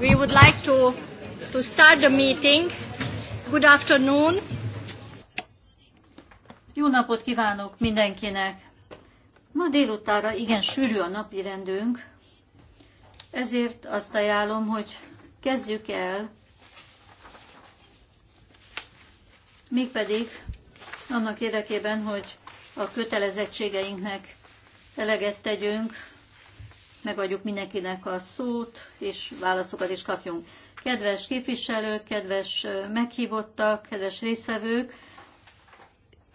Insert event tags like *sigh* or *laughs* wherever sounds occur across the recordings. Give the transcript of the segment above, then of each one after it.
We would like to, to start the meeting. Good afternoon. Jó napot kívánok mindenkinek! Ma délutára igen sűrű a napi rendünk, ezért azt ajánlom, hogy kezdjük el, mégpedig annak érdekében, hogy a kötelezettségeinknek eleget tegyünk, megadjuk mindenkinek a szót, és válaszokat is kapjunk. Kedves képviselők, kedves meghívottak, kedves résztvevők,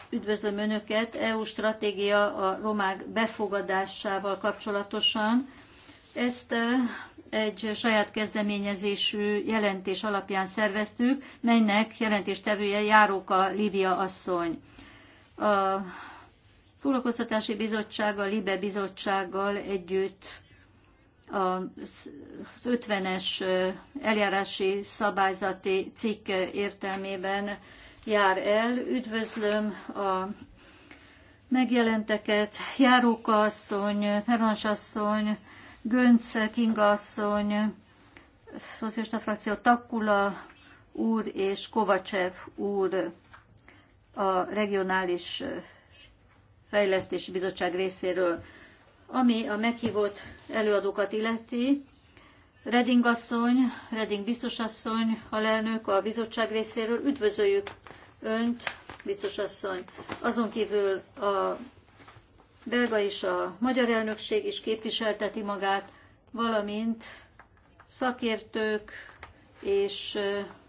üdvözlöm Önöket EU stratégia a romák befogadásával kapcsolatosan. Ezt egy saját kezdeményezésű jelentés alapján szerveztük, melynek jelentéstevője Járóka Lívia asszony. A Foglalkoztatási Bizottsággal, Libe Bizottsággal együtt az 50-es eljárási szabályzati cikk értelmében jár el. Üdvözlöm a megjelenteket, Járóka asszony, Perons asszony, Gönc Kinga asszony, Szociálista frakció Takula úr és Kovacsev úr a regionális fejlesztési bizottság részéről. Ami a meghívott előadókat illeti, Reding asszony, Reding biztosasszony, a lelnök a bizottság részéről, üdvözöljük Önt, biztosasszony. Azon kívül a belga és a magyar elnökség is képviselteti magát, valamint szakértők és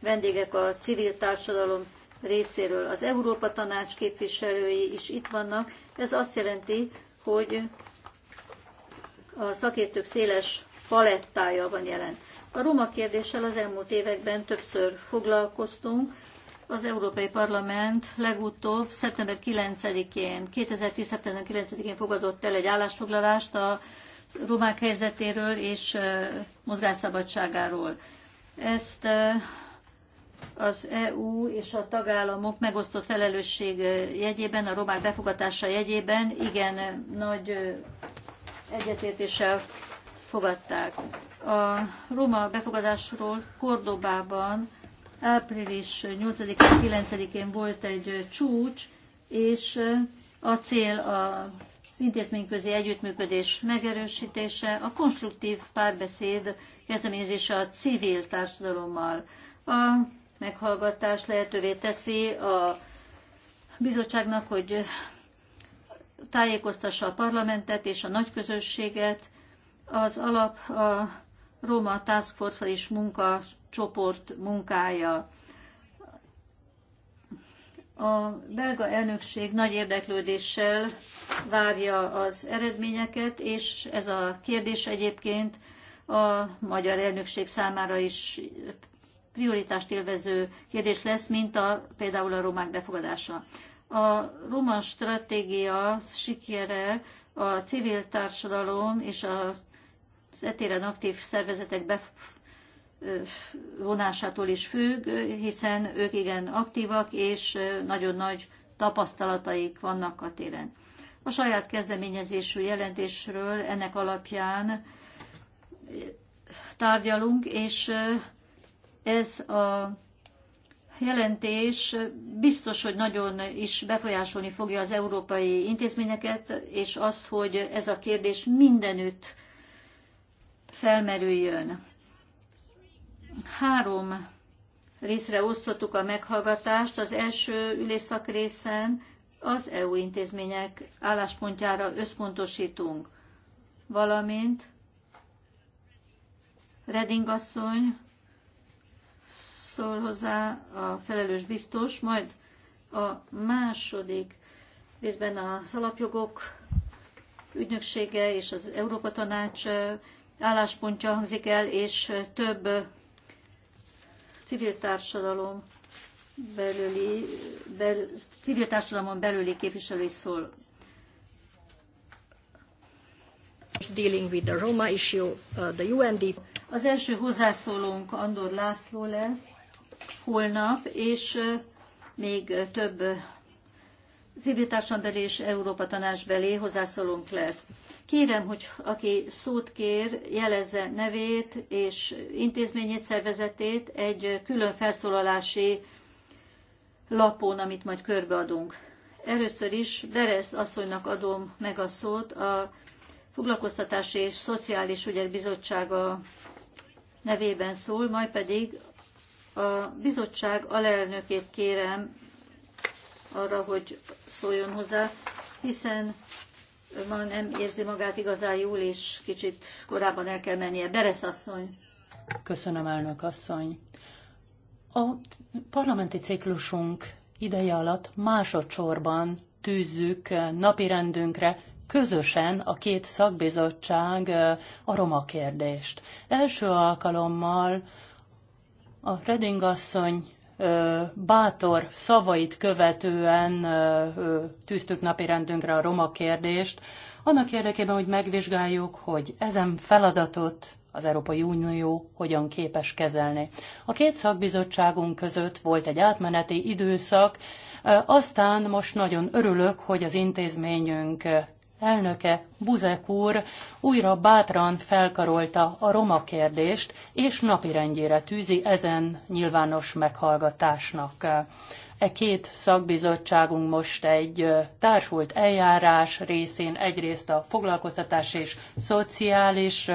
vendégek a civil társadalom részéről. Az Európa Tanács képviselői is itt vannak. Ez azt jelenti, hogy a szakértők széles palettája van jelen. A roma kérdéssel az elmúlt években többször foglalkoztunk. Az Európai Parlament legutóbb szeptember 9-én, 2010. szeptember 9-én fogadott el egy állásfoglalást a romák helyzetéről és mozgásszabadságáról. Ezt az EU és a tagállamok megosztott felelősség jegyében, a romák befogatása jegyében igen nagy egyetértéssel fogadták. A roma befogadásról Kordobában április 8-9-én volt egy csúcs, és a cél az intézményközi együttműködés megerősítése, a konstruktív párbeszéd kezdeményezése a civil társadalommal. A meghallgatás lehetővé teszi a bizottságnak, hogy tájékoztassa a parlamentet és a nagyközösséget. Az alap a Roma Task Force és munkacsoport munkája. A belga elnökség nagy érdeklődéssel várja az eredményeket, és ez a kérdés egyébként a magyar elnökség számára is prioritást élvező kérdés lesz, mint a, például a romák befogadása. A roma stratégia sikere a civil társadalom és az etéren aktív szervezetek bevonásától is függ, hiszen ők igen aktívak, és nagyon nagy tapasztalataik vannak a téren. A saját kezdeményezésű jelentésről ennek alapján tárgyalunk, és ez a jelentés biztos, hogy nagyon is befolyásolni fogja az európai intézményeket, és az, hogy ez a kérdés mindenütt felmerüljön. Három részre osztottuk a meghallgatást. Az első ülésszak részen az EU intézmények álláspontjára összpontosítunk, valamint Reding asszony szól hozzá a felelős biztos, majd a második részben a szalapjogok ügynöksége és az Európa Tanács álláspontja hangzik el, és több civil társadalom belüli, bel, civil társadalmon belüli képviselő is szól. Dealing with the Roma issue, uh, the UNDP. Az első hozzászólónk Andor László lesz, holnap, és még több civil társadalombeli és Európa tanács belé hozzászólunk lesz. Kérem, hogy aki szót kér, jelezze nevét és intézményét, szervezetét egy külön felszólalási lapon, amit majd körbeadunk. Először is Berez asszonynak adom meg a szót, a Foglalkoztatási és Szociális Ügyek Bizottsága nevében szól, majd pedig a bizottság alelnökét kérem arra, hogy szóljon hozzá, hiszen ma nem érzi magát igazán jól, és kicsit korábban el kell mennie. Beresz asszony. Köszönöm, elnök asszony. A parlamenti ciklusunk ideje alatt másodszorban tűzzük napirendünkre közösen a két szakbizottság aromakérdést. Első alkalommal a Reding asszony bátor szavait követően tűztük napirendünkre a roma kérdést, annak érdekében, hogy megvizsgáljuk, hogy ezen feladatot az Európai Unió hogyan képes kezelni. A két szakbizottságunk között volt egy átmeneti időszak, aztán most nagyon örülök, hogy az intézményünk elnöke, Buzek úr újra bátran felkarolta a roma kérdést, és napirendjére tűzi ezen nyilvános meghallgatásnak. E két szakbizottságunk most egy társult eljárás részén egyrészt a foglalkoztatás és szociális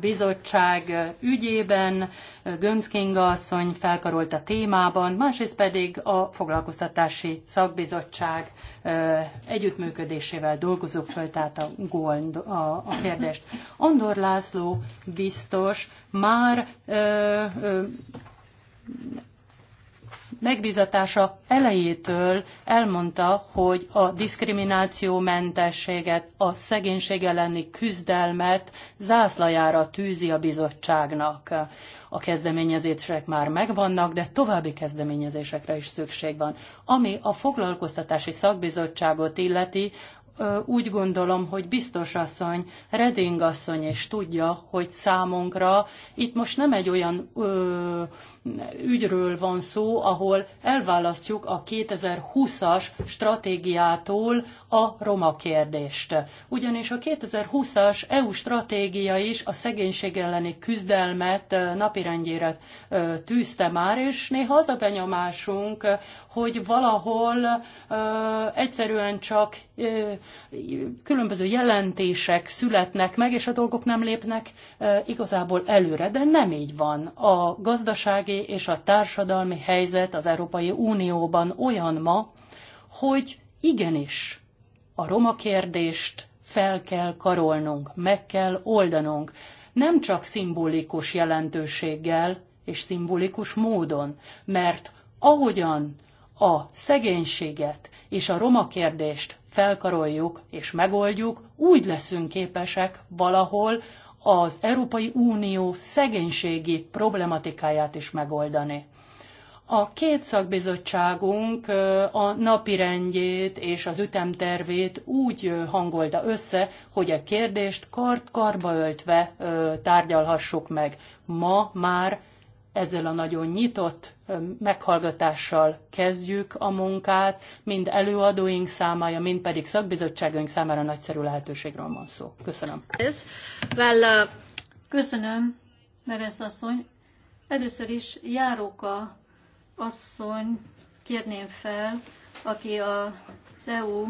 bizottság ügyében, Gönc Kinga asszony felkarolt a témában, másrészt pedig a foglalkoztatási szakbizottság együttműködésével dolgozók föl, tehát a, gól, a, a kérdést. Andor László biztos már ö, ö, megbízatása elejétől elmondta, hogy a diszkriminációmentességet, a szegénység elleni küzdelmet zászlajára tűzi a bizottságnak. A kezdeményezések már megvannak, de további kezdeményezésekre is szükség van. Ami a foglalkoztatási szakbizottságot illeti, úgy gondolom, hogy biztos asszony, Reding asszony is tudja, hogy számunkra itt most nem egy olyan ö, ügyről van szó, ahol elválasztjuk a 2020-as stratégiától a roma kérdést. Ugyanis a 2020-as EU stratégia is a szegénység elleni küzdelmet napirendjére tűzte már, és néha az a benyomásunk, hogy valahol ö, egyszerűen csak ö, különböző jelentések születnek meg, és a dolgok nem lépnek igazából előre, de nem így van. A gazdasági és a társadalmi helyzet az Európai Unióban olyan ma, hogy igenis a roma kérdést fel kell karolnunk, meg kell oldanunk. Nem csak szimbolikus jelentőséggel és szimbolikus módon, mert ahogyan a szegénységet és a roma kérdést felkaroljuk és megoldjuk, úgy leszünk képesek valahol az Európai Unió szegénységi problematikáját is megoldani. A két szakbizottságunk a napirendjét és az ütemtervét úgy hangolta össze, hogy a kérdést kart karba öltve tárgyalhassuk meg. Ma már ezzel a nagyon nyitott meghallgatással kezdjük a munkát, mind előadóink számára, mind pedig szakbizottságunk számára nagyszerű lehetőségről van szó. Köszönöm. Uh, köszönöm, Meresz asszony. Először is Járóka asszony kérném fel, aki a EU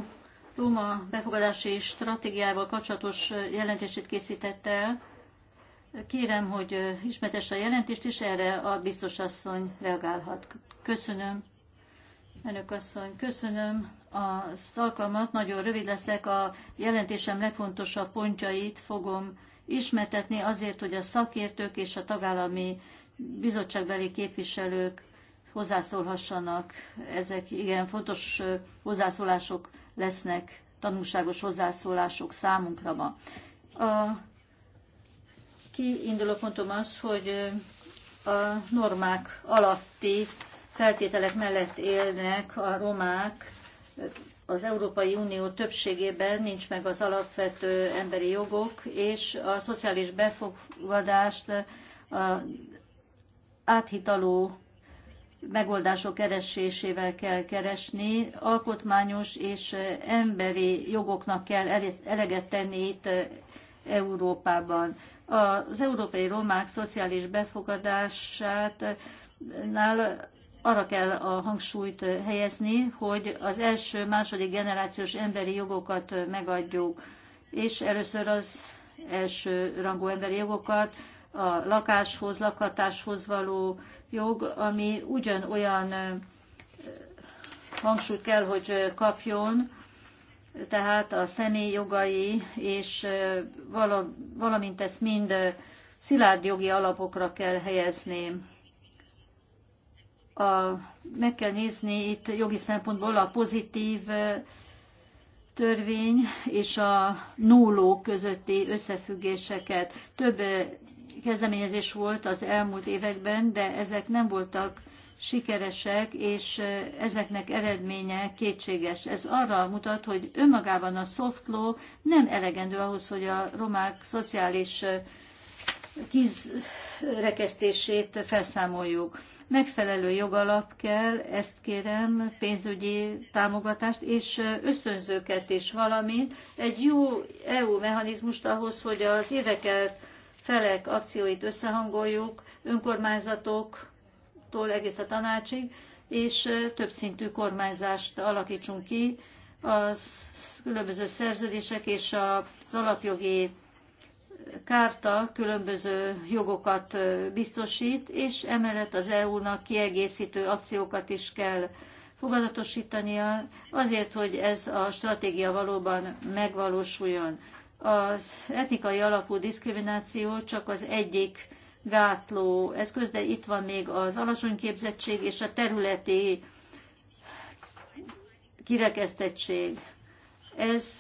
Róma befogadási stratégiával kapcsolatos jelentését készítette el, Kérem, hogy ismertesse a jelentést, és erre a biztos asszony reagálhat. Köszönöm, elnök asszony, köszönöm az alkalmat, nagyon rövid leszek, a jelentésem legfontosabb pontjait fogom ismertetni azért, hogy a szakértők és a tagállami bizottságbeli képviselők hozzászólhassanak. Ezek igen fontos hozzászólások lesznek, tanulságos hozzászólások számunkra ma. A kiinduló pontom az, hogy a normák alatti feltételek mellett élnek a romák, az Európai Unió többségében nincs meg az alapvető emberi jogok, és a szociális befogadást a áthitaló megoldások keresésével kell keresni, alkotmányos és emberi jogoknak kell eleget tenni itt Európában. Az európai romák szociális befogadását nál arra kell a hangsúlyt helyezni, hogy az első, második generációs emberi jogokat megadjuk, és először az első rangú emberi jogokat, a lakáshoz, lakhatáshoz való jog, ami ugyanolyan hangsúlyt kell, hogy kapjon, tehát a személy jogai, és valamint ezt mind szilárd jogi alapokra kell helyezni. A, meg kell nézni itt jogi szempontból a pozitív törvény és a nulló közötti összefüggéseket. Több kezdeményezés volt az elmúlt években, de ezek nem voltak sikeresek, és ezeknek eredménye kétséges. Ez arra mutat, hogy önmagában a soft law nem elegendő ahhoz, hogy a romák szociális kizrekesztését felszámoljuk. Megfelelő jogalap kell, ezt kérem, pénzügyi támogatást, és ösztönzőket is, valamint egy jó EU mechanizmust ahhoz, hogy az érdekelt felek akcióit összehangoljuk, önkormányzatok, tól egész a tanácsig, és több szintű kormányzást alakítsunk ki az különböző szerződések és az alapjogi kárta különböző jogokat biztosít, és emellett az EU-nak kiegészítő akciókat is kell fogadatosítania azért, hogy ez a stratégia valóban megvalósuljon. Az etnikai alapú diszkrimináció csak az egyik gátló eszköz, de itt van még az alacsony képzettség és a területi kirekesztettség. Ez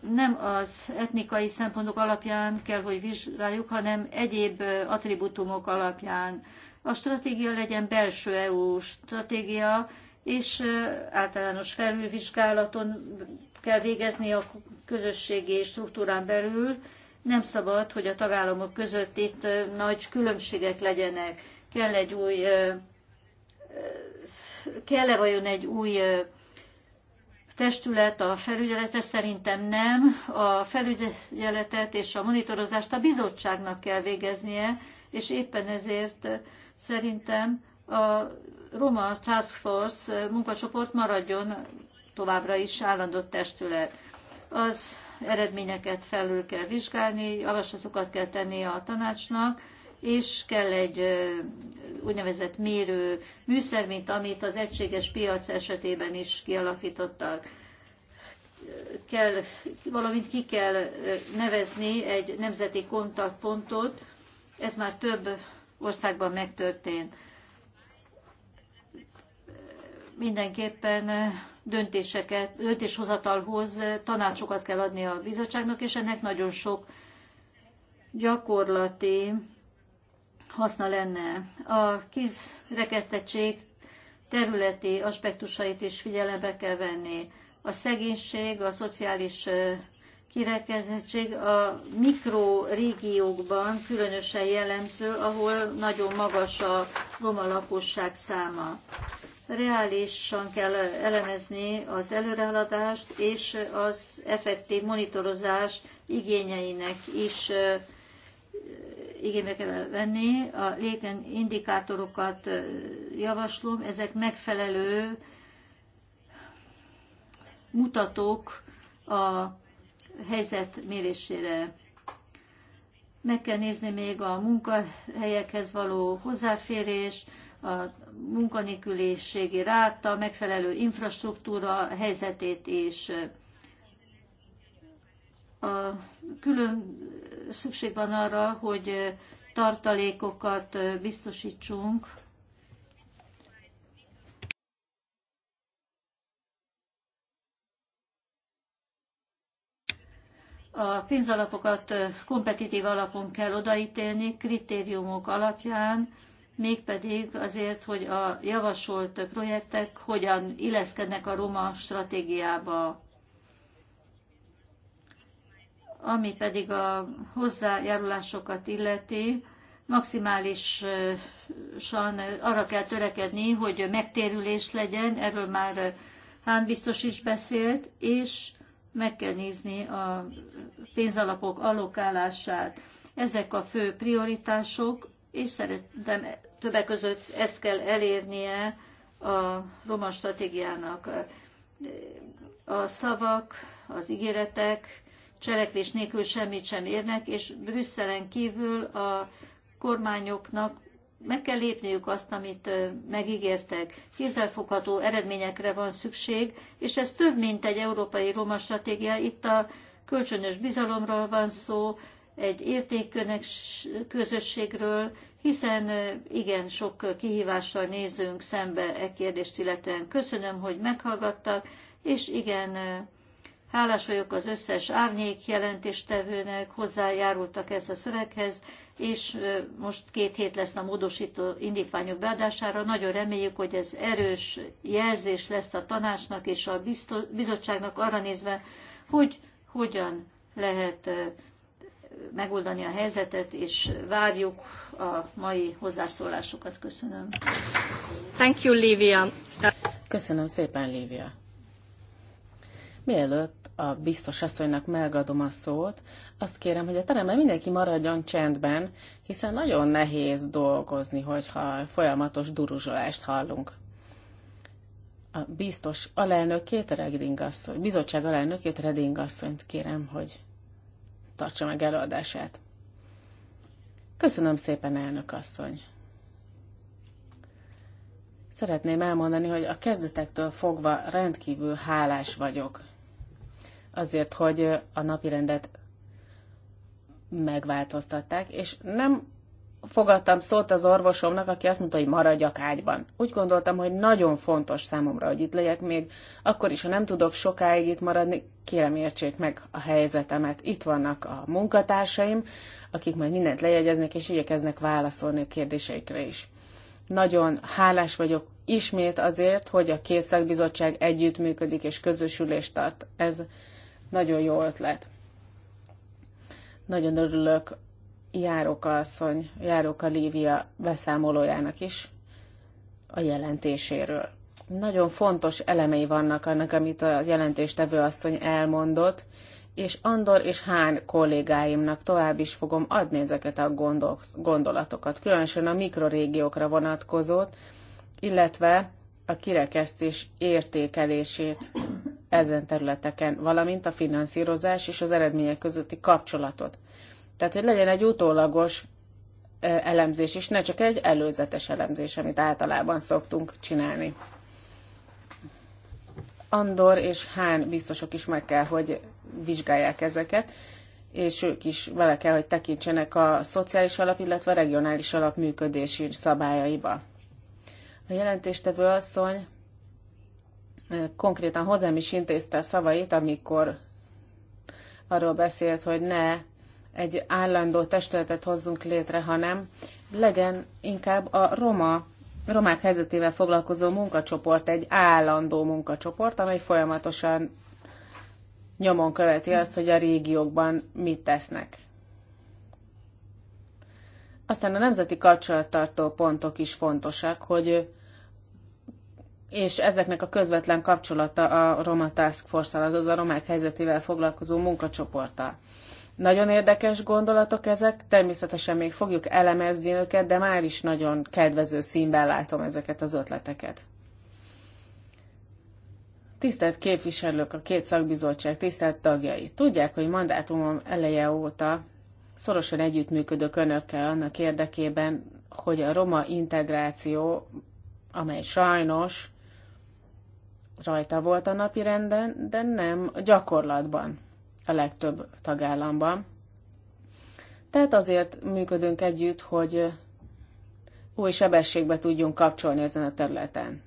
nem az etnikai szempontok alapján kell, hogy vizsgáljuk, hanem egyéb attribútumok alapján. A stratégia legyen belső EU stratégia, és általános felülvizsgálaton kell végezni a közösségi struktúrán belül, Nem szabad, hogy a tagállamok között itt nagy különbségek legyenek. Kell egy új, kell-e vajon egy új testület a felügyelete? Szerintem nem. A felügyeletet és a monitorozást a bizottságnak kell végeznie, és éppen ezért szerintem a Roma Task Force munkacsoport maradjon továbbra is állandó testület. Az eredményeket felül kell vizsgálni, javaslatokat kell tenni a tanácsnak, és kell egy úgynevezett mérő műszer, mint amit az egységes piac esetében is kialakítottak. Kell, valamint ki kell nevezni egy nemzeti kontaktpontot, ez már több országban megtörtént. Mindenképpen döntéseket, döntéshozatalhoz tanácsokat kell adni a bizottságnak, és ennek nagyon sok gyakorlati haszna lenne. A kizrekesztettség területi aspektusait is figyelembe kell venni. A szegénység, a szociális kirekezettség a mikrorégiókban különösen jellemző, ahol nagyon magas a roma lakosság száma reálisan kell elemezni az előrehaladást és az effektív monitorozás igényeinek is igénybe kell venni. A légen indikátorokat javaslom, ezek megfelelő mutatók a helyzet mérésére. Meg kell nézni még a munkahelyekhez való hozzáférés, a munkanélküliségi ráta, megfelelő infrastruktúra helyzetét és a külön szükség van arra, hogy tartalékokat biztosítsunk A pénzalapokat kompetitív alapon kell odaítélni, kritériumok alapján, mégpedig azért, hogy a javasolt projektek hogyan illeszkednek a roma stratégiába, ami pedig a hozzájárulásokat illeti, maximálisan arra kell törekedni, hogy megtérülés legyen, erről már Hán biztos is beszélt, és meg kell nézni a pénzalapok allokálását. Ezek a fő prioritások, és szerintem többek között ezt kell elérnie a roma stratégiának. A szavak, az ígéretek cselekvés nélkül semmit sem érnek, és Brüsszelen kívül a kormányoknak meg kell lépniük azt, amit megígértek. Kézzelfogható eredményekre van szükség, és ez több, mint egy európai roma stratégia. Itt a kölcsönös bizalomról van szó, egy értékkönnek közösségről, hiszen igen sok kihívással nézünk szembe e kérdést illetően. Köszönöm, hogy meghallgattak, és igen, hálás vagyok az összes árnyék jelentéstevőnek, hozzájárultak ezt a szöveghez, és most két hét lesz a módosító indítványok beadására. Nagyon reméljük, hogy ez erős jelzés lesz a tanácsnak és a bizottságnak arra nézve, hogy hogyan lehet megoldani a helyzetet, és várjuk a mai hozzászólásokat. Köszönöm. Thank you, Lívia. Köszönöm szépen, Lívia. Mielőtt a biztos asszonynak megadom a szót, azt kérem, hogy a teremben mindenki maradjon csendben, hiszen nagyon nehéz dolgozni, hogyha folyamatos duruzsolást hallunk. A biztos alelnökét, Reding asszony, bizottság alelnökét, Reding asszonyt kérem, hogy tartsa meg előadását. Köszönöm szépen, elnök asszony! Szeretném elmondani, hogy a kezdetektől fogva rendkívül hálás vagyok azért, hogy a napirendet megváltoztatták, és nem fogadtam szót az orvosomnak, aki azt mondta, hogy maradjak ágyban. Úgy gondoltam, hogy nagyon fontos számomra, hogy itt legyek még, akkor is, ha nem tudok sokáig itt maradni, kérem értsék meg a helyzetemet. Itt vannak a munkatársaim, akik majd mindent lejegyeznek, és igyekeznek válaszolni a kérdéseikre is. Nagyon hálás vagyok ismét azért, hogy a két szakbizottság együttműködik és közösülést tart. Ez nagyon jó ötlet. Nagyon örülök Járóka asszony, Járóka Lívia beszámolójának is a jelentéséről. Nagyon fontos elemei vannak annak, amit a jelentéstevő asszony elmondott, és Andor és Hán kollégáimnak tovább is fogom adni ezeket a gondol gondolatokat, különösen a mikrorégiókra vonatkozót, illetve a kirekesztés értékelését ezen területeken, valamint a finanszírozás és az eredmények közötti kapcsolatot. Tehát, hogy legyen egy utólagos elemzés, is, ne csak egy előzetes elemzés, amit általában szoktunk csinálni. Andor és Hán biztosok is meg kell, hogy vizsgálják ezeket, és ők is vele kell, hogy tekintsenek a szociális alap, illetve a regionális alap működési szabályaiba. A jelentéstevő asszony konkrétan hozzám is intézte a szavait, amikor arról beszélt, hogy ne egy állandó testületet hozzunk létre, hanem legyen inkább a roma, romák helyzetével foglalkozó munkacsoport, egy állandó munkacsoport, amely folyamatosan nyomon követi azt, hogy a régiókban mit tesznek. Aztán a nemzeti kapcsolattartó pontok is fontosak, hogy és ezeknek a közvetlen kapcsolata a Roma Task Force-al, azaz a romák helyzetével foglalkozó munkacsoporttal. Nagyon érdekes gondolatok ezek, természetesen még fogjuk elemezni őket, de már is nagyon kedvező színben látom ezeket az ötleteket. Tisztelt képviselők, a két szakbizottság tisztelt tagjai, tudják, hogy mandátumom eleje óta szorosan együttműködök önökkel annak érdekében, hogy a roma integráció, amely sajnos rajta volt a napi renden, de nem gyakorlatban a legtöbb tagállamban. Tehát azért működünk együtt, hogy új sebességbe tudjunk kapcsolni ezen a területen.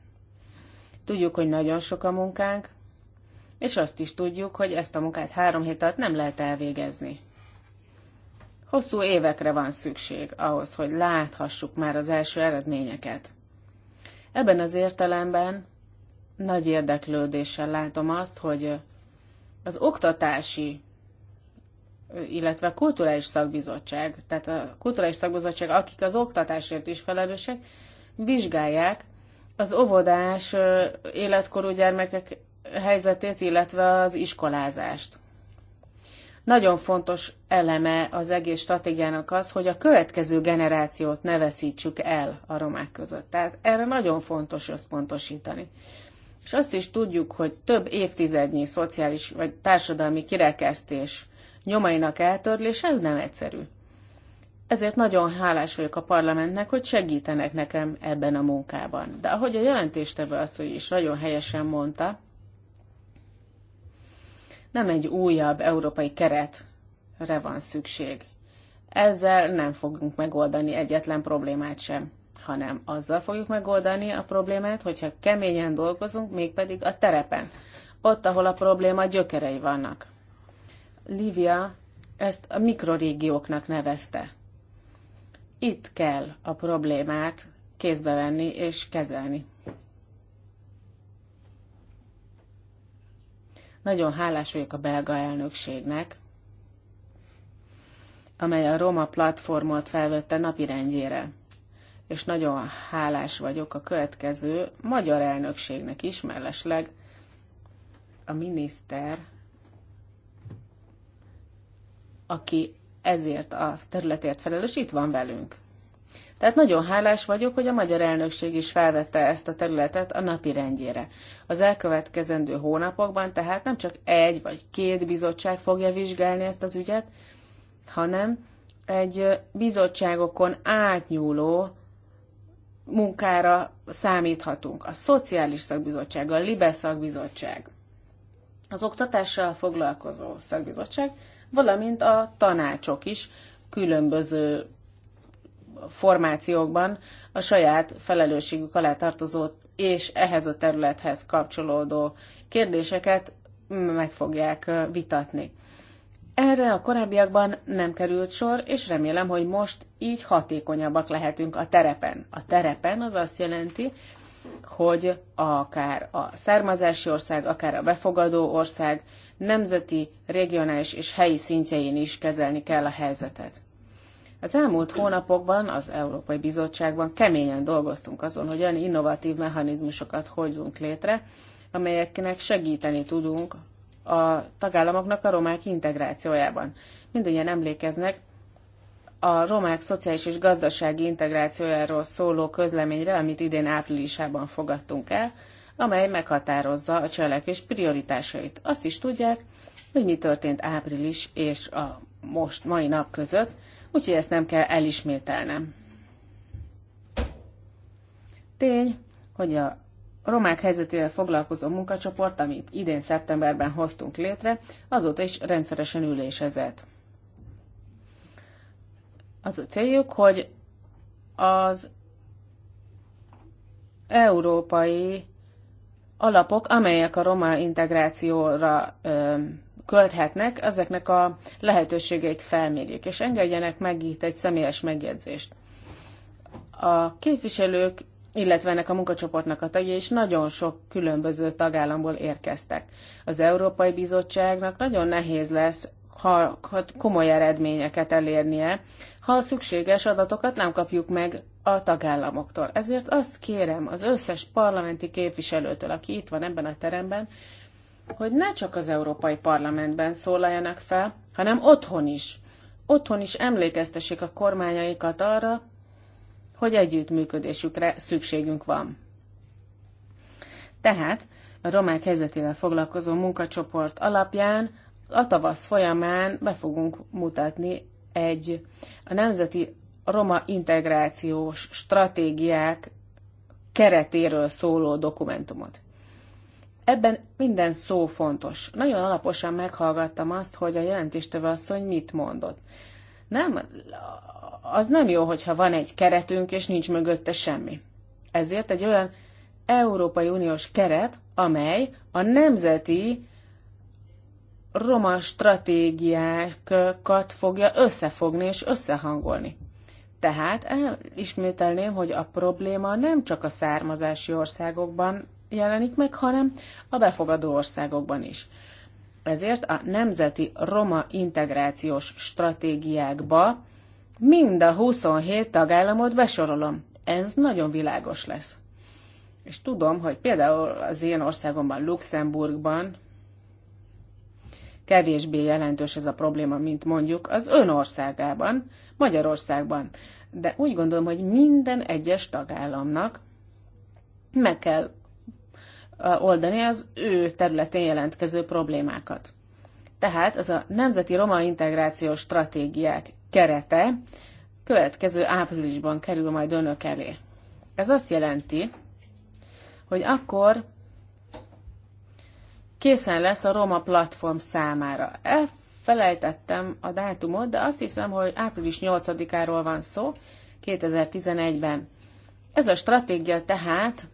Tudjuk, hogy nagyon sok a munkánk, és azt is tudjuk, hogy ezt a munkát három hét alatt nem lehet elvégezni. Hosszú évekre van szükség ahhoz, hogy láthassuk már az első eredményeket. Ebben az értelemben nagy érdeklődéssel látom azt, hogy az oktatási, illetve a kulturális szakbizottság, tehát a kulturális szakbizottság, akik az oktatásért is felelősek, vizsgálják az óvodás életkorú gyermekek helyzetét, illetve az iskolázást. Nagyon fontos eleme az egész stratégiának az, hogy a következő generációt ne veszítsük el a romák között. Tehát erre nagyon fontos összpontosítani. pontosítani És azt is tudjuk, hogy több évtizednyi szociális vagy társadalmi kirekesztés nyomainak eltörlés, ez nem egyszerű. Ezért nagyon hálás vagyok a parlamentnek, hogy segítenek nekem ebben a munkában. De ahogy a jelentéstevő asszony is nagyon helyesen mondta, nem egy újabb európai keretre van szükség. Ezzel nem fogunk megoldani egyetlen problémát sem hanem azzal fogjuk megoldani a problémát, hogyha keményen dolgozunk, mégpedig a terepen, ott, ahol a probléma gyökerei vannak. Livia ezt a mikrorégióknak nevezte. Itt kell a problémát kézbe venni és kezelni. Nagyon hálás vagyok a belga elnökségnek, amely a Roma platformot felvette napirendjére és nagyon hálás vagyok a következő magyar elnökségnek is, mellesleg a miniszter, aki ezért a területért felelős, itt van velünk. Tehát nagyon hálás vagyok, hogy a magyar elnökség is felvette ezt a területet a napi rendjére. Az elkövetkezendő hónapokban tehát nem csak egy vagy két bizottság fogja vizsgálni ezt az ügyet, hanem egy bizottságokon átnyúló munkára számíthatunk. A Szociális Szakbizottság, a Libe Szakbizottság, az oktatással foglalkozó szakbizottság, valamint a tanácsok is különböző formációkban a saját felelősségük alá tartozó és ehhez a területhez kapcsolódó kérdéseket meg fogják vitatni. Erre a korábbiakban nem került sor, és remélem, hogy most így hatékonyabbak lehetünk a terepen. A terepen az azt jelenti, hogy akár a származási ország, akár a befogadó ország nemzeti, regionális és helyi szintjein is kezelni kell a helyzetet. Az elmúlt hónapokban az Európai Bizottságban keményen dolgoztunk azon, hogy olyan innovatív mechanizmusokat hozzunk létre, amelyeknek segíteni tudunk a tagállamoknak a romák integrációjában. Mindannyian emlékeznek a romák szociális és gazdasági integrációjáról szóló közleményre, amit idén áprilisában fogadtunk el, amely meghatározza a cselekvés prioritásait. Azt is tudják, hogy mi történt április és a most, mai nap között, úgyhogy ezt nem kell elismételnem. Tény, hogy a a romák helyzetével foglalkozó munkacsoport, amit idén szeptemberben hoztunk létre, azóta is rendszeresen ülésezett. Az a céljuk, hogy az európai alapok, amelyek a roma integrációra ö, költhetnek, ezeknek a lehetőségeit felmérjék, és engedjenek meg itt egy személyes megjegyzést. A képviselők illetve ennek a munkacsoportnak a tagja, és nagyon sok különböző tagállamból érkeztek. Az Európai Bizottságnak nagyon nehéz lesz ha, ha komoly eredményeket elérnie, ha a szükséges adatokat nem kapjuk meg a tagállamoktól. Ezért azt kérem az összes parlamenti képviselőtől, aki itt van ebben a teremben, hogy ne csak az Európai Parlamentben szólaljanak fel, hanem otthon is. Otthon is emlékeztessék a kormányaikat arra, hogy együttműködésükre szükségünk van. Tehát a romák helyzetével foglalkozó munkacsoport alapján a tavasz folyamán be fogunk mutatni egy a Nemzeti Roma Integrációs Stratégiák keretéről szóló dokumentumot. Ebben minden szó fontos. Nagyon alaposan meghallgattam azt, hogy a jelentéstevő asszony mit mondott. Nem, az nem jó, hogyha van egy keretünk, és nincs mögötte semmi. Ezért egy olyan Európai Uniós keret, amely a nemzeti roma stratégiákat fogja összefogni és összehangolni. Tehát ismételném, hogy a probléma nem csak a származási országokban jelenik meg, hanem a befogadó országokban is. Ezért a nemzeti roma integrációs stratégiákba mind a 27 tagállamot besorolom. Ez nagyon világos lesz. És tudom, hogy például az én országomban, Luxemburgban kevésbé jelentős ez a probléma, mint mondjuk az ön országában, Magyarországban. De úgy gondolom, hogy minden egyes tagállamnak meg kell oldani az ő területén jelentkező problémákat. Tehát ez a Nemzeti Roma Integrációs Stratégiák kerete következő áprilisban kerül majd önök elé. Ez azt jelenti, hogy akkor készen lesz a Roma platform számára. Elfelejtettem a dátumot, de azt hiszem, hogy április 8-áról van szó 2011-ben. Ez a stratégia tehát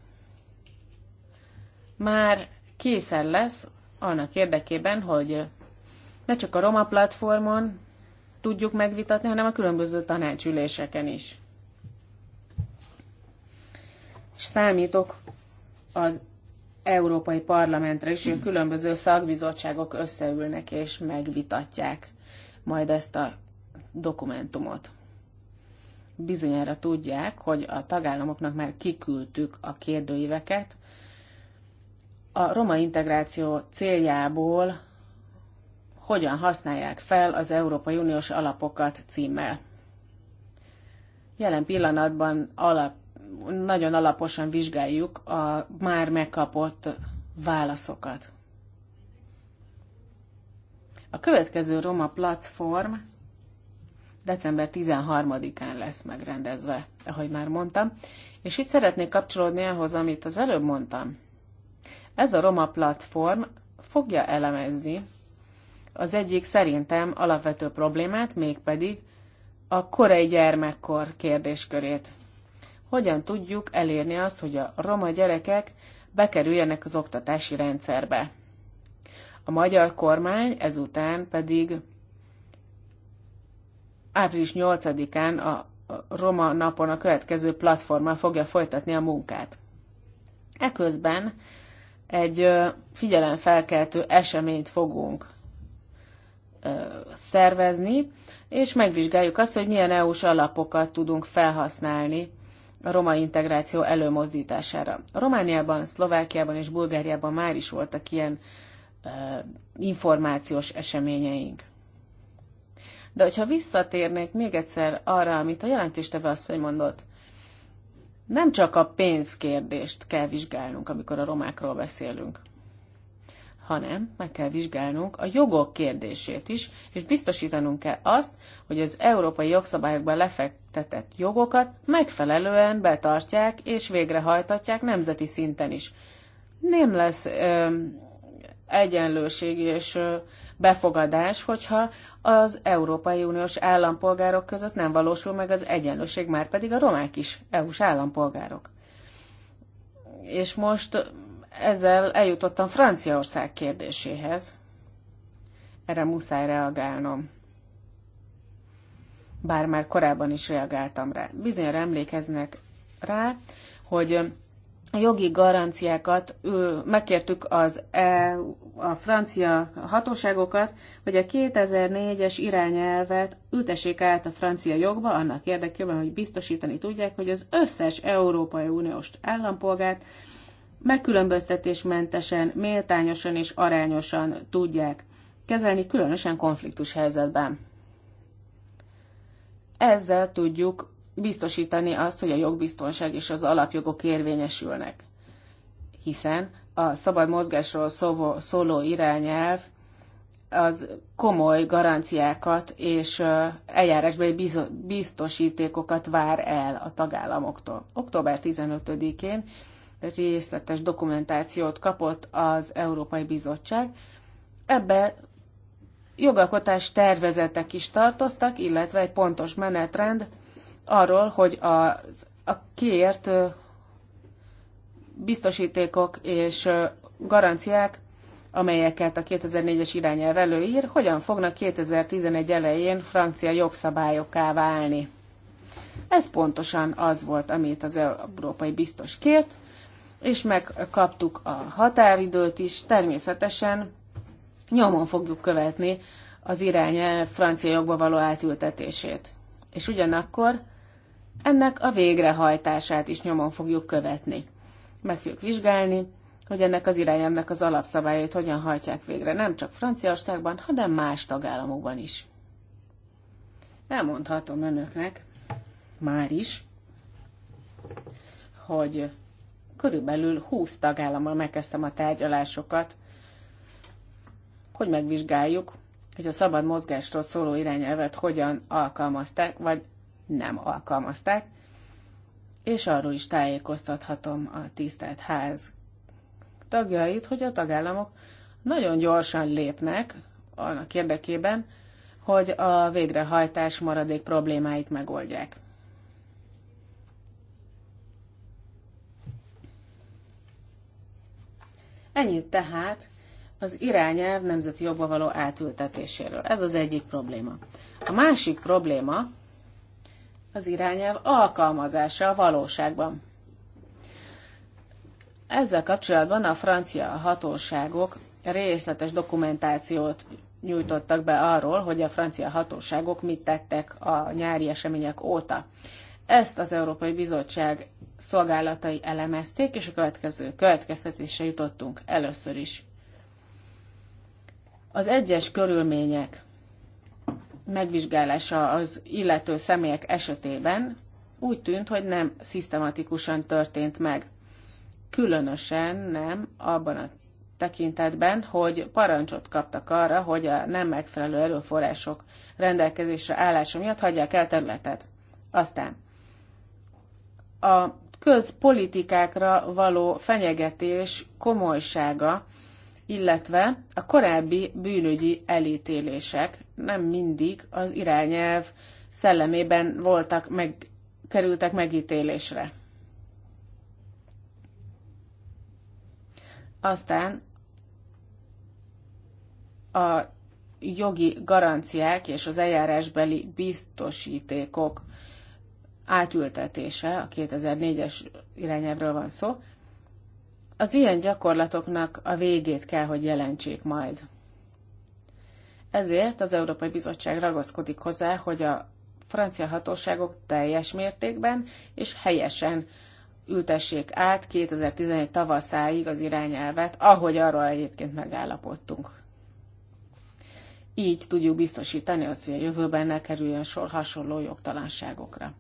már készen lesz annak érdekében, hogy ne csak a Roma platformon tudjuk megvitatni, hanem a különböző tanácsüléseken is. És számítok az Európai Parlamentre is, hogy a különböző szakbizottságok összeülnek és megvitatják majd ezt a dokumentumot. Bizonyára tudják, hogy a tagállamoknak már kiküldtük a kérdőíveket, a roma integráció céljából hogyan használják fel az Európai Uniós alapokat címmel. Jelen pillanatban alap, nagyon alaposan vizsgáljuk a már megkapott válaszokat. A következő Roma platform december 13-án lesz megrendezve, ahogy már mondtam, és itt szeretnék kapcsolódni ahhoz, amit az előbb mondtam Ez a Roma platform fogja elemezni az egyik szerintem alapvető problémát, mégpedig a korai gyermekkor kérdéskörét. Hogyan tudjuk elérni azt, hogy a roma gyerekek bekerüljenek az oktatási rendszerbe? A magyar kormány ezután pedig április 8-án a Roma napon a következő platformmal fogja folytatni a munkát. Eközben egy figyelemfelkeltő eseményt fogunk szervezni, és megvizsgáljuk azt, hogy milyen EU-s alapokat tudunk felhasználni a roma integráció előmozdítására. Romániában, Szlovákiában és Bulgáriában már is voltak ilyen információs eseményeink. De hogyha visszatérnék még egyszer arra, amit a jelentéstevő asszony mondott, nem csak a pénzkérdést kell vizsgálnunk, amikor a romákról beszélünk, hanem meg kell vizsgálnunk a jogok kérdését is, és biztosítanunk kell azt, hogy az európai jogszabályokban lefektetett jogokat megfelelően betartják és végrehajtatják nemzeti szinten is. Nem lesz ö, egyenlőség és ö, befogadás, hogyha az Európai Uniós állampolgárok között nem valósul meg az egyenlőség, már pedig a romák is EU-s állampolgárok. És most ezzel eljutottam Franciaország kérdéséhez. Erre muszáj reagálnom. Bár már korábban is reagáltam rá. Bizonyára emlékeznek rá, hogy jogi garanciákat megkértük az EU, a francia hatóságokat, hogy a 2004-es irányelvet ültessék át a francia jogba, annak érdekében, hogy biztosítani tudják, hogy az összes Európai Uniós állampolgárt megkülönböztetésmentesen, méltányosan és arányosan tudják kezelni, különösen konfliktus helyzetben. Ezzel tudjuk biztosítani azt, hogy a jogbiztonság és az alapjogok érvényesülnek. Hiszen a szabad mozgásról szóló, szóló irányelv az komoly garanciákat és eljárásbeli biztosítékokat vár el a tagállamoktól. Október 15-én részletes dokumentációt kapott az Európai Bizottság. Ebbe jogalkotás tervezetek is tartoztak, illetve egy pontos menetrend arról, hogy az, a kiért biztosítékok és garanciák, amelyeket a 2004-es irányelv előír, hogyan fognak 2011 elején francia jogszabályokká válni. Ez pontosan az volt, amit az európai biztos kért, és megkaptuk a határidőt is, természetesen nyomon fogjuk követni az iránye francia jogba való átültetését. És ugyanakkor ennek a végrehajtását is nyomon fogjuk követni meg fogjuk vizsgálni, hogy ennek az irányának az alapszabályait hogyan hajtják végre, nem csak Franciaországban, hanem más tagállamokban is. Elmondhatom önöknek már is, hogy körülbelül 20 tagállammal megkezdtem a tárgyalásokat, hogy megvizsgáljuk, hogy a szabad mozgásról szóló irányelvet hogyan alkalmazták, vagy nem alkalmazták, és arról is tájékoztathatom a tisztelt ház tagjait, hogy a tagállamok nagyon gyorsan lépnek annak érdekében, hogy a végrehajtás maradék problémáit megoldják. Ennyit tehát az irányelv nemzeti jogba való átültetéséről. Ez az egyik probléma. A másik probléma az irányelv alkalmazása a valóságban. Ezzel kapcsolatban a francia hatóságok részletes dokumentációt nyújtottak be arról, hogy a francia hatóságok mit tettek a nyári események óta. Ezt az Európai Bizottság szolgálatai elemezték, és a következő következtetésre jutottunk először is. Az egyes körülmények megvizsgálása az illető személyek esetében úgy tűnt, hogy nem szisztematikusan történt meg. Különösen nem abban a tekintetben, hogy parancsot kaptak arra, hogy a nem megfelelő erőforrások rendelkezésre állása miatt hagyják el területet. Aztán a közpolitikákra való fenyegetés komolysága illetve a korábbi bűnügyi elítélések nem mindig az irányelv szellemében voltak meg, kerültek megítélésre. Aztán a jogi garanciák és az eljárásbeli biztosítékok átültetése, a 2004-es irányelvről van szó, az ilyen gyakorlatoknak a végét kell, hogy jelentsék majd. Ezért az Európai Bizottság ragaszkodik hozzá, hogy a francia hatóságok teljes mértékben és helyesen ültessék át 2011 tavaszáig az irányelvet, ahogy arról egyébként megállapodtunk. Így tudjuk biztosítani azt, hogy a jövőben ne kerüljön sor hasonló jogtalanságokra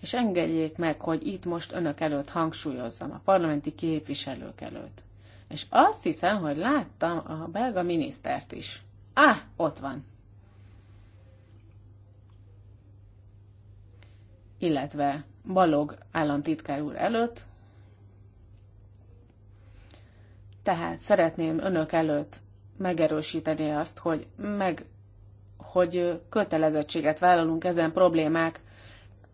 és engedjék meg, hogy itt most önök előtt hangsúlyozzam, a parlamenti képviselők előtt. És azt hiszem, hogy láttam a belga minisztert is. Á, ah, ott van. Illetve Balog államtitkár úr előtt. Tehát szeretném önök előtt megerősíteni azt, hogy meg, hogy kötelezettséget vállalunk ezen problémák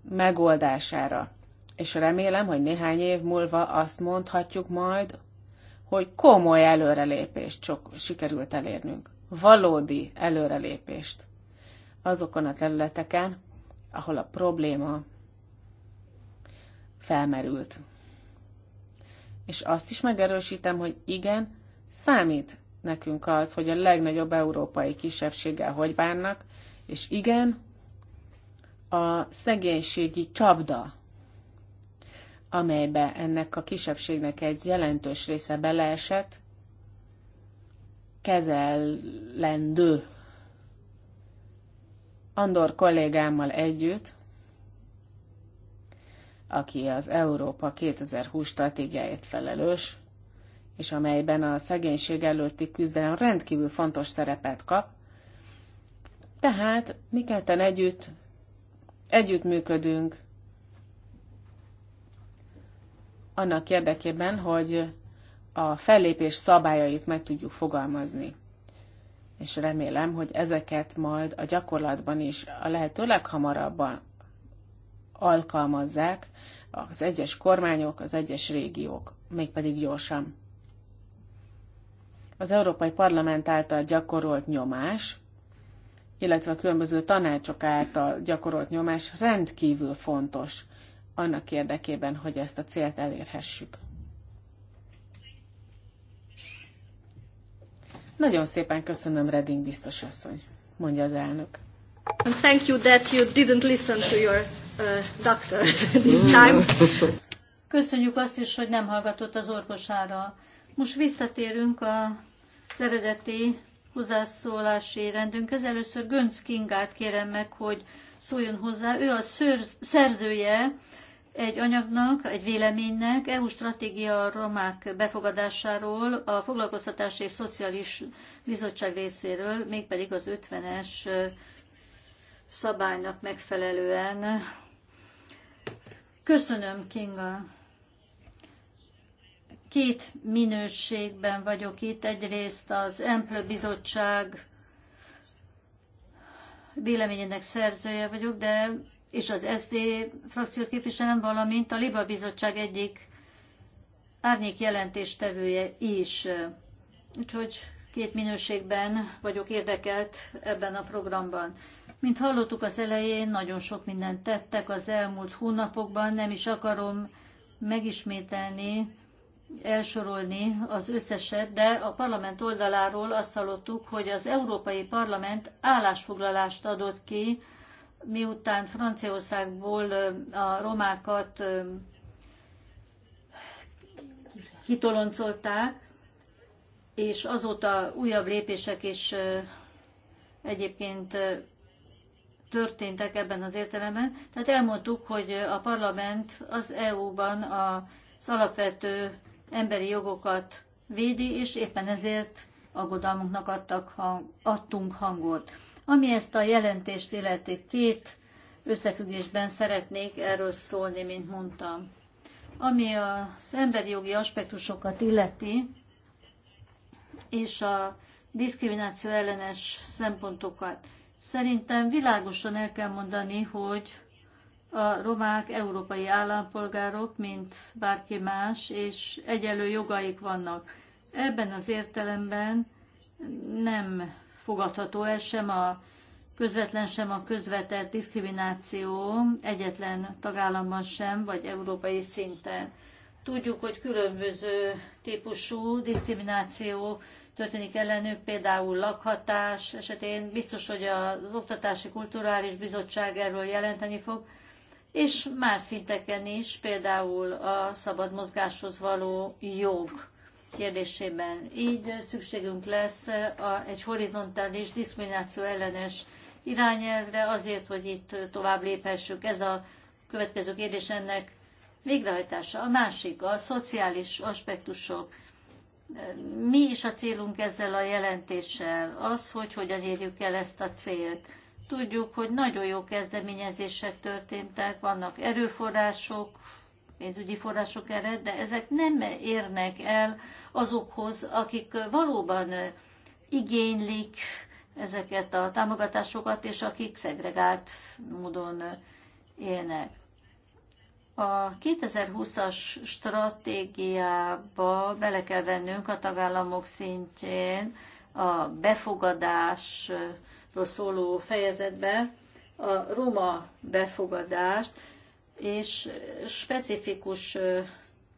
megoldására. És remélem, hogy néhány év múlva azt mondhatjuk majd, hogy komoly előrelépést csak sikerült elérnünk. Valódi előrelépést. Azokon a területeken, ahol a probléma felmerült. És azt is megerősítem, hogy igen, számít nekünk az, hogy a legnagyobb európai kisebbséggel hogy bánnak, és igen, a szegénységi csapda, amelybe ennek a kisebbségnek egy jelentős része beleesett, kezelendő. Andor kollégámmal együtt, aki az Európa 2020 stratégiáért felelős, és amelyben a szegénység előtti küzdelem rendkívül fontos szerepet kap. Tehát mi ketten együtt Együttműködünk annak érdekében, hogy a fellépés szabályait meg tudjuk fogalmazni. És remélem, hogy ezeket majd a gyakorlatban is a lehető leghamarabban alkalmazzák az egyes kormányok, az egyes régiók, mégpedig gyorsan. Az Európai Parlament által gyakorolt nyomás illetve a különböző tanácsok által gyakorolt nyomás rendkívül fontos annak érdekében, hogy ezt a célt elérhessük. Nagyon szépen köszönöm, Reding biztos asszony, mondja az elnök. And thank you that you didn't listen to your uh, doctor *laughs* this time. Köszönjük azt is, hogy nem hallgatott az orvosára. Most visszatérünk az eredeti hozzászólási rendünkhöz. Először Gönc Kingát kérem meg, hogy szóljon hozzá. Ő a szőr, szerzője egy anyagnak, egy véleménynek, EU stratégia a romák befogadásáról, a Foglalkoztatási és Szociális Bizottság részéről, mégpedig az 50-es szabálynak megfelelően. Köszönöm, Kinga két minőségben vagyok itt. Egyrészt az Emplő Bizottság véleményének szerzője vagyok, de és az SD frakciót képviselem, valamint a Liba Bizottság egyik árnyék jelentéstevője is. Úgyhogy két minőségben vagyok érdekelt ebben a programban. Mint hallottuk az elején, nagyon sok mindent tettek az elmúlt hónapokban, nem is akarom megismételni elsorolni az összeset, de a parlament oldaláról azt hallottuk, hogy az Európai Parlament állásfoglalást adott ki, miután Franciaországból a romákat kitoloncolták, és azóta újabb lépések is egyébként történtek ebben az értelemben. Tehát elmondtuk, hogy a parlament az EU-ban az alapvető emberi jogokat védi, és éppen ezért aggodalmunknak adtak hang, adtunk hangot. Ami ezt a jelentést illeti, két összefüggésben szeretnék erről szólni, mint mondtam. Ami az emberi jogi aspektusokat illeti, és a diszkrimináció ellenes szempontokat. Szerintem világosan el kell mondani, hogy a romák európai állampolgárok, mint bárki más, és egyenlő jogaik vannak. Ebben az értelemben nem fogadható el sem a közvetlen, sem a közvetett diszkrimináció egyetlen tagállamban sem, vagy európai szinten. Tudjuk, hogy különböző típusú diszkrimináció történik ellenük, például lakhatás esetén. Biztos, hogy az Oktatási Kulturális Bizottság erről jelenteni fog, és más szinteken is, például a szabad mozgáshoz való jog kérdésében. Így szükségünk lesz a, egy horizontális diszkrimináció ellenes irányelvre azért, hogy itt tovább léphessük. Ez a következő kérdés ennek végrehajtása. A másik, a szociális aspektusok. Mi is a célunk ezzel a jelentéssel? Az, hogy hogyan érjük el ezt a célt. Tudjuk, hogy nagyon jó kezdeményezések történtek, vannak erőforrások, pénzügyi források erre, de ezek nem érnek el azokhoz, akik valóban igénylik ezeket a támogatásokat, és akik szegregált módon élnek. A 2020-as stratégiába bele kell vennünk a tagállamok szintjén a befogadás szóló fejezetbe a roma befogadást, és specifikus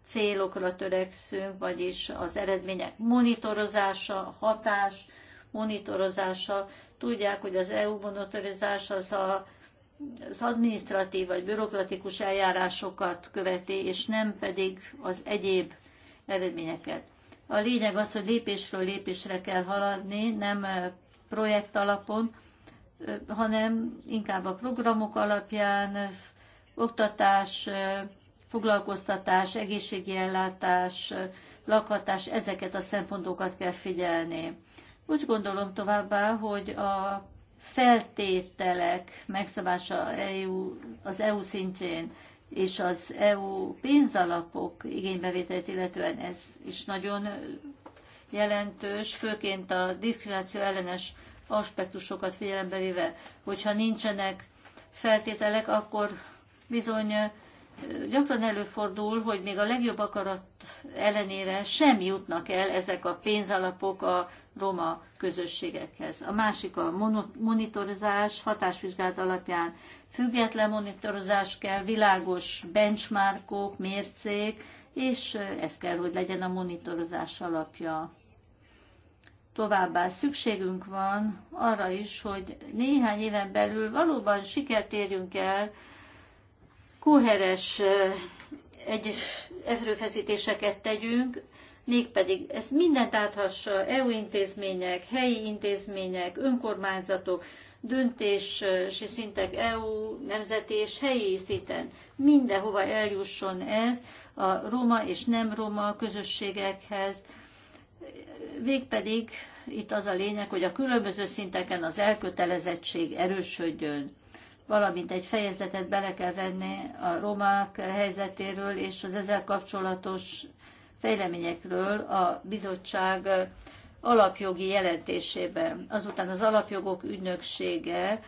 célokra törekszünk, vagyis az eredmények monitorozása, hatás monitorozása. Tudják, hogy az EU monitorozás az a az adminisztratív vagy bürokratikus eljárásokat követi, és nem pedig az egyéb eredményeket. A lényeg az, hogy lépésről lépésre kell haladni, nem projekt alapon, hanem inkább a programok alapján, oktatás, foglalkoztatás, egészségi ellátás, lakhatás, ezeket a szempontokat kell figyelni. Úgy gondolom továbbá, hogy a feltételek megszabása EU, az EU szintjén és az EU pénzalapok igénybevételét illetően ez is nagyon jelentős, főként a diszkrimináció ellenes aspektusokat figyelembe véve. Hogyha nincsenek feltételek, akkor bizony gyakran előfordul, hogy még a legjobb akarat ellenére sem jutnak el ezek a pénzalapok a roma közösségekhez. A másik a monitorozás, hatásvizsgálat alapján független monitorozás kell, világos benchmarkok, mércék, és ez kell, hogy legyen a monitorozás alapja. Továbbá szükségünk van arra is, hogy néhány éven belül valóban sikert érjünk el, koheres egy erőfeszítéseket tegyünk, mégpedig ezt mindent áthassa EU intézmények, helyi intézmények, önkormányzatok, döntési szintek EU, nemzeti és helyi szinten. Mindenhova eljusson ez a roma és nem roma közösségekhez, végpedig itt az a lényeg, hogy a különböző szinteken az elkötelezettség erősödjön, valamint egy fejezetet bele kell venni a romák helyzetéről és az ezzel kapcsolatos fejleményekről a bizottság alapjogi jelentésében. Azután az alapjogok ügynöksége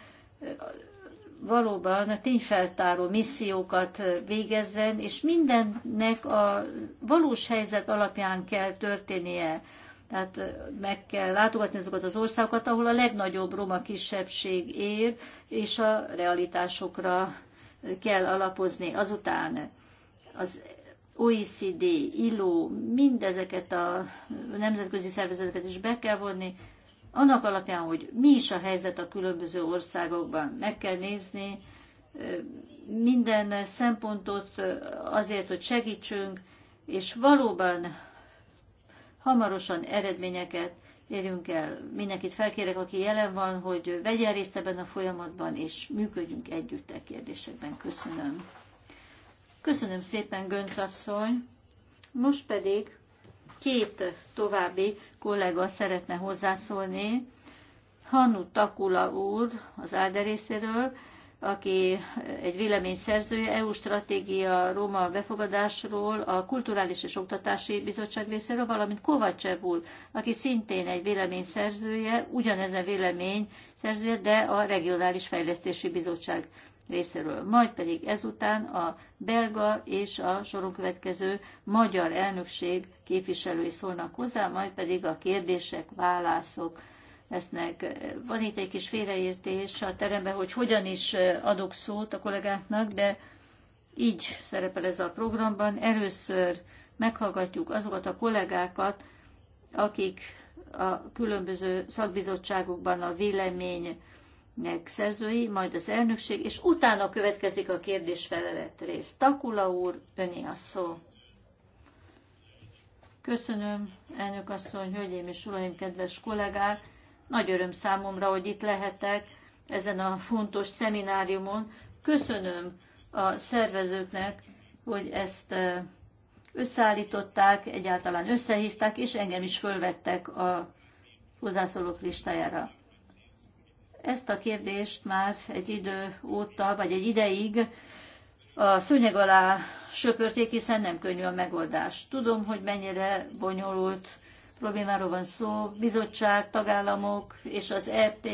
valóban a tényfeltáró missziókat végezzen, és mindennek a valós helyzet alapján kell történnie. Tehát meg kell látogatni azokat az országokat, ahol a legnagyobb roma kisebbség él, és a realitásokra kell alapozni. Azután az OECD, ILO, mindezeket a nemzetközi szervezeteket is be kell vonni, annak alapján, hogy mi is a helyzet a különböző országokban. Meg kell nézni minden szempontot azért, hogy segítsünk, és valóban hamarosan eredményeket érjünk el. Mindenkit felkérek, aki jelen van, hogy vegyen részt ebben a folyamatban, és működjünk együtt a e kérdésekben. Köszönöm. Köszönöm szépen, Gönc asszony. Most pedig Két további kollega szeretne hozzászólni. Hanu Takula úr az Áder részéről, aki egy vélemény szerzője EU stratégia Róma befogadásról, a Kulturális és Oktatási Bizottság részéről, valamint Kovacsev úr, aki szintén egy vélemény szerzője, ugyanezen vélemény szerzője, de a Regionális Fejlesztési Bizottság részéről. Majd pedig ezután a belga és a soron következő magyar elnökség képviselői szólnak hozzá, majd pedig a kérdések, válaszok lesznek. Van itt egy kis félreértés a teremben, hogy hogyan is adok szót a kollégáknak, de így szerepel ez a programban. Először meghallgatjuk azokat a kollégákat, akik a különböző szakbizottságokban a vélemény megszerzői, majd az elnökség, és utána következik a kérdésfelelet rész. Takula úr, öné a szó. Köszönöm, elnök asszony, hölgyeim és uraim, kedves kollégák! Nagy öröm számomra, hogy itt lehetek ezen a fontos szemináriumon. Köszönöm a szervezőknek, hogy ezt eh, összeállították, egyáltalán összehívták, és engem is fölvettek a hozzászólók listájára. Ezt a kérdést már egy idő óta, vagy egy ideig a szőnyeg alá söpörték, hiszen nem könnyű a megoldás. Tudom, hogy mennyire bonyolult problémáról van szó, bizottság, tagállamok és az EP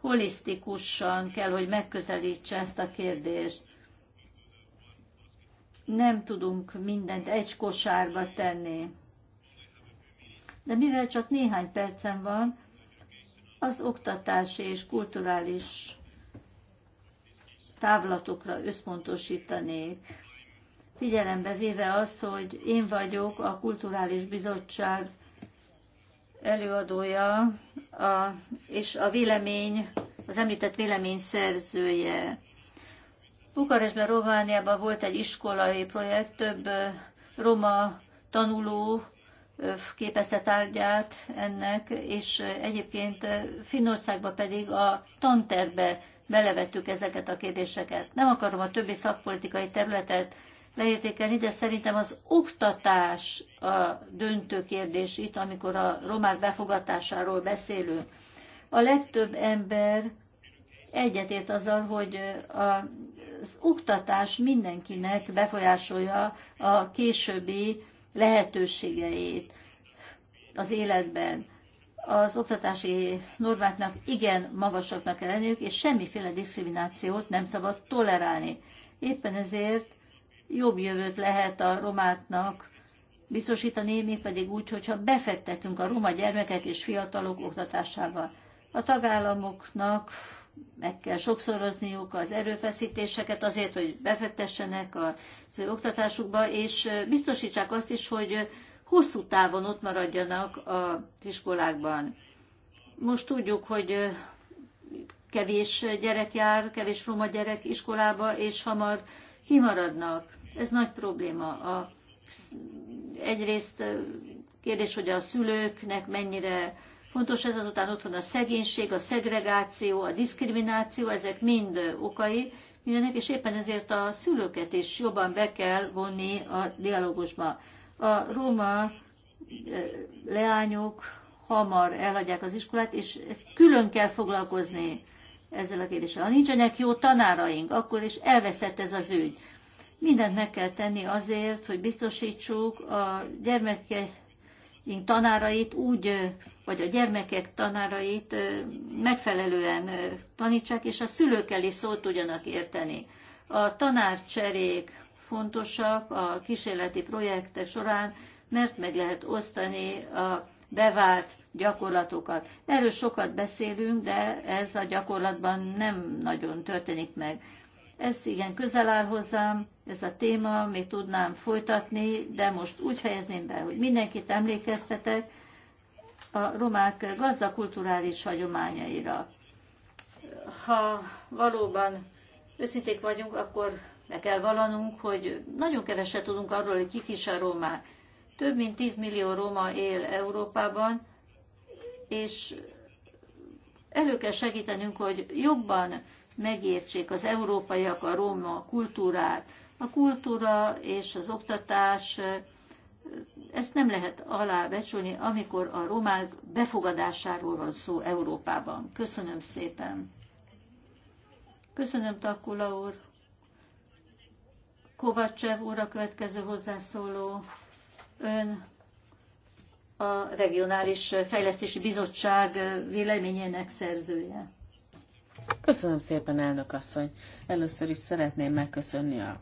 holisztikusan kell, hogy megközelítse ezt a kérdést. Nem tudunk mindent egy kosárba tenni. De mivel csak néhány percen van, az oktatási és kulturális távlatokra összpontosítanék. Figyelembe véve azt, hogy én vagyok a Kulturális Bizottság előadója a, és a vélemény, az említett vélemény szerzője. Bukarestben, Romániában volt egy iskolai projekt, több roma tanuló Eh, képezte tárgyát ennek, és eh, egyébként eh, Finnországban pedig a tanterbe belevettük ezeket a kérdéseket. Nem akarom a többi szakpolitikai területet leértékelni, de szerintem az oktatás a döntő kérdés itt, amikor a romák befogatásáról beszélünk. A legtöbb ember egyetért azzal, hogy az oktatás mindenkinek befolyásolja a későbbi lehetőségeit az életben. Az oktatási normáknak igen magasaknak kell lenniük, és semmiféle diszkriminációt nem szabad tolerálni. Éppen ezért jobb jövőt lehet a romáknak biztosítani, mégpedig úgy, hogyha befektetünk a roma gyermekek és fiatalok oktatásába. A tagállamoknak meg kell sokszorozniuk az erőfeszítéseket azért, hogy befektessenek az ő oktatásukba, és biztosítsák azt is, hogy hosszú távon ott maradjanak az iskolákban. Most tudjuk, hogy kevés gyerek jár, kevés roma gyerek iskolába, és hamar kimaradnak. Ez nagy probléma. A, egyrészt kérdés, hogy a szülőknek mennyire Fontos ez azután ott van a szegénység, a szegregáció, a diszkrimináció, ezek mind okai mindenek, és éppen ezért a szülőket is jobban be kell vonni a dialógusba. A roma eh, leányok hamar elhagyják az iskolát, és külön kell foglalkozni ezzel a kérdéssel. Ha nincsenek jó tanáraink, akkor is elveszett ez az ügy. Mindent meg kell tenni azért, hogy biztosítsuk a gyermekek én tanárait úgy, vagy a gyermekek tanárait megfelelően tanítsák, és a szülőkkel is szót tudjanak érteni. A tanárcserék fontosak a kísérleti projektek során, mert meg lehet osztani a bevált gyakorlatokat. Erről sokat beszélünk, de ez a gyakorlatban nem nagyon történik meg. Ez igen közel áll hozzám, ez a téma, még tudnám folytatni, de most úgy fejezném be, hogy mindenkit emlékeztetek a romák gazda kulturális hagyományaira. Ha valóban őszinték vagyunk, akkor meg kell valanunk, hogy nagyon keveset tudunk arról, hogy kik is a romák. Több mint 10 millió roma él Európában, és elő kell segítenünk, hogy jobban megértsék az európaiak a róma kultúrát. A kultúra és az oktatás, ezt nem lehet alábecsülni, amikor a romák befogadásáról van szó Európában. Köszönöm szépen. Köszönöm, Takula úr. Kovacsev úr a következő hozzászóló. Ön a Regionális Fejlesztési Bizottság véleményének szerzője. Köszönöm szépen, elnök asszony. Először is szeretném megköszönni a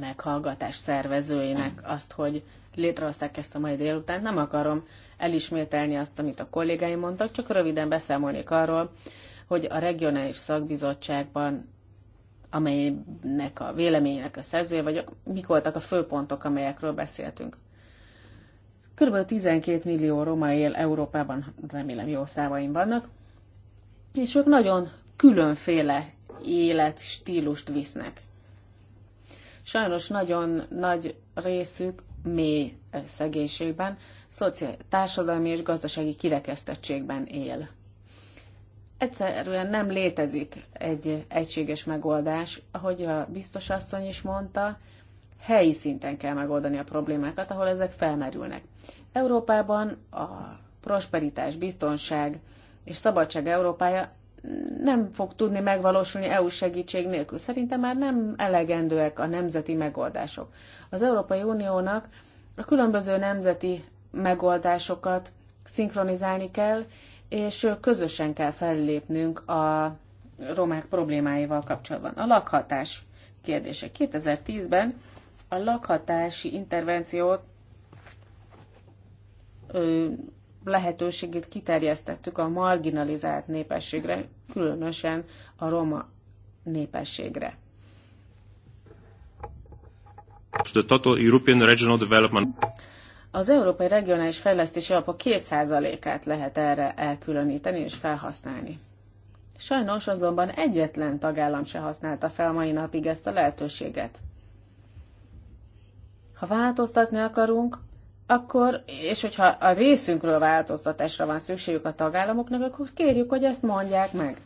meghallgatás szervezőinek azt, hogy létrehozták ezt a mai délután. Nem akarom elismételni azt, amit a kollégáim mondtak, csak röviden beszámolnék arról, hogy a regionális szakbizottságban, amelynek a véleményének a szerzője vagyok, mik voltak a főpontok, amelyekről beszéltünk. Körülbelül 12 millió roma él Európában, remélem jó számaim vannak, és ők nagyon különféle életstílust visznek. Sajnos nagyon nagy részük mély szegénységben, szociál, társadalmi és gazdasági kirekesztettségben él. Egyszerűen nem létezik egy egységes megoldás, ahogy a biztos asszony is mondta, helyi szinten kell megoldani a problémákat, ahol ezek felmerülnek. Európában a prosperitás, biztonság, és szabadság Európája nem fog tudni megvalósulni EU segítség nélkül. Szerintem már nem elegendőek a nemzeti megoldások. Az Európai Uniónak a különböző nemzeti megoldásokat szinkronizálni kell, és közösen kell fellépnünk a romák problémáival kapcsolatban. A lakhatás kérdése. 2010-ben a lakhatási intervenciót lehetőségét kiterjesztettük a marginalizált népességre, különösen a roma népességre. The total European Regional Development. Az Európai Regionális Fejlesztési alap 2%-át lehet erre elkülöníteni és felhasználni. Sajnos azonban egyetlen tagállam se használta fel mai napig ezt a lehetőséget. Ha változtatni akarunk, akkor, és hogyha a részünkről változtatásra van szükségük a tagállamoknak, akkor kérjük, hogy ezt mondják meg.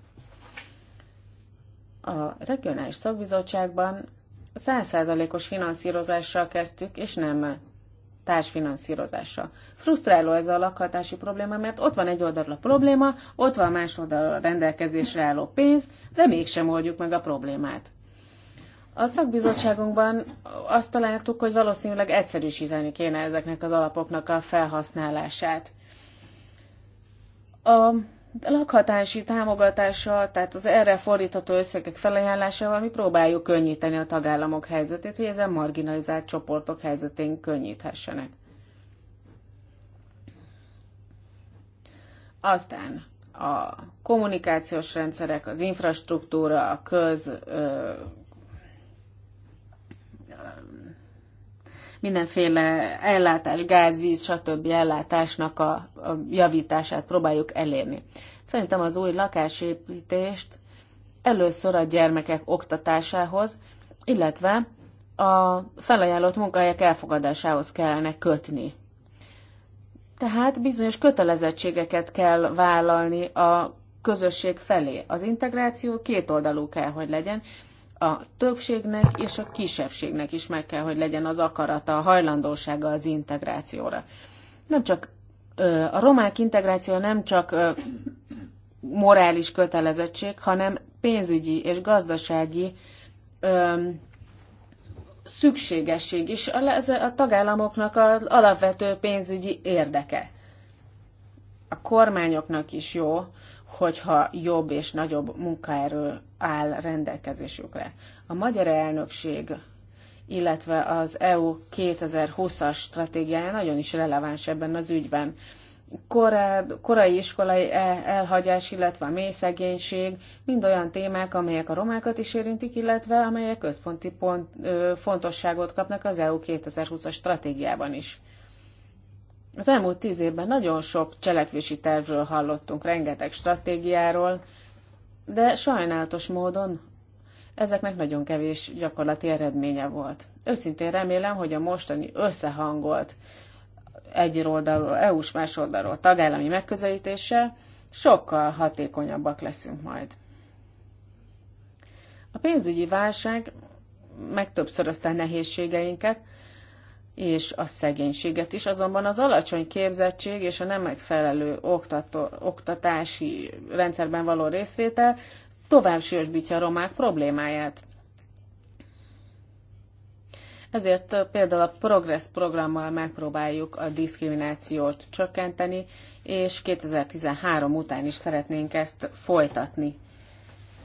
A regionális szakbizottságban 100%-os finanszírozással kezdtük, és nem társfinanszírozással. Frusztráló ez a lakhatási probléma, mert ott van egy oldalra a probléma, ott van más oldalra a rendelkezésre álló pénz, de mégsem oldjuk meg a problémát. A szakbizottságunkban azt találtuk, hogy valószínűleg egyszerűsíteni kéne ezeknek az alapoknak a felhasználását. A lakhatási támogatása, tehát az erre fordítható összegek felajánlásával mi próbáljuk könnyíteni a tagállamok helyzetét, hogy ezen marginalizált csoportok helyzetén könnyíthessenek. Aztán a kommunikációs rendszerek, az infrastruktúra, a köz, mindenféle ellátás, gáz, víz, stb. ellátásnak a, a javítását próbáljuk elérni. Szerintem az új lakásépítést először a gyermekek oktatásához, illetve a felajánlott munkahelyek elfogadásához kellene kötni. Tehát bizonyos kötelezettségeket kell vállalni a közösség felé. Az integráció két oldalú kell, hogy legyen, a többségnek és a kisebbségnek is meg kell, hogy legyen az akarata, a hajlandósága az integrációra. Nem csak a romák integráció nem csak morális kötelezettség, hanem pénzügyi és gazdasági szükségesség is a tagállamoknak az alapvető pénzügyi érdeke. A kormányoknak is jó, hogyha jobb és nagyobb munkaerő áll rendelkezésükre. A magyar elnökség, illetve az EU 2020-as stratégiája nagyon is releváns ebben az ügyben. Koráb, korai iskolai e-, elhagyás, illetve a mély szegénység, mind olyan témák, amelyek a romákat is érintik, illetve amelyek központi pont, ö, fontosságot kapnak az EU 2020-as stratégiában is. Az elmúlt tíz évben nagyon sok cselekvési tervről hallottunk, rengeteg stratégiáról, de sajnálatos módon ezeknek nagyon kevés gyakorlati eredménye volt. Őszintén remélem, hogy a mostani összehangolt egy oldalról, EU-s más oldalról tagállami megközelítéssel sokkal hatékonyabbak leszünk majd. A pénzügyi válság megtöbbszörözte nehézségeinket, és a szegénységet is, azonban az alacsony képzettség és a nem megfelelő oktató, oktatási rendszerben való részvétel tovább sűrűsbítja a romák problémáját. Ezért például a Progress programmal megpróbáljuk a diszkriminációt csökkenteni, és 2013 után is szeretnénk ezt folytatni.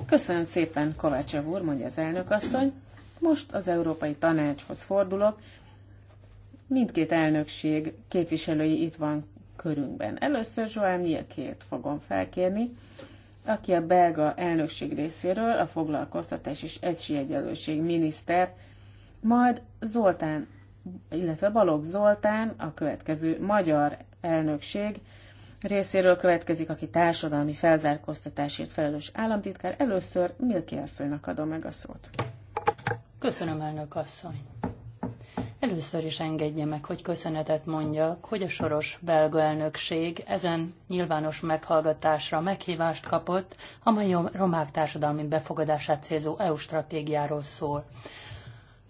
Köszönöm szépen, Kovácsev úr, mondja az elnök asszony. Most az Európai Tanácshoz fordulok, Mindkét elnökség képviselői itt van körünkben. Először Joel Mielkét fogom felkérni, aki a belga elnökség részéről a foglalkoztatás és egységegyelőség miniszter, majd Zoltán, illetve Balogh Zoltán, a következő magyar elnökség részéről következik, aki társadalmi felzárkóztatásért felelős államtitkár. Először Milki asszonynak adom meg a szót. Köszönöm, elnök asszony. Először is engedje meg, hogy köszönetet mondjak, hogy a soros belga elnökség ezen nyilvános meghallgatásra meghívást kapott, amely a romák társadalmi befogadását célzó EU stratégiáról szól.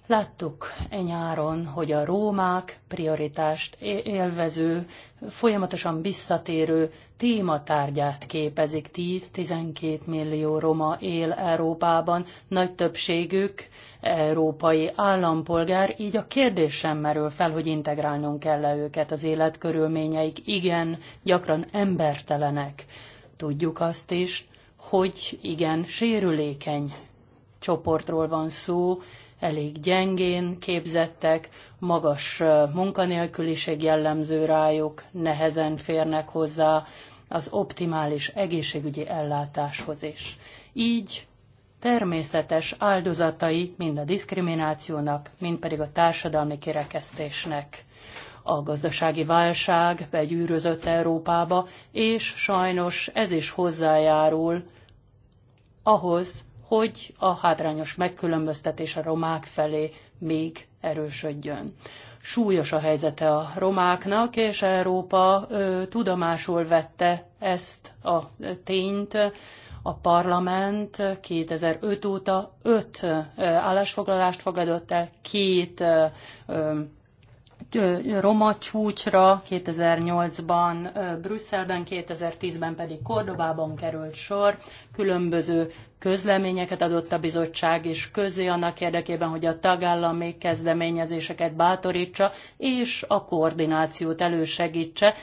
Láttuk e nyáron, hogy a rómák prioritást élvező, folyamatosan visszatérő tématárgyát képezik. 10-12 millió roma él Európában, nagy többségük európai állampolgár, így a kérdés sem merül fel, hogy integrálnunk kell-e őket. Az életkörülményeik igen, gyakran embertelenek. Tudjuk azt is, hogy igen, sérülékeny csoportról van szó, elég gyengén képzettek, magas munkanélküliség jellemző rájuk, nehezen férnek hozzá az optimális egészségügyi ellátáshoz is. Így természetes áldozatai mind a diszkriminációnak, mind pedig a társadalmi kirekesztésnek. A gazdasági válság begyűrözött Európába, és sajnos ez is hozzájárul ahhoz, hogy a hátrányos megkülönböztetés a romák felé még erősödjön. Súlyos a helyzete a romáknak, és Európa ö, tudomásul vette ezt a tényt. A parlament 2005 óta öt állásfoglalást fogadott el, két ö, Roma csúcsra 2008-ban Brüsszelben, 2010-ben pedig Kordobában került sor. Különböző közleményeket adott a bizottság is közé annak érdekében, hogy a tagállami kezdeményezéseket bátorítsa és a koordinációt elősegítse,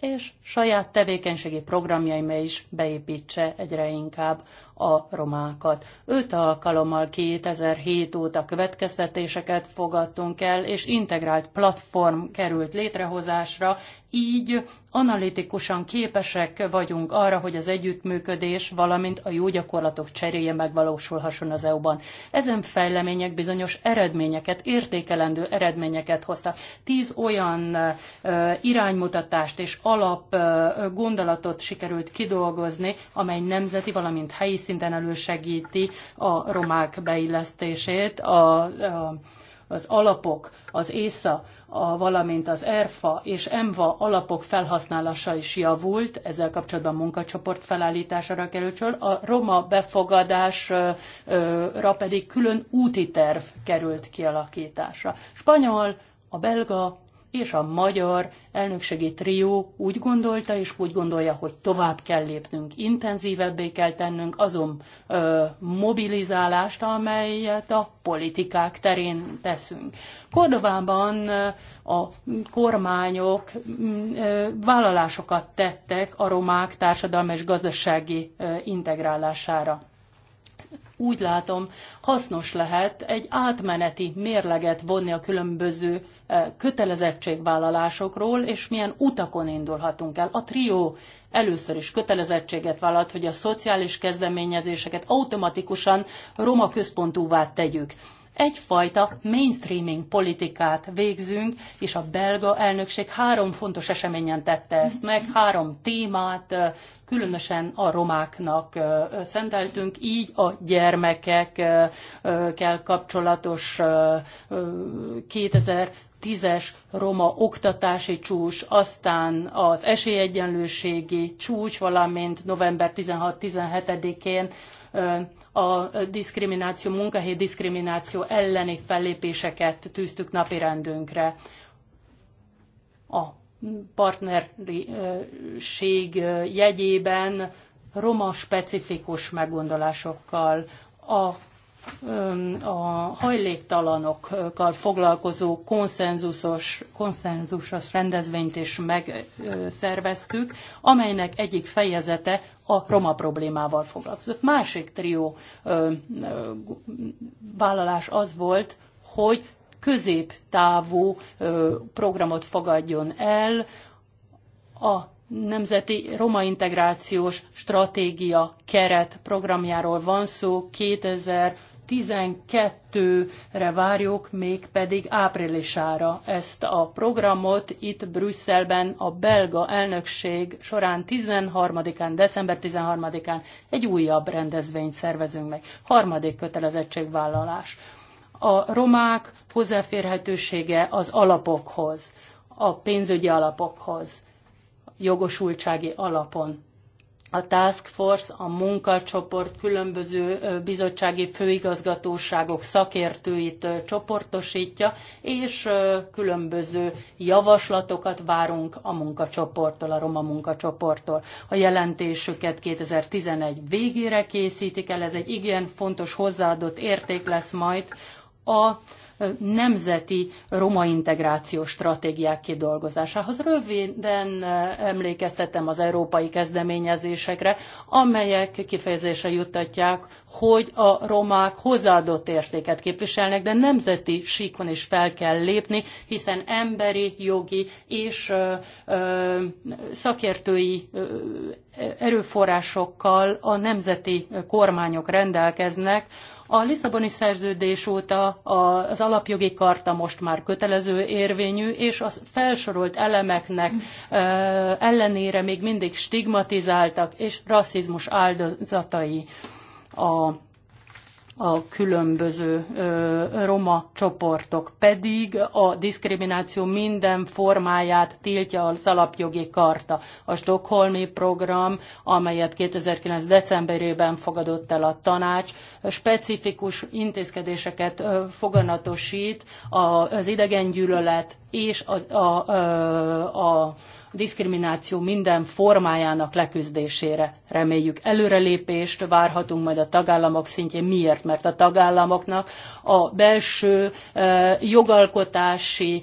és saját tevékenységi programjaimba is beépítse egyre inkább a romákat. Öt alkalommal 2007 óta következtetéseket fogadtunk el, és integrált platform került létrehozásra Így analitikusan képesek vagyunk arra, hogy az együttműködés, valamint a jó gyakorlatok cseréje megvalósulhasson az EU-ban. Ezen fejlemények bizonyos eredményeket, értékelendő eredményeket hoztak. Tíz olyan iránymutatást és alap gondolatot sikerült kidolgozni, amely nemzeti, valamint helyi szinten elősegíti a romák beillesztését, a, a az alapok, az ÉSZA, a, valamint az ERFA és EMVA alapok felhasználása is javult, ezzel kapcsolatban munkacsoport felállítására került sor, a roma befogadásra pedig külön úti terv került kialakításra. Spanyol, a belga, és a magyar elnökségi trió úgy gondolta és úgy gondolja, hogy tovább kell lépnünk, intenzívebbé kell tennünk azon ö, mobilizálást, amelyet a politikák terén teszünk. Kordovában a kormányok ö, vállalásokat tettek a romák társadalmi és gazdasági ö, integrálására úgy látom, hasznos lehet egy átmeneti mérleget vonni a különböző eh, kötelezettségvállalásokról, és milyen utakon indulhatunk el. A trió először is kötelezettséget vállalt, hogy a szociális kezdeményezéseket automatikusan roma központúvá tegyük egyfajta mainstreaming politikát végzünk, és a belga elnökség három fontos eseményen tette ezt meg, három témát különösen a romáknak szenteltünk, így a gyermekekkel kapcsolatos 2000 tízes roma oktatási csúcs, aztán az esélyegyenlőségi csúcs, valamint november 16-17-én a diszkrimináció, munkahelyi diszkrimináció elleni fellépéseket tűztük napirendünkre. A partnerség jegyében roma specifikus meggondolásokkal a a hajléktalanokkal foglalkozó konszenzusos, konszenzusos rendezvényt is megszerveztük, amelynek egyik fejezete a roma problémával foglalkozott. Másik trió vállalás az volt, hogy középtávú programot fogadjon el a Nemzeti Roma Integrációs Stratégia keret programjáról van szó 2000 12-re várjuk még pedig áprilisára ezt a programot itt Brüsszelben a belga elnökség során 13-án, december 13-án egy újabb rendezvényt szervezünk meg. Harmadik kötelezettségvállalás. A romák hozzáférhetősége az alapokhoz, a pénzügyi alapokhoz, jogosultsági alapon a Task Force, a munkacsoport különböző bizottsági főigazgatóságok szakértőit csoportosítja, és különböző javaslatokat várunk a munkacsoporttól, a roma munkacsoporttól. A jelentésüket 2011 végére készítik el, ez egy igen fontos hozzáadott érték lesz majd a nemzeti roma integrációs stratégiák kidolgozásához. Röviden eh, emlékeztettem az európai kezdeményezésekre, amelyek kifejezése juttatják, hogy a romák hozzáadott értéket képviselnek, de nemzeti síkon is fel kell lépni, hiszen emberi, jogi és ö, eh, ö, eh, szakértői ö, erőforrásokkal a nemzeti kormányok rendelkeznek, a Lisszaboni szerződés óta az alapjogi karta most már kötelező érvényű, és a felsorolt elemeknek ellenére még mindig stigmatizáltak és rasszizmus áldozatai a a különböző ö, roma csoportok, pedig a diszkrimináció minden formáját tiltja az alapjogi karta. A Stockholmi program, amelyet 2009. decemberében fogadott el a tanács, specifikus intézkedéseket foganatosít az idegengyűlölet és az, a, a, a diszkrimináció minden formájának leküzdésére. Reméljük előrelépést várhatunk majd a tagállamok szintjén. Miért? Mert a tagállamoknak a belső jogalkotási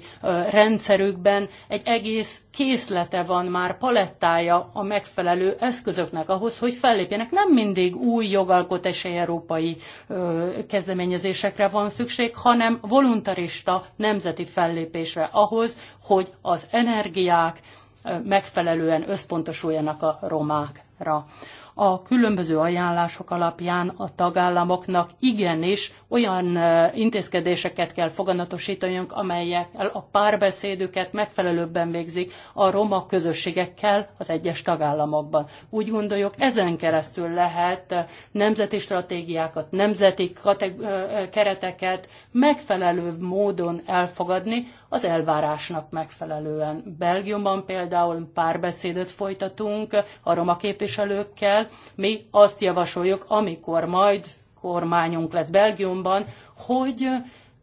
rendszerükben egy egész készlete van már, palettája a megfelelő eszközöknek ahhoz, hogy fellépjenek. Nem mindig új jogalkotási európai ö, kezdeményezésekre van szükség, hanem voluntarista nemzeti fellépésre ahhoz, hogy az energiák ö, megfelelően összpontosuljanak a romákra a különböző ajánlások alapján a tagállamoknak igenis olyan intézkedéseket kell foganatosítanunk, amelyek a párbeszédüket megfelelőbben végzik a roma közösségekkel az egyes tagállamokban. Úgy gondoljuk, ezen keresztül lehet nemzeti stratégiákat, nemzeti kereteket megfelelő módon elfogadni az elvárásnak megfelelően. Belgiumban például párbeszédet folytatunk a roma képviselőkkel, mi azt javasoljuk, amikor majd kormányunk lesz Belgiumban, hogy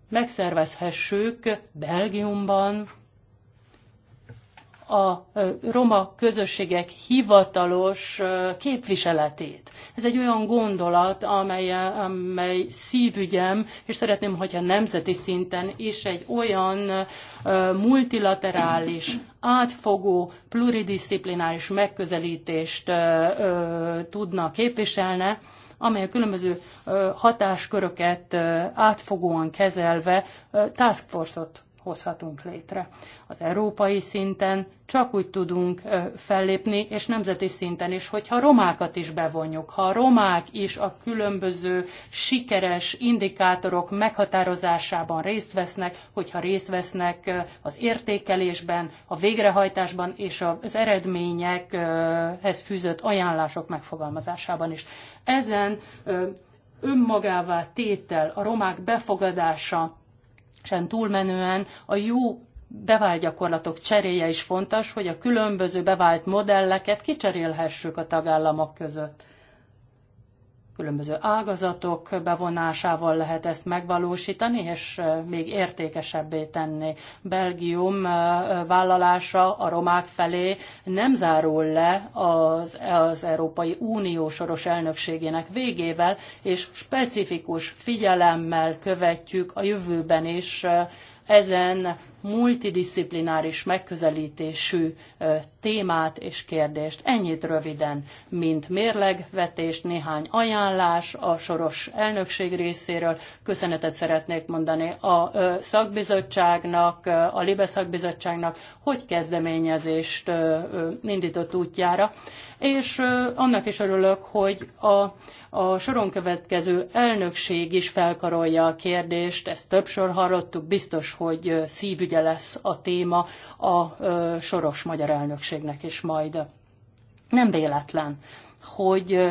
megszervezhessük Belgiumban a e, roma közösségek hivatalos e, képviseletét. Ez egy olyan gondolat, amely, e, amely szívügyem, és szeretném, hogyha nemzeti szinten is egy olyan multilaterális, átfogó, pluridisziplináris megközelítést tudna képviselne, amely a különböző hatásköröket átfogóan kezelve taskforce ot hozhatunk létre. Az európai szinten csak úgy tudunk fellépni, és nemzeti szinten is, hogyha romákat is bevonjuk, ha a romák is a különböző sikeres indikátorok meghatározásában részt vesznek, hogyha részt vesznek az értékelésben, a végrehajtásban és az eredményekhez fűzött ajánlások megfogalmazásában is. Ezen önmagává tétel, a romák befogadása, sen túlmenően a jó bevált gyakorlatok cseréje is fontos, hogy a különböző bevált modelleket kicserélhessük a tagállamok között különböző ágazatok bevonásával lehet ezt megvalósítani, és még értékesebbé tenni. Belgium vállalása a romák felé nem zárul le az, az Európai Unió soros elnökségének végével, és specifikus figyelemmel követjük a jövőben is ezen multidisziplináris megközelítésű témát és kérdést. Ennyit röviden, mint mérlegvetés, néhány ajánlás a soros elnökség részéről. Köszönetet szeretnék mondani a szakbizottságnak, a Libe szakbizottságnak, hogy kezdeményezést indított útjára. És annak is örülök, hogy a, a soron következő elnökség is felkarolja a kérdést, ezt többször hallottuk, biztos, hogy szívügye lesz a téma a soros magyar elnökség ügynökségnek és majd. Nem véletlen, hogy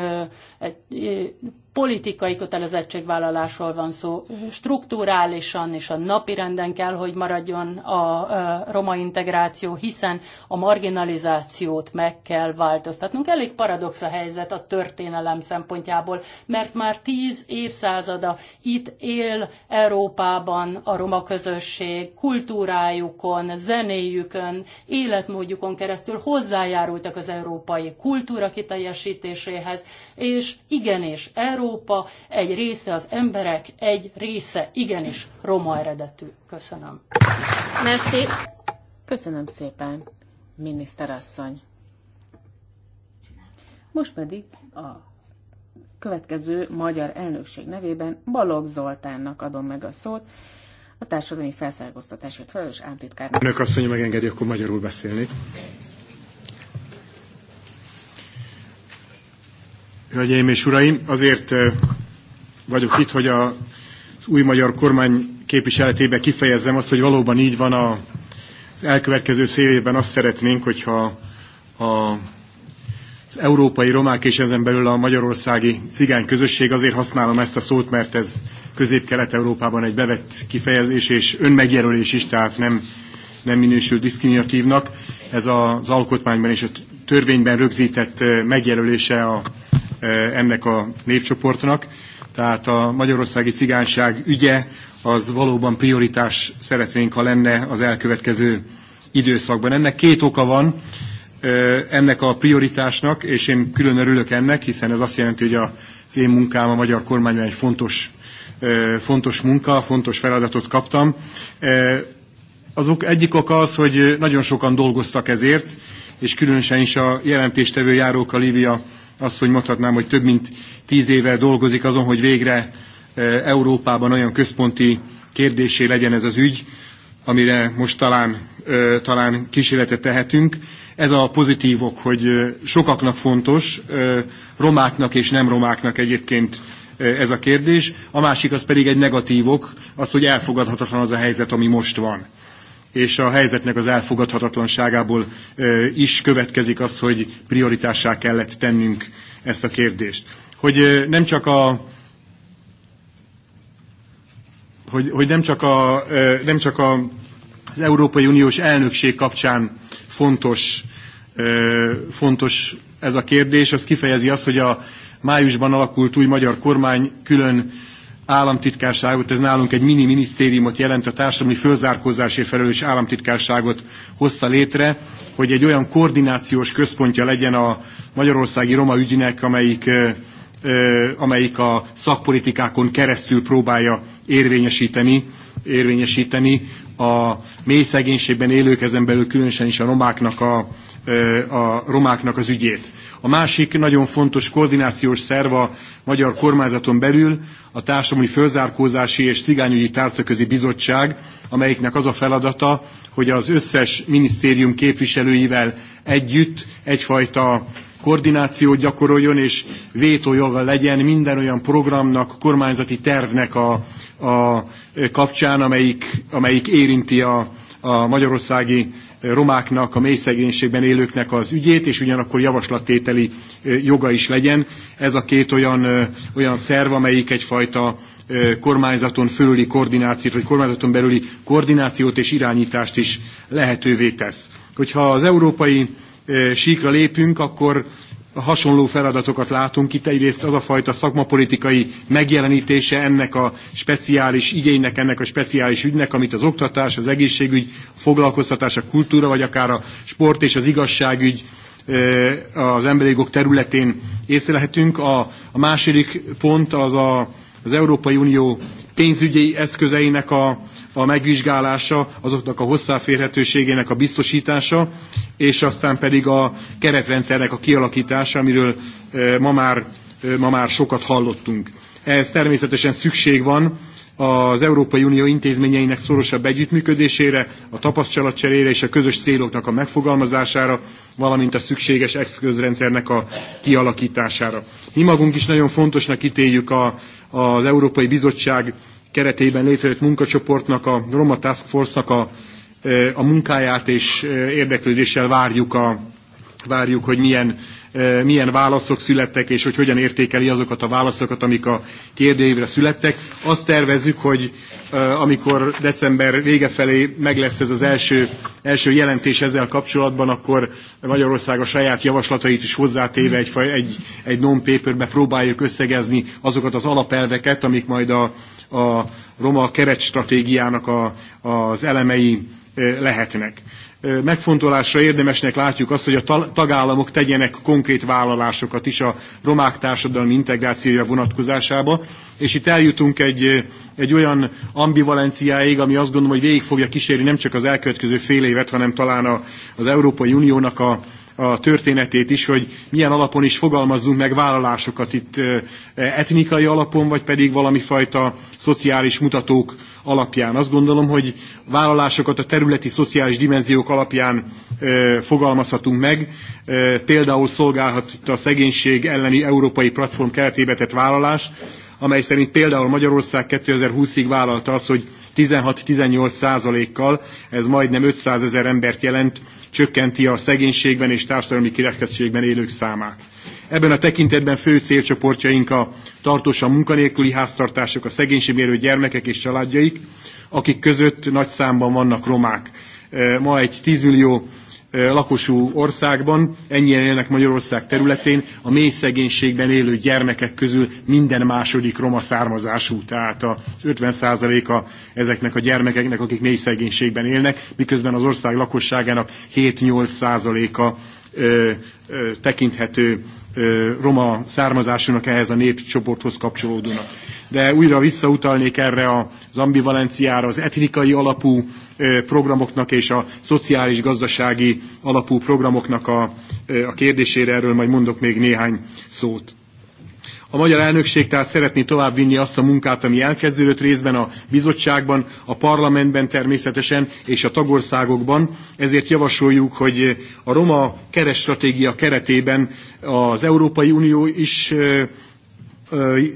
politikai kötelezettségvállalásról van szó. Struktúrálisan és a napi renden kell, hogy maradjon a roma integráció, hiszen a marginalizációt meg kell változtatnunk. Elég paradox a helyzet a történelem szempontjából, mert már tíz évszázada itt él Európában a roma közösség, kultúrájukon, zenéjükön, életmódjukon keresztül hozzájárultak az európai kultúra kiteljesítéséhez, és igenis, Európa Európa, egy része az emberek, egy része igenis roma eredetű. Köszönöm. Merci. Köszönöm szépen, miniszterasszony. Most pedig a következő magyar elnökség nevében Balogh Zoltánnak adom meg a szót, a társadalmi felszergoztatásért felelős államtitkárnak. Önök asszony megengedi, akkor magyarul beszélni. Hölgyeim és uraim, azért eh, vagyok itt, hogy az új magyar kormány képviseletébe kifejezzem azt, hogy valóban így van a, az elkövetkező szévében azt szeretnénk, hogyha a, az európai romák és ezen belül a magyarországi cigány közösség, azért használom ezt a szót, mert ez közép-kelet-európában egy bevett kifejezés és önmegjelölés is, tehát nem, nem minősül diszkriminatívnak. Ez az alkotmányban és a törvényben rögzített eh, megjelölése a ennek a népcsoportnak. Tehát a magyarországi cigányság ügye az valóban prioritás szeretnénk, ha lenne az elkövetkező időszakban. Ennek két oka van, ennek a prioritásnak, és én külön örülök ennek, hiszen ez azt jelenti, hogy az én munkám a magyar kormányban egy fontos, fontos munka, fontos feladatot kaptam. Azok egyik oka az, hogy nagyon sokan dolgoztak ezért, és különösen is a jelentéstevő Járóka Lívia azt, hogy mondhatnám, hogy több mint tíz éve dolgozik azon, hogy végre e, Európában olyan központi kérdésé legyen ez az ügy, amire most talán, e, talán kísérletet tehetünk. Ez a pozitívok, hogy e, sokaknak fontos, romáknak és nem romáknak egyébként ez a kérdés. A másik az pedig egy negatívok, az, hogy elfogadhatatlan az a helyzet, ami most van és a helyzetnek az elfogadhatatlanságából is következik az, hogy prioritássá kellett tennünk ezt a kérdést. Hogy nem csak a hogy, hogy nem csak, a, nem csak a, az Európai Uniós elnökség kapcsán fontos, fontos ez a kérdés, az kifejezi azt, hogy a májusban alakult új magyar kormány külön államtitkárságot, ez nálunk egy mini minisztériumot jelent, a társadalmi fölzárkózásért felelős államtitkárságot hozta létre, hogy egy olyan koordinációs központja legyen a magyarországi roma ügynek, amelyik amelyik a szakpolitikákon keresztül próbálja érvényesíteni, érvényesíteni a mély szegénységben élők, ezen belül különösen is a romáknak, a, a romáknak az ügyét. A másik nagyon fontos koordinációs szerv a magyar kormányzaton belül a Társadalmi Fölzárkózási és Cigányügyi Tárcaközi Bizottság, amelyiknek az a feladata, hogy az összes minisztérium képviselőivel együtt egyfajta koordinációt gyakoroljon, és vétójoga legyen minden olyan programnak, kormányzati tervnek a, a kapcsán, amelyik, amelyik érinti a, a magyarországi romáknak, a mélyszegénységben élőknek az ügyét, és ugyanakkor javaslattételi joga is legyen. Ez a két olyan, olyan szerv, amelyik egyfajta kormányzaton fölüli koordinációt, vagy kormányzaton belüli koordinációt és irányítást is lehetővé tesz. Hogyha az európai síkra lépünk, akkor hasonló feladatokat látunk. Itt egyrészt az a fajta szakmapolitikai megjelenítése ennek a speciális igénynek, ennek a speciális ügynek, amit az oktatás, az egészségügy, a foglalkoztatás, a kultúra, vagy akár a sport és az igazságügy az emberi jogok területén észlelhetünk. A, a második pont az a, az Európai Unió pénzügyi eszközeinek a, a megvizsgálása, azoknak a hozzáférhetőségének a biztosítása, és aztán pedig a keretrendszernek a kialakítása, amiről eh, ma már, eh, ma már sokat hallottunk. Ehhez természetesen szükség van az Európai Unió intézményeinek szorosabb együttműködésére, a tapasztalatcserére és a közös céloknak a megfogalmazására, valamint a szükséges eszközrendszernek a kialakítására. Mi magunk is nagyon fontosnak ítéljük a, az Európai Bizottság keretében létrejött munkacsoportnak, a Roma Task Force-nak a, a munkáját, és érdeklődéssel várjuk, a, várjuk hogy milyen, milyen válaszok születtek, és hogy hogyan értékeli azokat a válaszokat, amik a kérdőívre születtek. Azt tervezzük, hogy amikor december vége felé meg lesz ez az első, első jelentés ezzel kapcsolatban, akkor Magyarország a saját javaslatait is hozzátéve egy, egy, egy non-paperbe próbáljuk összegezni azokat az alapelveket, amik majd a, a roma keretstratégiának a, az elemei lehetnek. Megfontolásra érdemesnek látjuk azt, hogy a tagállamok tegyenek konkrét vállalásokat is a romák társadalmi integrációja vonatkozásába, és itt eljutunk egy, egy olyan ambivalenciáig, ami azt gondolom, hogy végig fogja kísérni nem csak az elkövetkező fél évet, hanem talán a, az Európai Uniónak a, a történetét is, hogy milyen alapon is fogalmazzunk meg vállalásokat itt etnikai alapon, vagy pedig valami fajta szociális mutatók alapján. Azt gondolom, hogy vállalásokat a területi szociális dimenziók alapján fogalmazhatunk meg. Például szolgálhat itt a szegénység elleni európai platform keretébe tett vállalás, amely szerint például Magyarország 2020-ig vállalta azt, hogy 16-18 százalékkal, ez majdnem 500 ezer embert jelent, csökkenti a szegénységben és társadalmi kirekesztségben élők számát. Ebben a tekintetben fő célcsoportjaink a tartósan munkanélküli háztartások, a szegénységmérő gyermekek és családjaik, akik között nagy számban vannak romák. Ma egy 10 millió lakosú országban, ennyien élnek Magyarország területén, a mély szegénységben élő gyermekek közül minden második roma származású, tehát az 50%-a ezeknek a gyermekeknek, akik mély szegénységben élnek, miközben az ország lakosságának 7-8%-a tekinthető roma származásúnak ehhez a népcsoporthoz kapcsolódónak. De újra visszautalnék erre az ambivalenciára, az etnikai alapú programoknak és a szociális gazdasági alapú programoknak a, a kérdésére, erről majd mondok még néhány szót. A magyar elnökség tehát szeretné továbbvinni azt a munkát, ami elkezdődött részben a bizottságban, a parlamentben természetesen és a tagországokban. Ezért javasoljuk, hogy a roma keresztratégia keretében az Európai Unió is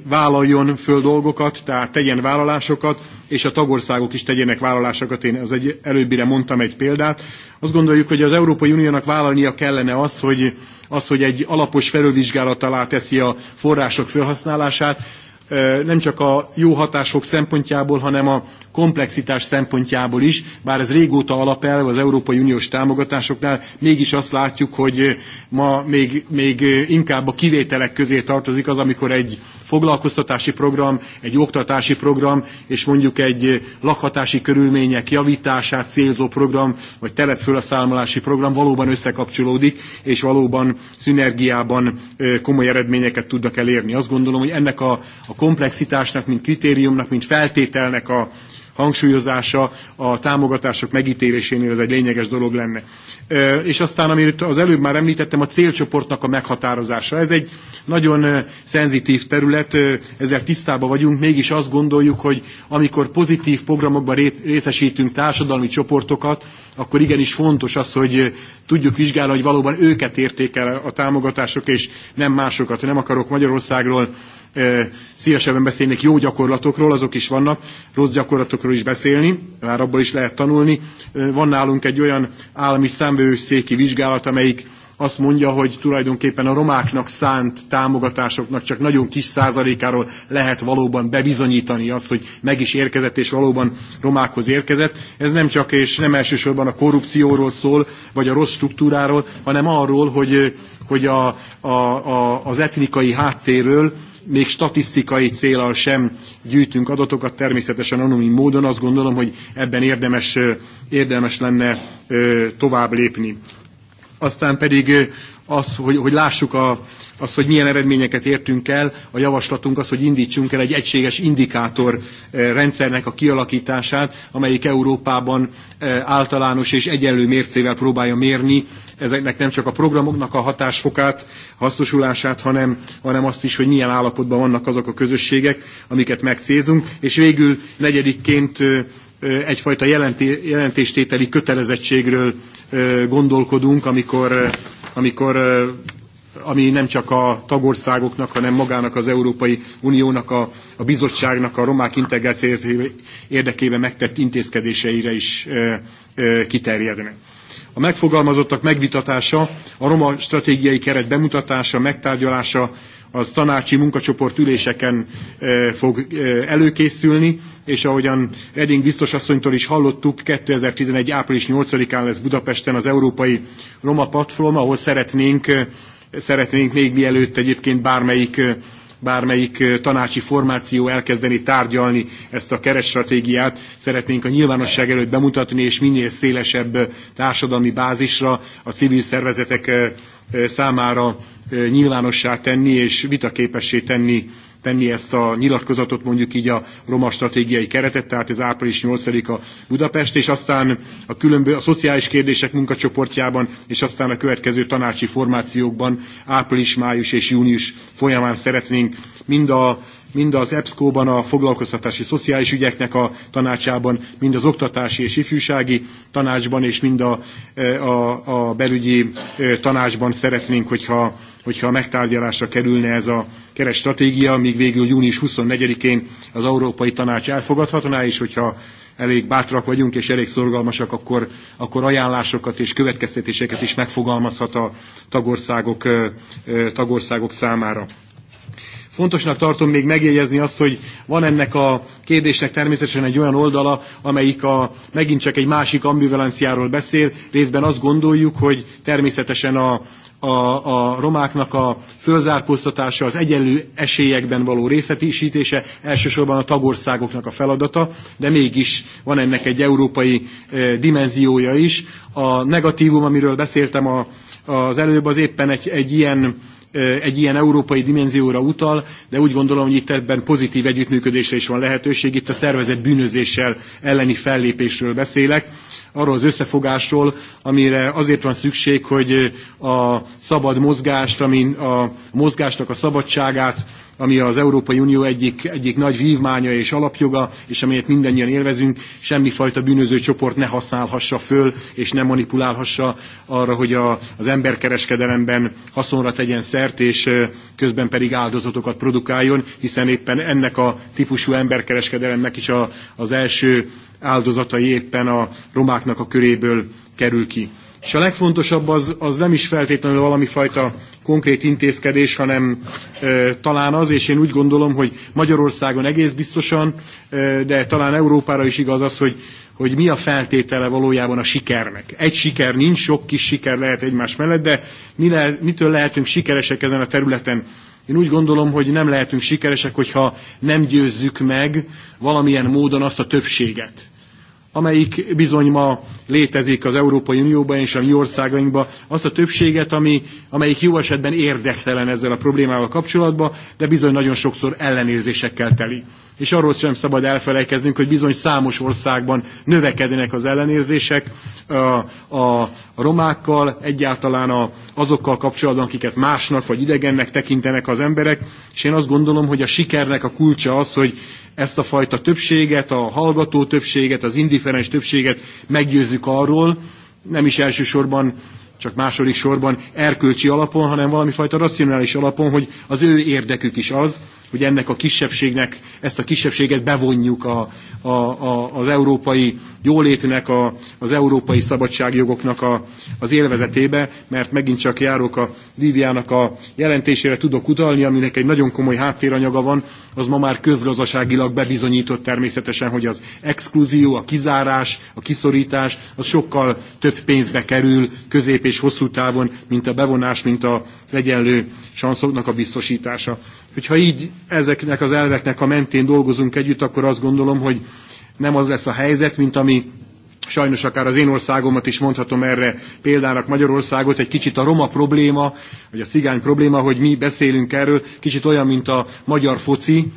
vállaljon föl dolgokat, tehát tegyen vállalásokat, és a tagországok is tegyenek vállalásokat. Én az egy, előbbire mondtam egy példát. Azt gondoljuk, hogy az Európai Uniónak vállalnia kellene az, hogy, az, hogy egy alapos felülvizsgálat alá teszi a források felhasználását, nem csak a jó hatások szempontjából, hanem a komplexitás szempontjából is, bár ez régóta alapelve az Európai Uniós támogatásoknál, mégis azt látjuk, hogy ma még, még inkább a kivételek közé tartozik az, amikor egy foglalkoztatási program, egy oktatási program, és mondjuk egy eh, lakhatási körülmények javítását célzó program, vagy telepfölszámolási program valóban összekapcsolódik, és valóban szinergiában eh, komoly eredményeket tudnak elérni. Azt gondolom, hogy ennek a, a komplexitásnak, mint kritériumnak, mint feltételnek a, hangsúlyozása a támogatások megítélésénél ez egy lényeges dolog lenne. És aztán, amit az előbb már említettem, a célcsoportnak a meghatározása. Ez egy nagyon szenzitív terület, ezzel tisztában vagyunk, mégis azt gondoljuk, hogy amikor pozitív programokban részesítünk társadalmi csoportokat, akkor igenis fontos az, hogy tudjuk vizsgálni, hogy valóban őket értékel a támogatások, és nem másokat. Nem akarok Magyarországról Eh, szívesebben beszélnék jó gyakorlatokról, azok is vannak, rossz gyakorlatokról is beszélni, már abból is lehet tanulni. Eh, van nálunk egy olyan állami számvőszéki vizsgálat, amelyik azt mondja, hogy tulajdonképpen a romáknak szánt támogatásoknak csak nagyon kis százalékáról lehet valóban bebizonyítani azt, hogy meg is érkezett és valóban romákhoz érkezett. Ez nem csak és nem elsősorban a korrupcióról szól, vagy a rossz struktúráról, hanem arról, hogy, hogy a, a, a, az etnikai háttérről, még statisztikai célal sem gyűjtünk adatokat, természetesen anonim módon, azt gondolom, hogy ebben érdemes, érdemes lenne tovább lépni. Aztán pedig az, hogy, hogy lássuk a, az, hogy milyen eredményeket értünk el, a javaslatunk az, hogy indítsunk el egy egységes indikátor eh, rendszernek a kialakítását, amelyik Európában eh, általános és egyenlő mércével próbálja mérni ezeknek nem csak a programoknak a hatásfokát, hasznosulását, hanem, hanem azt is, hogy milyen állapotban vannak azok a közösségek, amiket megcélzunk. És végül negyedikként eh, egyfajta jelentéstételi kötelezettségről gondolkodunk, amikor, amikor ami nem csak a tagországoknak, hanem magának az Európai Uniónak, a, a bizottságnak a romák integráció érdekében megtett intézkedéseire is e, e, kiterjedne. A megfogalmazottak megvitatása, a roma stratégiai keret bemutatása, megtárgyalása az tanácsi munkacsoport üléseken e, fog e, előkészülni, és ahogyan Reding biztosasszonytól is hallottuk, 2011. április 8-án lesz Budapesten az Európai Roma Platform, ahol szeretnénk szeretnénk még mielőtt egyébként bármelyik bármelyik tanácsi formáció elkezdeni tárgyalni ezt a keretstratégiát, szeretnénk a nyilvánosság előtt bemutatni, és minél szélesebb társadalmi bázisra a civil szervezetek számára nyilvánossá tenni és vitaképessé tenni tenni ezt a nyilatkozatot mondjuk így a roma stratégiai keretet, tehát ez április 8-a Budapest, és aztán a, különböző, a szociális kérdések munkacsoportjában, és aztán a következő tanácsi formációkban április, május és június folyamán szeretnénk mind a mind az EBSCO-ban a foglalkoztatási szociális ügyeknek a tanácsában, mind az oktatási és ifjúsági tanácsban, és mind a, e, a, a belügyi e, tanácsban szeretnénk, hogyha hogyha megtárgyalásra kerülne ez a keres stratégia, míg végül június 24-én az Európai Tanács elfogadhatná, és hogyha elég bátrak vagyunk és elég szorgalmasak, akkor, akkor ajánlásokat és következtetéseket is megfogalmazhat a tagországok, tagországok számára. Fontosnak tartom még megjegyezni azt, hogy van ennek a kérdésnek természetesen egy olyan oldala, amelyik a, megint csak egy másik ambivalenciáról beszél. Részben azt gondoljuk, hogy természetesen a, a, a romáknak a fölzárkóztatása, az egyenlő esélyekben való részesítése elsősorban a tagországoknak a feladata, de mégis van ennek egy európai e, dimenziója is. A negatívum, amiről beszéltem a, az előbb, az éppen egy, egy ilyen e, egy ilyen európai dimenzióra utal, de úgy gondolom, hogy itt ebben pozitív együttműködésre is van lehetőség. Itt a szervezet bűnözéssel elleni fellépésről beszélek, arról az összefogásról, amire azért van szükség, hogy a szabad mozgást, ami a mozgásnak a szabadságát, ami az Európai Unió egyik, egyik nagy vívmánya és alapjoga, és amelyet mindannyian élvezünk, semmifajta bűnöző csoport ne használhassa föl, és ne manipulálhassa arra, hogy a, az emberkereskedelemben haszonra tegyen szert, és közben pedig áldozatokat produkáljon, hiszen éppen ennek a típusú emberkereskedelemnek is a, az első áldozatai éppen a romáknak a köréből kerül ki. És a legfontosabb az, az nem is feltétlenül valami fajta konkrét intézkedés, hanem e, talán az, és én úgy gondolom, hogy Magyarországon egész biztosan, e, de talán Európára is igaz az, hogy, hogy mi a feltétele valójában a sikernek. Egy siker nincs, sok kis siker lehet egymás mellett, de mi le, mitől lehetünk sikeresek ezen a területen? Én úgy gondolom, hogy nem lehetünk sikeresek, hogyha nem győzzük meg valamilyen módon azt a többséget amelyik bizony ma létezik az Európai Unióban és a mi országainkban, azt a többséget, ami, amelyik jó esetben érdektelen ezzel a problémával kapcsolatban, de bizony nagyon sokszor ellenérzésekkel teli és arról sem szabad elfelejkeznünk, hogy bizony számos országban növekednek az ellenérzések a, a romákkal, egyáltalán a, azokkal kapcsolatban, akiket másnak vagy idegennek tekintenek az emberek, és én azt gondolom, hogy a sikernek a kulcsa az, hogy ezt a fajta többséget, a hallgató többséget, az indiferens többséget meggyőzzük arról, nem is elsősorban csak második sorban erkölcsi alapon, hanem valami fajta racionális alapon, hogy az ő érdekük is az, hogy ennek a kisebbségnek, ezt a kisebbséget bevonjuk a, a, a, az európai jólétnek, a, az európai szabadságjogoknak a, az élvezetébe, mert megint csak járok a Líviának a jelentésére tudok utalni, aminek egy nagyon komoly háttéranyaga van, az ma már közgazdaságilag bebizonyított természetesen, hogy az exkluzió, a kizárás, a kiszorítás, az sokkal több pénzbe kerül közép és hosszú távon, mint a bevonás, mint az egyenlő sanszoknak a biztosítása. Hogyha így ezeknek az elveknek a mentén dolgozunk együtt, akkor azt gondolom, hogy nem az lesz a helyzet, mint ami sajnos akár az én országomat is mondhatom erre példának Magyarországot, egy kicsit a roma probléma, vagy a cigány probléma, hogy mi beszélünk erről, kicsit olyan, mint a magyar foci,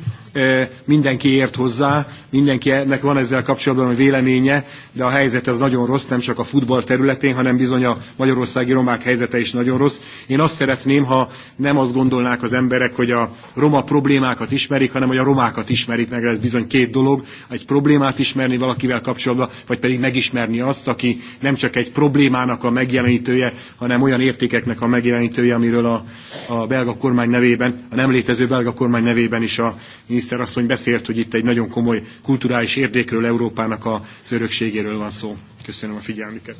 mindenki ért hozzá, mindenkinek van ezzel kapcsolatban a véleménye, de a helyzet ez nagyon rossz, nem csak a futball területén, hanem bizony a magyarországi romák helyzete is nagyon rossz. Én azt szeretném, ha nem azt gondolnák az emberek, hogy a roma problémákat ismerik, hanem hogy a romákat ismerik meg, ez bizony két dolog, egy problémát ismerni valakivel kapcsolatban, vagy pedig megismerni azt, aki nem csak egy problémának a megjelenítője, hanem olyan értékeknek a megjelenítője, amiről a, a belga kormány nevében, a nem létező belga kormány nevében is a miniszter miniszter asszony beszélt, hogy itt egy nagyon komoly kulturális érdékről, Európának a örökségéről van szó. Köszönöm a figyelmüket.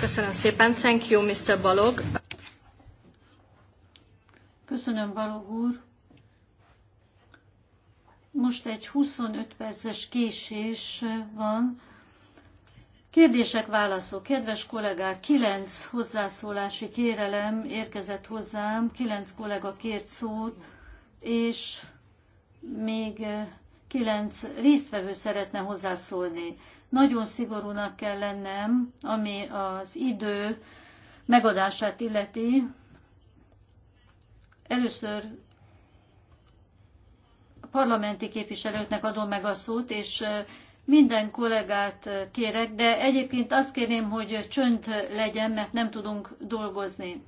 Köszönöm szépen. Thank you, Mr. Balog. Köszönöm, Balog úr. Most egy 25 perces késés van, Kérdések, válaszok. Kedves kollégák, kilenc hozzászólási kérelem érkezett hozzám, kilenc kollega kért szót, és még eh, kilenc résztvevő szeretne hozzászólni. Nagyon szigorúnak kell lennem, ami az idő megadását illeti. Először a parlamenti képviselőknek adom meg a szót, és eh, Minden kollégát eh, kérek, de egyébként azt kérném, hogy csönd legyen, mert nem tudunk dolgozni.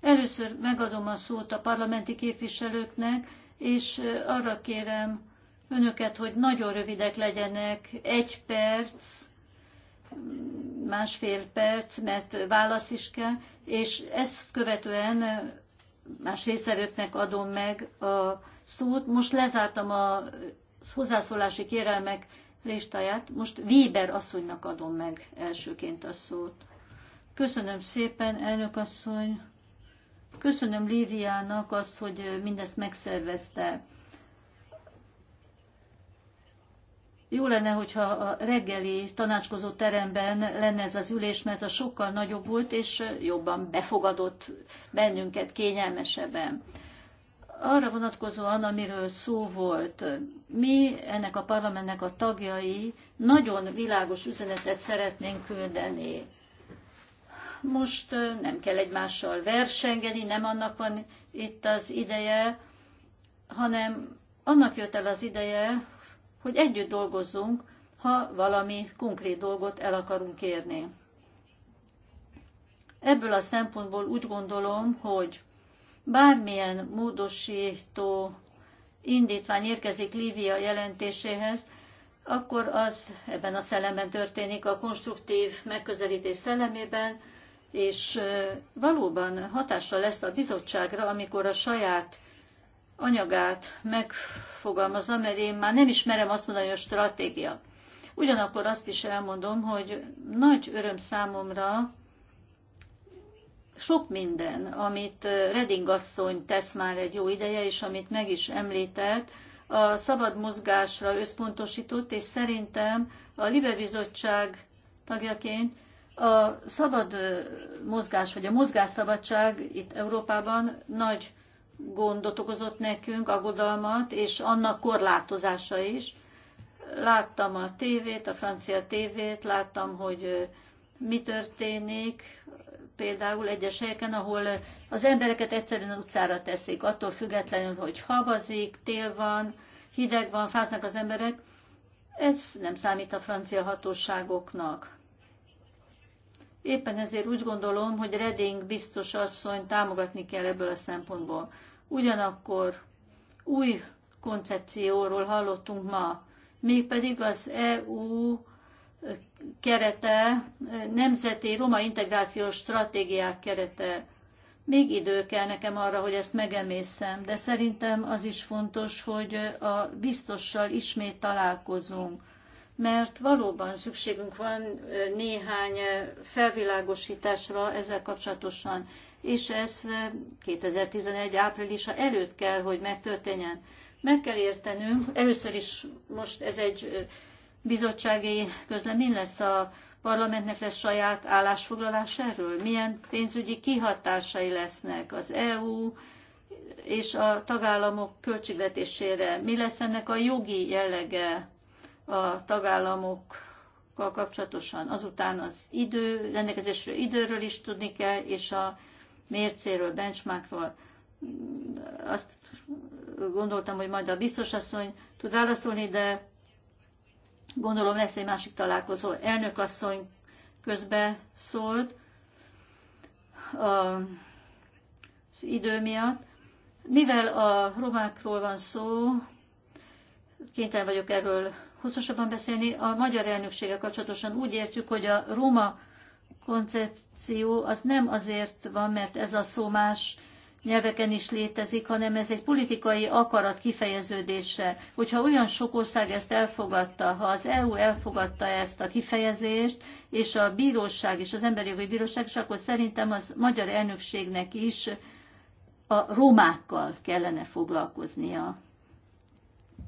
Először megadom a szót a parlamenti képviselőknek, és eh, arra kérem önöket, hogy nagyon rövidek legyenek, egy perc, másfél perc, mert válasz is kell, és ezt követően eh, más részvevőknek adom meg a szót. Most lezártam a hozzászólási kérelmek listáját. Most Weber asszonynak adom meg elsőként a szót. Köszönöm szépen, elnök asszony. Köszönöm Líviának azt, hogy mindezt megszervezte. Jó lenne, hogyha a reggeli tanácskozó teremben lenne ez az ülés, mert a sokkal nagyobb volt, és jobban befogadott bennünket kényelmesebben arra vonatkozóan, amiről szó volt, mi ennek a parlamentnek a tagjai nagyon világos üzenetet szeretnénk küldeni. Most nem kell egymással versengeni, nem annak van itt az ideje, hanem annak jött el az ideje, hogy együtt dolgozzunk, ha valami konkrét dolgot el akarunk érni. Ebből a szempontból úgy gondolom, hogy bármilyen módosító indítvány érkezik Lívia jelentéséhez, akkor az ebben a szellemben történik, a konstruktív megközelítés szellemében, és valóban hatása lesz a bizottságra, amikor a saját anyagát megfogalmazza, mert én már nem ismerem azt mondani, hogy a stratégia. Ugyanakkor azt is elmondom, hogy nagy öröm számomra, sok minden, amit Reding asszony tesz már egy jó ideje, és amit meg is említett, a szabad mozgásra összpontosított, és szerintem a Libe Bizottság tagjaként a szabad mozgás, vagy a mozgásszabadság itt Európában nagy gondot okozott nekünk, aggodalmat, és annak korlátozása is. Láttam a tévét, a francia tévét, láttam, hogy mi történik, például egyes helyeken, ahol az embereket egyszerűen utcára teszik, attól függetlenül, hogy havazik, tél van, hideg van, fáznak az emberek, ez nem számít a francia hatóságoknak. Éppen ezért úgy gondolom, hogy Reding biztos asszony támogatni kell ebből a szempontból. Ugyanakkor új koncepcióról hallottunk ma, mégpedig az EU kerete, nemzeti roma integrációs stratégiák kerete. Még idő kell nekem arra, hogy ezt megemészem, de szerintem az is fontos, hogy a biztossal ismét találkozunk, mert valóban szükségünk van néhány felvilágosításra ezzel kapcsolatosan, és ez 2011 áprilisa előtt kell, hogy megtörténjen. Meg kell értenünk, először is most ez egy bizottsági közlemény lesz a parlamentnek lesz saját állásfoglalás erről? Milyen pénzügyi kihatásai lesznek az EU és a tagállamok költségvetésére? Mi lesz ennek a jogi jellege a tagállamokkal kapcsolatosan? Azután az idő, rendelkezésről időről is tudni kell, és a mércéről, benchmarkról. Azt gondoltam, hogy majd a biztosasszony tud válaszolni, de Gondolom lesz egy másik találkozó. Elnök asszony közbe szólt az idő miatt. Mivel a romákról van szó, kénytelen vagyok erről hosszasabban beszélni, a magyar elnöksége kapcsolatosan úgy értjük, hogy a roma koncepció az nem azért van, mert ez a szó más nyelveken is létezik, hanem ez egy politikai akarat kifejeződése. Hogyha olyan sok ország ezt elfogadta, ha az EU elfogadta ezt a kifejezést, és a bíróság és az emberi jogi bíróság is, akkor szerintem az magyar elnökségnek is a romákkal kellene foglalkoznia.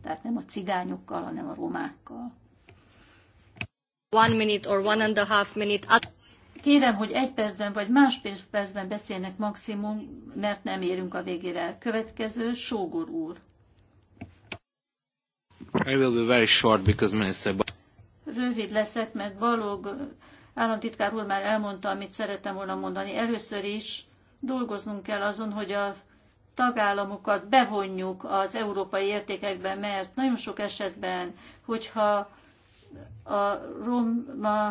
Tehát nem a cigányokkal, hanem a romákkal. One minute or one and a half minute. Kérem, hogy egy percben vagy más percben beszélnek maximum, mert nem érünk a végére. Következő Sógor úr. I will be very short because minister... Rövid leszek, mert Balog államtitkár úr már elmondta, amit szerettem volna mondani. Először is dolgoznunk kell azon, hogy a tagállamokat bevonjuk az európai értékekbe, mert nagyon sok esetben, hogyha a roma,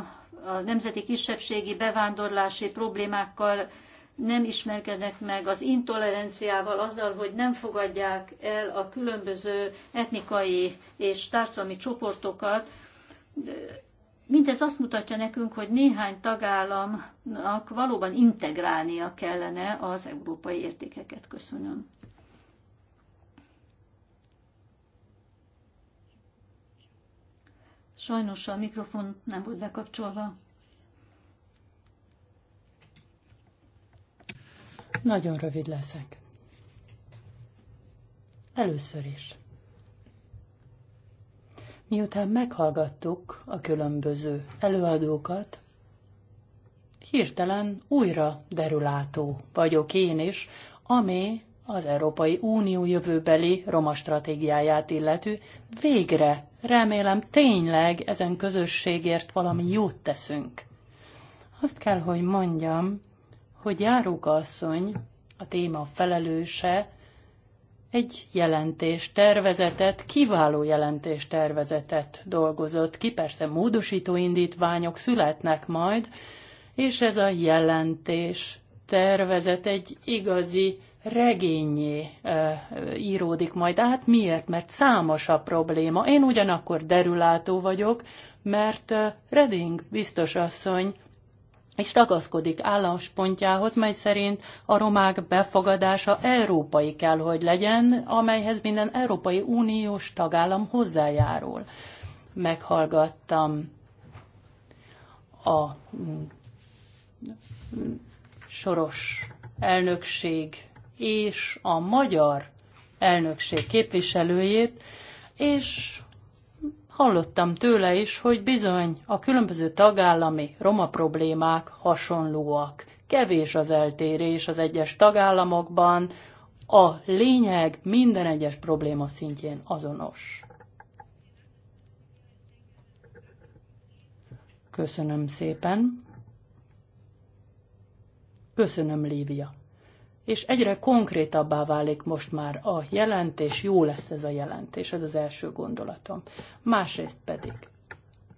a nemzeti kisebbségi bevándorlási problémákkal nem ismerkednek meg az intoleranciával, azzal, hogy nem fogadják el a különböző etnikai és társadalmi csoportokat. Mindez azt mutatja nekünk, hogy néhány tagállamnak valóban integrálnia kellene az európai értékeket. Köszönöm. Sajnos a mikrofon nem volt bekapcsolva. Nagyon rövid leszek. Először is. Miután meghallgattuk a különböző előadókat, hirtelen újra derülátó vagyok én is, ami az Európai Unió jövőbeli roma stratégiáját illető, végre remélem tényleg ezen közösségért valami jót teszünk. Azt kell, hogy mondjam, hogy Járóka asszony, a téma felelőse, egy jelentés tervezetet, kiváló jelentés tervezetet dolgozott ki, persze módosító indítványok születnek majd, és ez a jelentés tervezet egy igazi regényé e, íródik majd át. Miért? Mert számos a probléma. Én ugyanakkor derülátó vagyok, mert Reding biztos asszony és ragaszkodik álláspontjához, mely szerint a romák befogadása európai kell, hogy legyen, amelyhez minden Európai Uniós tagállam hozzájárul. Meghallgattam a mm, soros elnökség és a magyar elnökség képviselőjét, és hallottam tőle is, hogy bizony a különböző tagállami roma problémák hasonlóak. Kevés az eltérés az egyes tagállamokban, a lényeg minden egyes probléma szintjén azonos. Köszönöm szépen. Köszönöm, Lívia és egyre konkrétabbá válik most már a jelentés, jó lesz ez a jelentés, ez az első gondolatom. Másrészt pedig,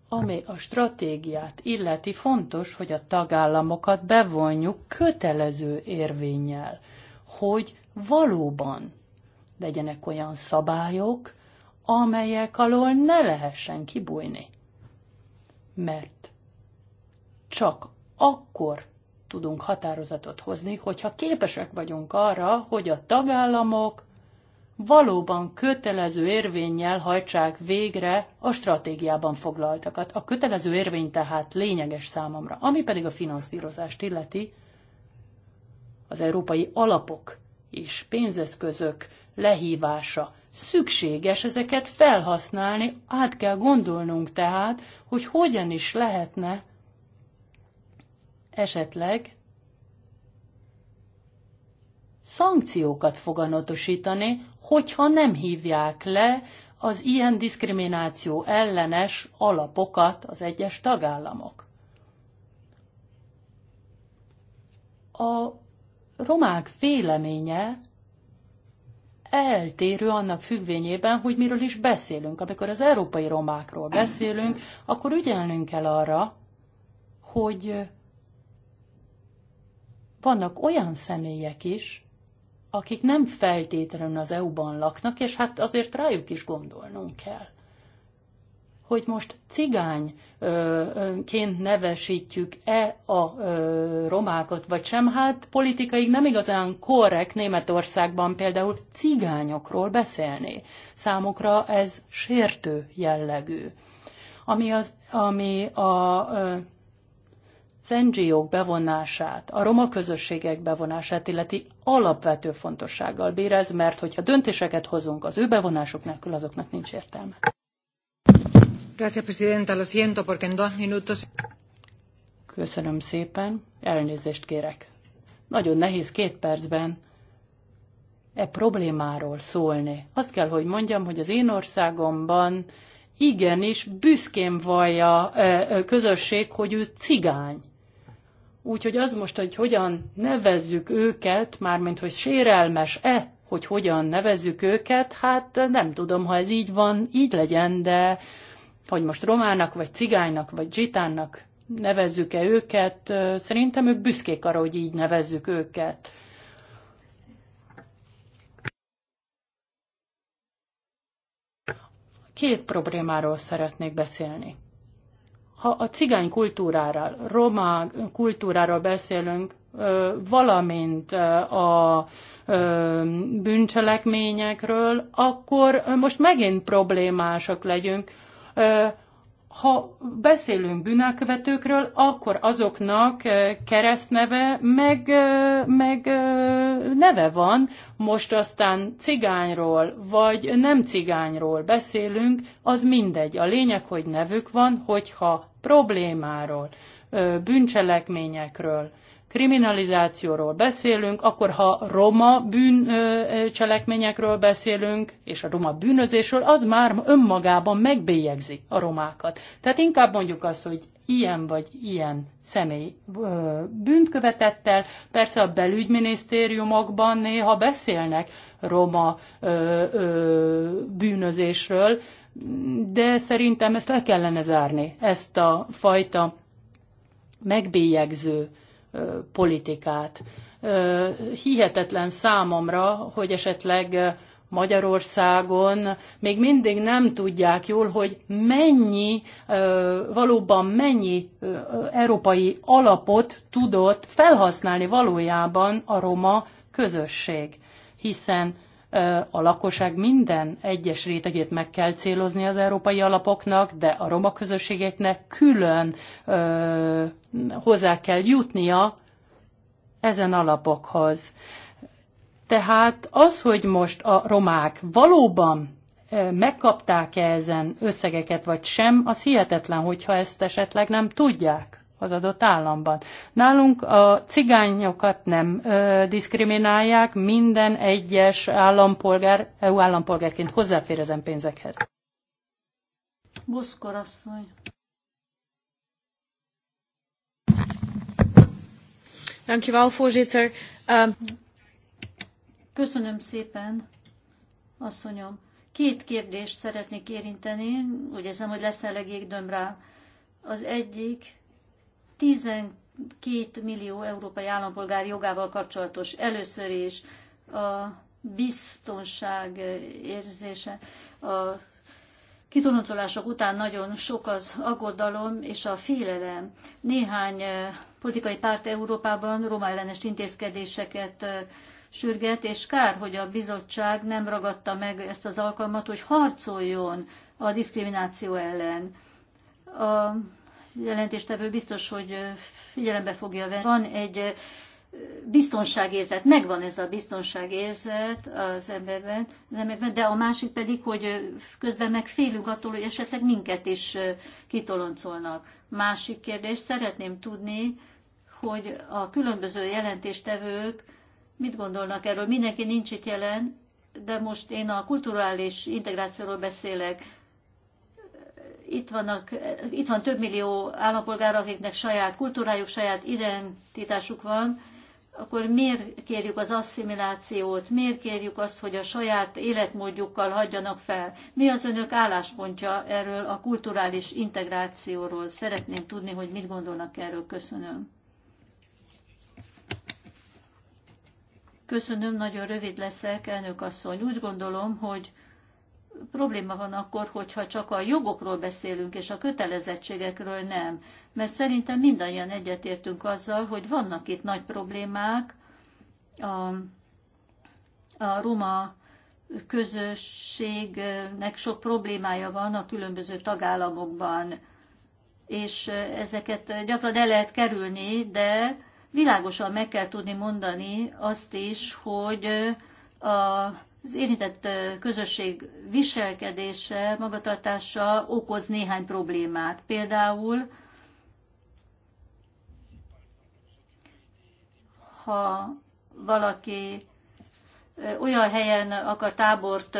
ami a stratégiát illeti, fontos, hogy a tagállamokat bevonjuk kötelező érvényel, hogy valóban legyenek olyan szabályok, amelyek alól ne lehessen kibújni. Mert csak akkor tudunk határozatot hozni, hogyha képesek vagyunk arra, hogy a tagállamok valóban kötelező érvényel hajtsák végre a stratégiában foglaltakat. A kötelező érvény tehát lényeges számomra, ami pedig a finanszírozást illeti, az európai alapok és pénzeszközök lehívása. Szükséges ezeket felhasználni, át kell gondolnunk tehát, hogy hogyan is lehetne esetleg szankciókat foganatosítani, hogyha nem hívják le az ilyen diszkrimináció ellenes alapokat az egyes tagállamok. A romák véleménye eltérő annak függvényében, hogy miről is beszélünk. Amikor az európai romákról beszélünk, akkor ügyelnünk kell arra, hogy vannak olyan személyek is, akik nem feltétlenül az EU-ban laknak, és hát azért rájuk is gondolnunk kell. Hogy most cigányként nevesítjük-e a romákat, vagy sem, hát politikaig nem igazán korrekt Németországban például cigányokról beszélni. Számukra ez sértő jellegű. Ami, az, ami a az NGO-k bevonását, a roma közösségek bevonását illeti alapvető fontossággal bír ez, mert hogyha döntéseket hozunk az ő bevonásuk nélkül, azoknak nincs értelme. Gracias, Presidenta. Lo siento, porque en dos minutos... Köszönöm szépen. Elnézést kérek. Nagyon nehéz két percben e problémáról szólni. Azt kell, hogy mondjam, hogy az én országomban igenis büszkén vallja a közösség, hogy ő cigány Úgyhogy az most, hogy hogyan nevezzük őket, mármint hogy sérelmes-e, hogy hogyan nevezzük őket, hát nem tudom, ha ez így van, így legyen, de hogy most romának, vagy cigánynak, vagy zsitánnak nevezzük-e őket, szerintem ők büszkék arra, hogy így nevezzük őket. Két problémáról szeretnék beszélni ha a cigány kultúráról, roma kultúráról beszélünk, valamint a bűncselekményekről, akkor most megint problémásak legyünk ha beszélünk bűnelkövetőkről, akkor azoknak eh, keresztneve meg, eh, meg eh, neve van. Most aztán cigányról vagy nem cigányról beszélünk, az mindegy. A lényeg, hogy nevük van, hogyha problémáról, bűncselekményekről, kriminalizációról beszélünk, akkor ha roma bűncselekményekről beszélünk, és a roma bűnözésről, az már önmagában megbélyegzi a romákat. Tehát inkább mondjuk azt, hogy ilyen vagy ilyen személy bűnt követettel. Persze a belügyminisztériumokban néha beszélnek roma bűnözésről, de szerintem ezt le kellene zárni, ezt a fajta megbélyegző politikát. Hihetetlen számomra, hogy esetleg Magyarországon még mindig nem tudják jól, hogy mennyi, valóban mennyi európai alapot tudott felhasználni valójában a roma közösség. Hiszen a lakosság minden egyes rétegét meg kell célozni az európai alapoknak, de a roma közösségeknek külön hozzá kell jutnia ezen alapokhoz. Tehát az, hogy most a romák valóban megkapták-e ezen összegeket, vagy sem, az hihetetlen, hogyha ezt esetleg nem tudják az adott államban. Nálunk a cigányokat nem ö, diszkriminálják, minden egyes állampolgár, EU állampolgárként hozzáfér ezen pénzekhez. Buszkor asszony. Dankjewel, voorzitter. Um... Köszönöm szépen, asszonyom. Két kérdést szeretnék érinteni, úgy érzem, hogy lesz elegék döm rá. Az egyik 12 millió európai állampolgár jogával kapcsolatos először is a biztonság érzése, a kitoloncolások után nagyon sok az aggodalom és a félelem. Néhány eh, politikai párt Európában roma ellenes intézkedéseket eh, sürget, és kár, hogy a bizottság nem ragadta meg ezt az alkalmat, hogy harcoljon a diszkrimináció ellen. A jelentéstevő biztos, hogy figyelembe fogja venni. Van egy biztonságérzet, megvan ez a biztonságérzet az emberben, az emberben, de a másik pedig, hogy közben meg félünk attól, hogy esetleg minket is kitoloncolnak. Másik kérdés, szeretném tudni, hogy a különböző jelentéstevők mit gondolnak erről. Mindenki nincs itt jelen, de most én a kulturális integrációról beszélek itt, vannak, itt van több millió állampolgár, akiknek saját kultúrájuk, saját identitásuk van, akkor miért kérjük az asszimilációt, miért kérjük azt, hogy a saját életmódjukkal hagyjanak fel? Mi az önök álláspontja erről a kulturális integrációról? Szeretném tudni, hogy mit gondolnak erről. Köszönöm. Köszönöm, nagyon rövid leszek, elnök asszony. Úgy gondolom, hogy probléma van akkor, hogyha csak a jogokról beszélünk, és a kötelezettségekről nem. Mert szerintem mindannyian egyetértünk azzal, hogy vannak itt nagy problémák a, a roma közösségnek sok problémája van a különböző tagállamokban, és ezeket gyakran el lehet kerülni, de világosan meg kell tudni mondani azt is, hogy a az érintett közösség viselkedése, magatartása okoz néhány problémát. Például, ha valaki olyan helyen akar tábort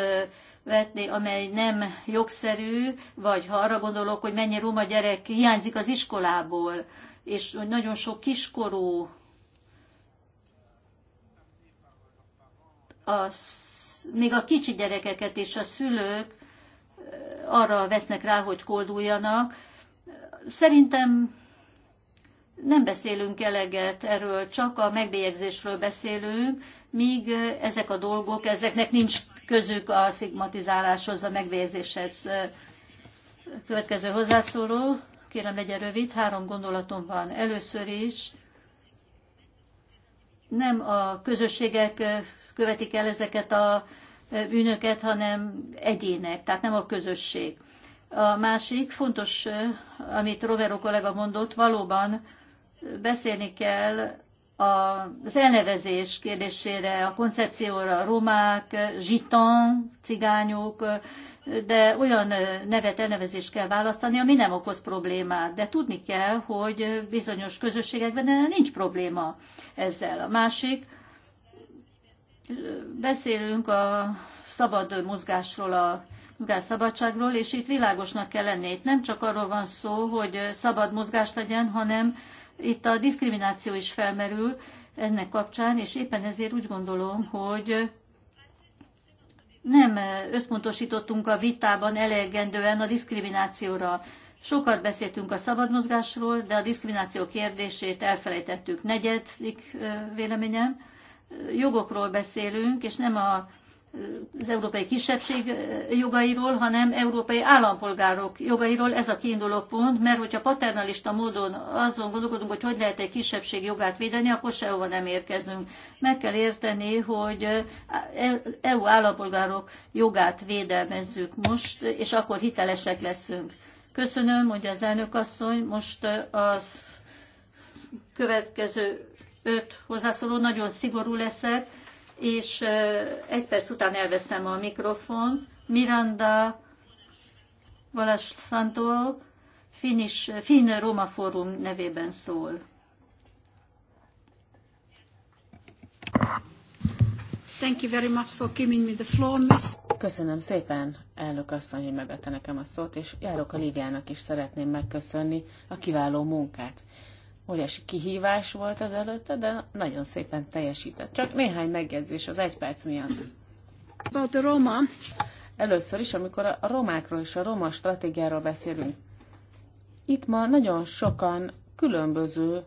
vetni, amely nem jogszerű, vagy ha arra gondolok, hogy mennyi roma gyerek hiányzik az iskolából, és hogy nagyon sok kiskorú a még a kicsi gyerekeket és a szülők arra vesznek rá, hogy kolduljanak. Szerintem nem beszélünk eleget erről, csak a megbélyegzésről beszélünk, míg ezek a dolgok, ezeknek nincs közük a szigmatizáláshoz, a megbélyegzéshez. Következő hozzászóló, kérem legyen rövid, három gondolatom van. Először is nem a közösségek követik el ezeket a bűnöket, hanem egyének, tehát nem a közösség. A másik fontos, amit Rovero kollega mondott, valóban beszélni kell az elnevezés kérdésére, a koncepcióra, a romák, zsitan, cigányok, de olyan nevet, elnevezést kell választani, ami nem okoz problémát. De tudni kell, hogy bizonyos közösségekben nincs probléma ezzel. A másik, Beszélünk a szabad mozgásról, a mozgásszabadságról, és itt világosnak kell lenni. Itt nem csak arról van szó, hogy szabad mozgás legyen, hanem itt a diszkrimináció is felmerül ennek kapcsán, és éppen ezért úgy gondolom, hogy nem összpontosítottunk a vitában elegendően a diszkriminációra. Sokat beszéltünk a szabad mozgásról, de a diszkrimináció kérdését elfelejtettük. Negyedik véleményem, jogokról beszélünk, és nem a, az európai kisebbség jogairól, hanem európai állampolgárok jogairól. Ez a kiinduló pont, mert hogyha paternalista módon azon gondolkodunk, hogy hogy lehet egy kisebbség jogát védeni, akkor sehova nem érkezünk. Meg kell érteni, hogy EU e-, e-, állampolgárok jogát védelmezzük most, és akkor hitelesek leszünk. Köszönöm, hogy az elnök asszony most az következő öt hozzászóló, nagyon szigorú leszek, és egy perc után elveszem a mikrofon. Miranda Valaszantó Finn Roma Fórum nevében szól. Thank you very much for giving me the floor, miss. Köszönöm szépen, elnök asszony, hogy megadta nekem a szót, és járok a Lidiának is szeretném megköszönni a kiváló munkát. Óriási kihívás volt az előtte, de nagyon szépen teljesített. Csak néhány megjegyzés az egy perc miatt. About a Roma. Először is, amikor a romákról és a roma stratégiáról beszélünk. Itt ma nagyon sokan különböző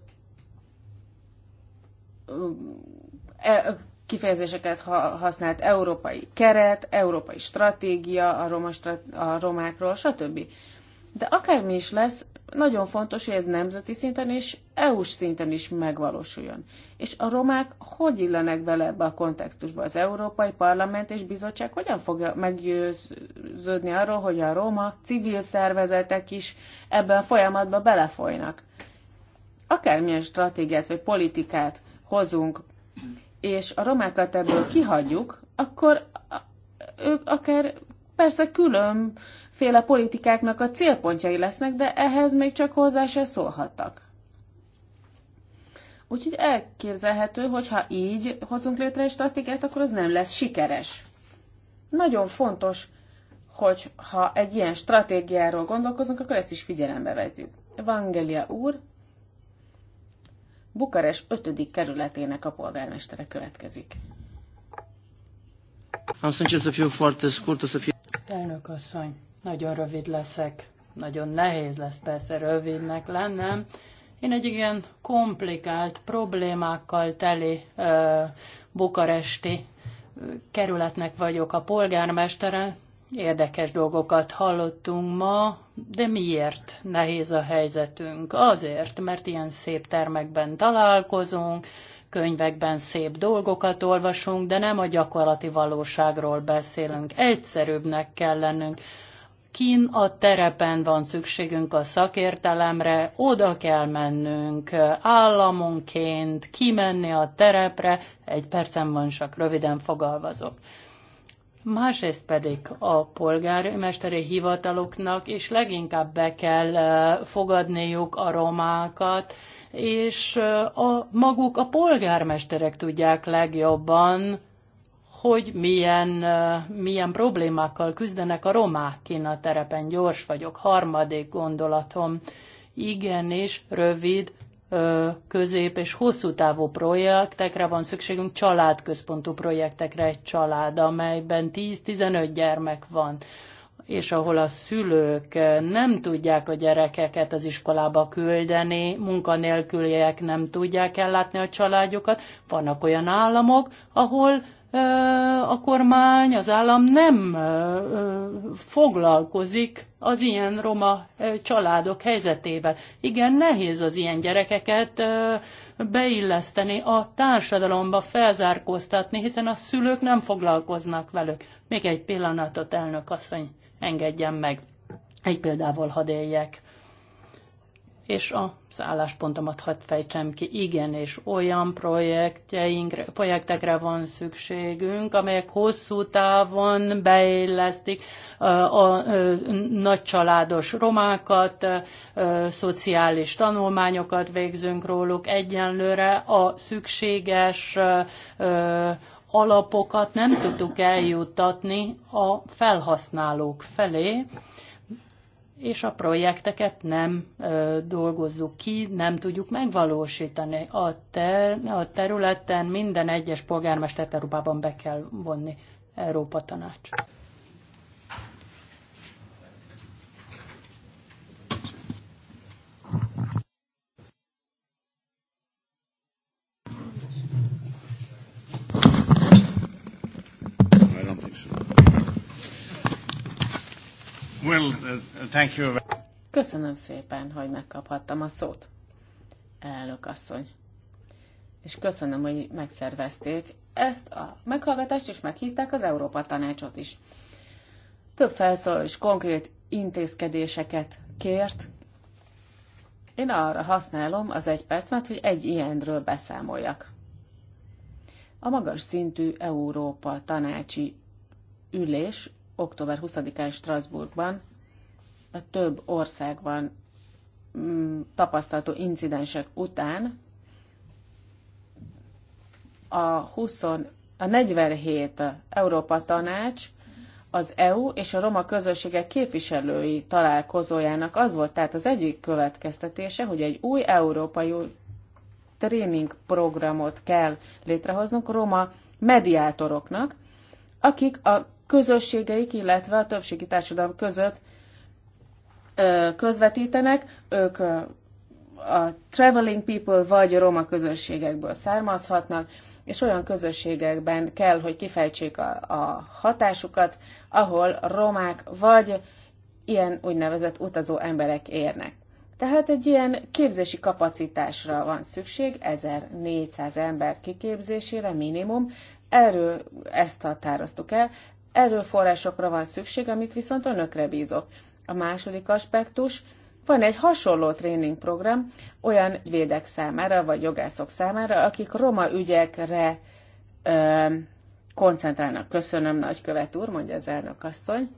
e, kifejezéseket használt európai keret, európai stratégia a, roma, a romákról, stb. De akármi is lesz, nagyon fontos, hogy ez nemzeti szinten és EU-s szinten is megvalósuljon. És a romák hogy illenek bele ebbe a kontextusba? Az Európai Parlament és Bizottság hogyan fogja meggyőződni arról, hogy a roma civil szervezetek is ebben a folyamatban belefolynak? Akármilyen stratégiát vagy politikát hozunk, és a romákat ebből kihagyjuk, akkor ők akár persze külön féle politikáknak a célpontjai lesznek, de ehhez még csak hozzá se szólhattak. Úgyhogy elképzelhető, hogy ha így hozunk létre egy stratégiát, akkor az nem lesz sikeres. Nagyon fontos, hogy ha egy ilyen stratégiáról gondolkozunk, akkor ezt is figyelembe vegyük. Evangelia úr, Bukarest 5. kerületének a polgármestere következik. Elnök asszony, Nagyon rövid leszek. Nagyon nehéz lesz persze rövidnek lennem. Én egy igen komplikált, problémákkal teli ö, bukaresti ö, kerületnek vagyok a polgármestere. Érdekes dolgokat hallottunk ma, de miért nehéz a helyzetünk? Azért, mert ilyen szép termekben találkozunk, könyvekben szép dolgokat olvasunk, de nem a gyakorlati valóságról beszélünk. Egyszerűbbnek kell lennünk. Kín a terepen van szükségünk a szakértelemre, oda kell mennünk államonként, kimenni a terepre, egy percen van, csak röviden fogalmazok. Másrészt pedig a polgármesteri hivataloknak is leginkább be kell eh, fogadniuk a romákat, és eh, a, maguk a polgármesterek tudják legjobban, hogy milyen, milyen problémákkal küzdenek a romák kint a terepen. Gyors vagyok. Harmadik gondolatom. Igenis, rövid, közép és hosszú távú projektekre van szükségünk, családközpontú projektekre egy család, amelyben 10-15 gyermek van és ahol a szülők nem tudják a gyerekeket az iskolába küldeni, munkanélküliek nem tudják ellátni a családjukat. Vannak olyan államok, ahol Eh, a kormány, az állam nem eh, eh, foglalkozik az ilyen roma családok helyzetével. Igen, nehéz az ilyen gyerekeket beilleszteni a társadalomba, felzárkóztatni, hiszen a szülők nem foglalkoznak velük. Még egy pillanatot, elnök asszony, engedjen meg. Egy példával hadd éljek és az álláspontomat hadd fejtsem ki, igen, és olyan projektjeinkre, projektekre van szükségünk, amelyek hosszú távon beillesztik a a nagycsaládos romákat, szociális tanulmányokat végzünk róluk egyenlőre, a szükséges alapokat nem tudtuk eljuttatni a felhasználók felé, és a projekteket nem ö, dolgozzuk ki, nem tudjuk megvalósítani. A, ter, a területen minden egyes polgármestert Európában be kell vonni Európa Tanács. Well, uh, thank you. Köszönöm szépen, hogy megkaphattam a szót, elnök asszony. És köszönöm, hogy megszervezték ezt a meghallgatást, és meghívták az Európa Tanácsot is. Több felszól és konkrét intézkedéseket kért. Én arra használom az egy percet, hogy egy ilyenről beszámoljak. A magas szintű Európa Tanácsi ülés október 20-án Strasbourgban a több országban mm, tapasztalható incidensek után a, 20, a 47 Európa Tanács, az EU és a roma közösségek képviselői találkozójának az volt tehát az egyik következtetése, hogy egy új európai tréning programot kell létrehoznunk roma mediátoroknak, akik a közösségeik, illetve a többségi társadalom között közvetítenek, ők a traveling people vagy a roma közösségekből származhatnak, és olyan közösségekben kell, hogy kifejtsék a, a hatásukat, ahol romák vagy ilyen úgynevezett utazó emberek érnek. Tehát egy ilyen képzési kapacitásra van szükség, 1400 ember kiképzésére minimum, erről ezt határoztuk el, erőforrásokra van szükség, amit viszont önökre bízok. A második aspektus, van egy hasonló tréningprogram olyan védek számára, vagy jogászok számára, akik roma ügyekre ö, koncentrálnak. Köszönöm, nagykövet úr, mondja az elnök asszony.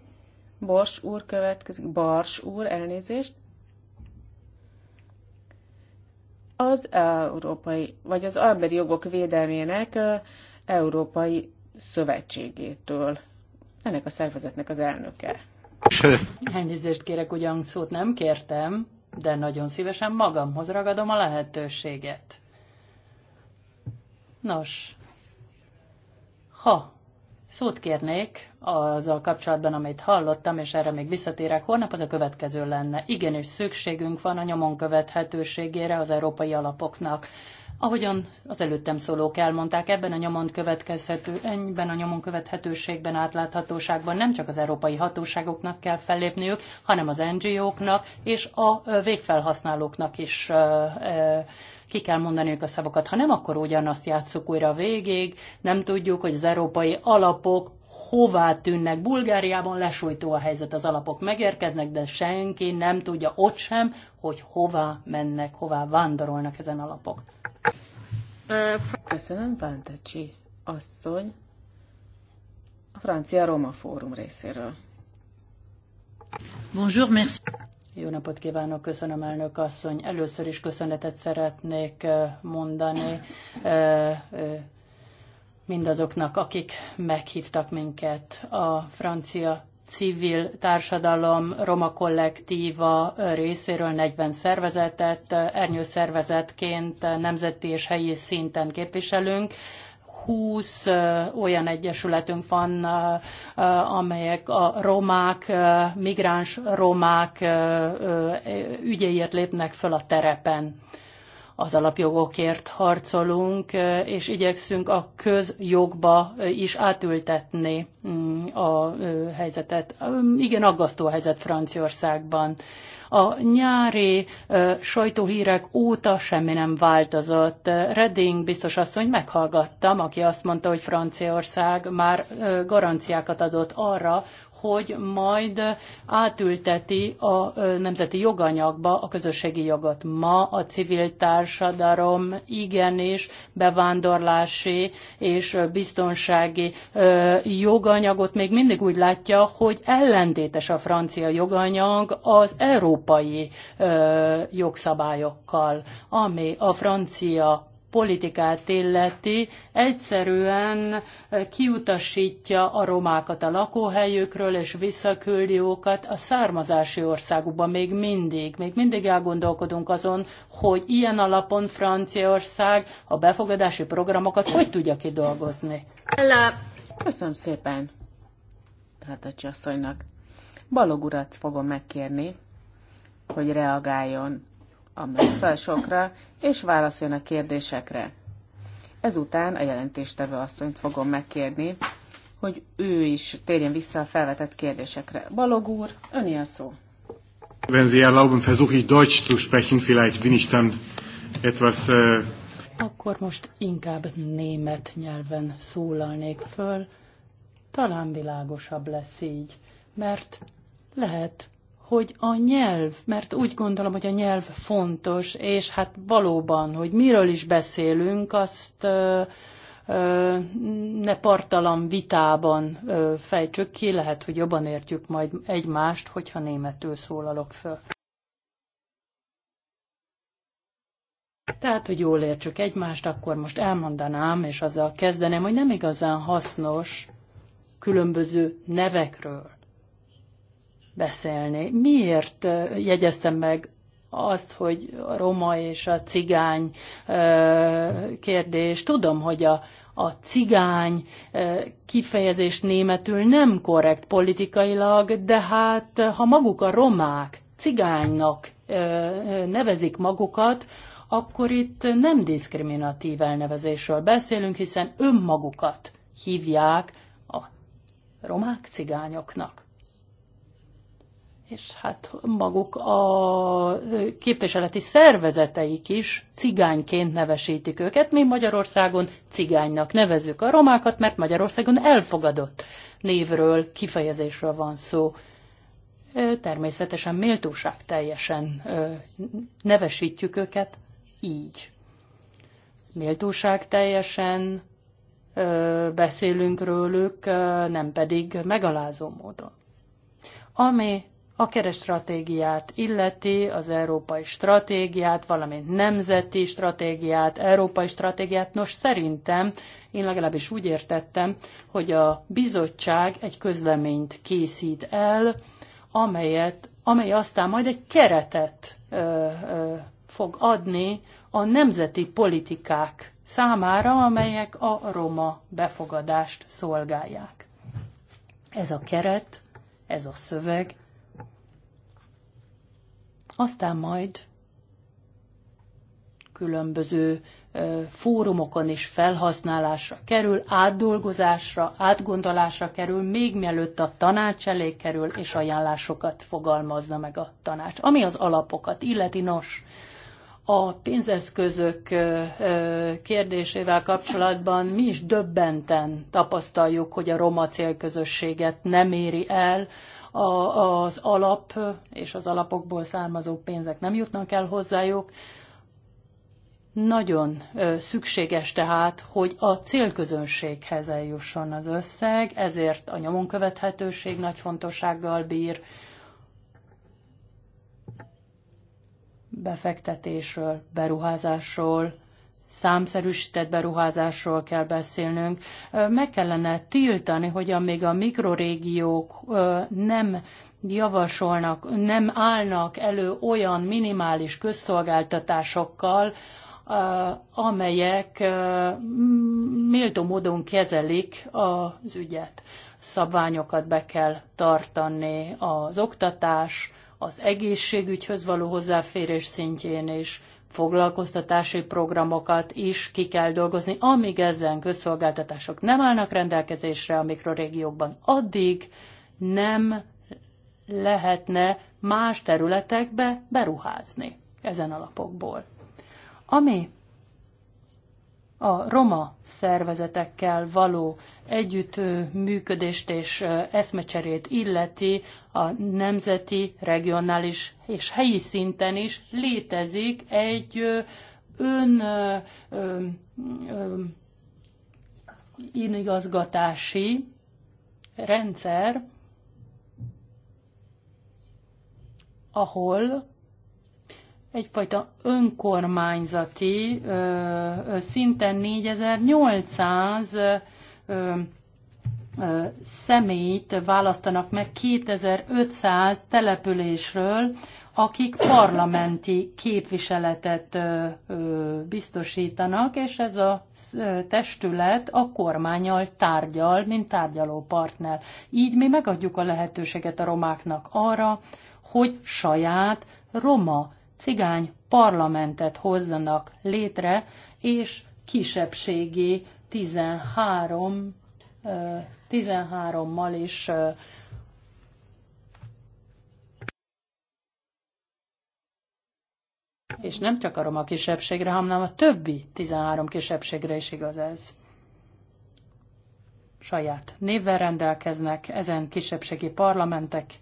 Bors úr következik, Bars úr, elnézést. Az európai, vagy az alberi jogok védelmének ö, európai szövetségétől ennek a szervezetnek az elnöke. Elnézést kérek, ugyan szót nem kértem, de nagyon szívesen magamhoz ragadom a lehetőséget. Nos, ha szót kérnék azzal kapcsolatban, amit hallottam, és erre még visszatérek holnap, az a következő lenne. Igenis szükségünk van a nyomon követhetőségére az európai alapoknak. Ahogyan az előttem szólók elmondták, ebben a nyomon, következhető, ennyiben a nyomon követhetőségben, átláthatóságban nem csak az európai hatóságoknak kell fellépniük, hanem az NGO-knak és a végfelhasználóknak is ki kell mondaniuk a szavakat. Ha nem, akkor ugyanazt játsszuk újra végig, nem tudjuk, hogy az európai alapok hová tűnnek. Bulgáriában lesújtó a helyzet, az alapok megérkeznek, de senki nem tudja ott sem, hogy hova mennek, hová vándorolnak ezen alapok. Köszönöm, Pántecsi asszony, a Francia Roma Fórum részéről. Bonjour, merci. Jó napot kívánok, köszönöm elnök asszony. Először is köszönetet szeretnék eh, mondani eh, eh, mindazoknak, akik meghívtak minket a francia civil társadalom, roma kollektíva részéről 40 szervezetet, ernyőszervezetként nemzeti és helyi szinten képviselünk. 20 olyan egyesületünk van, amelyek a romák, migráns romák ügyeiért lépnek föl a terepen az alapjogokért harcolunk, és igyekszünk a közjogba is átültetni mm, a helyzetet. Igen, aggasztó a helyzet Franciaországban. A nyári sajtóhírek óta semmi nem változott. Redding biztos asszony meghallgattam, aki azt mondta, hogy Franciaország már garanciákat adott arra, hogy majd átülteti a nemzeti joganyagba a közösségi jogot. Ma a civil társadalom igenis bevándorlási és biztonsági joganyagot még mindig úgy látja, hogy ellentétes a francia joganyag az európai jogszabályokkal, ami a francia politikát illeti, egyszerűen kiutasítja a romákat a lakóhelyükről, és visszaküldi őket a származási országukba még mindig. Még mindig elgondolkodunk azon, hogy ilyen alapon Franciaország a befogadási programokat hogy tudja kidolgozni. Köszönöm szépen, Tátacsi asszonynak. Balog urat fogom megkérni, hogy reagáljon a megszállásokra, és válaszoljon a kérdésekre. Ezután a jelentéstevő asszonyt fogom megkérni, hogy ő is térjen vissza a felvetett kérdésekre. Balog úr, öné a szó. Wenn Sie erlauben, versuche ich Deutsch zu sprechen, vielleicht bin ich dann etwas... Äh, Akkor most inkább német nyelven szólalnék föl, talán világosabb lesz így, mert lehet, hogy a nyelv, mert úgy gondolom, hogy a nyelv fontos, és hát valóban, hogy miről is beszélünk, azt ö, ö, ne partalan vitában ö, fejtsük ki, lehet, hogy jobban értjük majd egymást, hogyha németül szólalok föl. Tehát, hogy jól értsük egymást, akkor most elmondanám, és azzal kezdenem, hogy nem igazán hasznos különböző nevekről beszélni. Miért jegyeztem meg azt, hogy a roma és a cigány kérdés. Tudom, hogy a, a cigány kifejezés németül nem korrekt politikailag, de hát ha maguk a romák cigánynak nevezik magukat, akkor itt nem diszkriminatív elnevezésről beszélünk, hiszen önmagukat hívják a romák cigányoknak és hát maguk a képviseleti szervezeteik is cigányként nevesítik őket. Mi Magyarországon cigánynak nevezük a romákat, mert Magyarországon elfogadott névről, kifejezésről van szó. Természetesen méltóság teljesen nevesítjük őket így. Méltóság teljesen beszélünk rőlük, nem pedig megalázó módon. Ami a keresztratégiát illeti, az európai stratégiát, valamint nemzeti stratégiát, európai stratégiát. Nos, szerintem, én legalábbis úgy értettem, hogy a bizottság egy közleményt készít el, amelyet, amely aztán majd egy keretet ö, ö, fog adni a nemzeti politikák számára, amelyek a roma befogadást szolgálják. Ez a keret, ez a szöveg Aztán majd különböző fórumokon is felhasználásra kerül, átdolgozásra, átgondolásra kerül, még mielőtt a tanács elé kerül, és ajánlásokat fogalmazna meg a tanács. Ami az alapokat illeti, nos, a pénzeszközök kérdésével kapcsolatban mi is döbbenten tapasztaljuk, hogy a roma célközösséget nem éri el a az alap és az alapokból származó pénzek nem jutnak el hozzájuk. Nagyon szükséges tehát, hogy a célközönséghez eljusson az összeg, ezért a nyomon követhetőség nagy fontossággal bír. Befektetésről, beruházásról, számszerűs beruházásról kell beszélnünk. Meg kellene tiltani, hogy amíg a mikrorégiók nem javasolnak, nem állnak elő olyan minimális közszolgáltatásokkal, amelyek méltó módon kezelik az ügyet. Szabványokat be kell tartani az oktatás, az egészségügyhöz való hozzáférés szintjén is, foglalkoztatási programokat is ki kell dolgozni, amíg ezen közszolgáltatások nem állnak rendelkezésre a mikrorégiókban, addig nem lehetne más területekbe beruházni ezen alapokból. Ami a roma szervezetekkel való együttműködést és eszmecserét illeti, a nemzeti, regionális és helyi szinten is létezik egy ön inigazgatási rendszer, ahol egyfajta önkormányzati szinten 4800 személyt választanak meg 2500 településről, akik parlamenti képviseletet biztosítanak, és ez a testület a kormányal tárgyal, mint tárgyalópartner. Így mi megadjuk a lehetőséget a romáknak arra, hogy saját roma cigány parlamentet hozzanak létre, és kisebbségi 13, 13-mal is és nem csak a roma kisebbségre, hanem a többi 13 kisebbségre is igaz ez. Saját névvel rendelkeznek ezen kisebbségi parlamentek,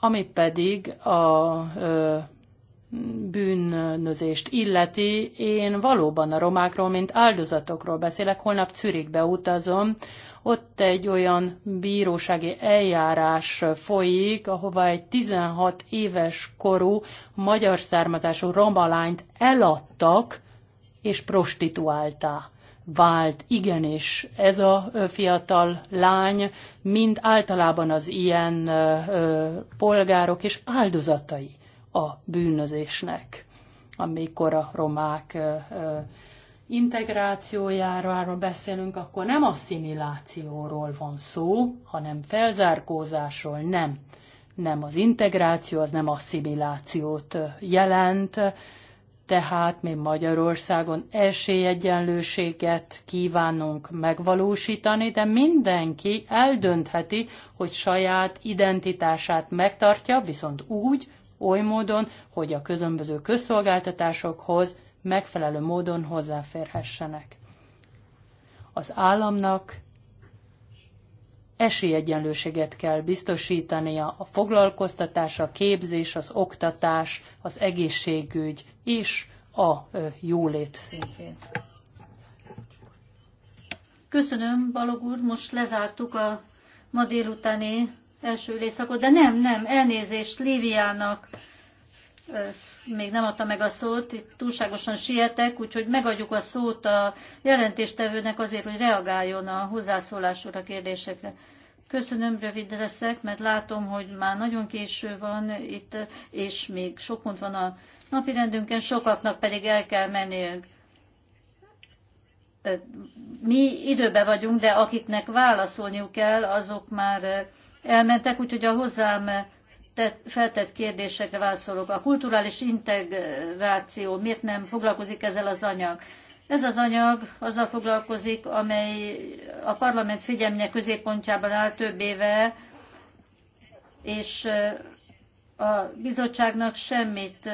ami pedig a bűnözést illeti, én valóban a romákról, mint áldozatokról beszélek. Holnap Zürichbe utazom, ott egy olyan bírósági eljárás folyik, ahova egy 16 éves korú magyar származású romalányt eladtak és prostituáltá vált, igenis ez a fiatal lány, mint általában az ilyen polgárok és áldozatai a bűnözésnek, amikor a romák integrációjáról beszélünk, akkor nem asszimilációról van szó, hanem felzárkózásról, nem. Nem az integráció, az nem asszimilációt jelent, tehát mi Magyarországon esélyegyenlőséget kívánunk megvalósítani, de mindenki eldöntheti, hogy saját identitását megtartja, viszont úgy, oly módon, hogy a közönböző közszolgáltatásokhoz megfelelő módon hozzáférhessenek. Az államnak esélyegyenlőséget kell biztosítania a foglalkoztatás, a képzés, az oktatás, az egészségügy és a jólét szintjén. Köszönöm, Balog úr, most lezártuk a ma délutáni első ülésszakot, de nem, nem, elnézést Líviának még nem adta meg a szót, itt túlságosan sietek, úgyhogy megadjuk a szót a jelentéstevőnek azért, hogy reagáljon a hozzászólásokra, a kérdésekre. Köszönöm, rövid leszek, mert látom, hogy már nagyon késő van itt, és még sok pont van a napirendünkön, sokaknak pedig el kell menniük. Mi időben vagyunk, de akiknek válaszolniuk kell, azok már elmentek, úgyhogy a hozzám tett, feltett kérdésekre válaszolok. A kulturális integráció, miért nem foglalkozik ezzel az anyag? Ez az anyag azzal foglalkozik, amely a parlament figyelmények középpontjában áll több éve, és a bizottságnak semmit,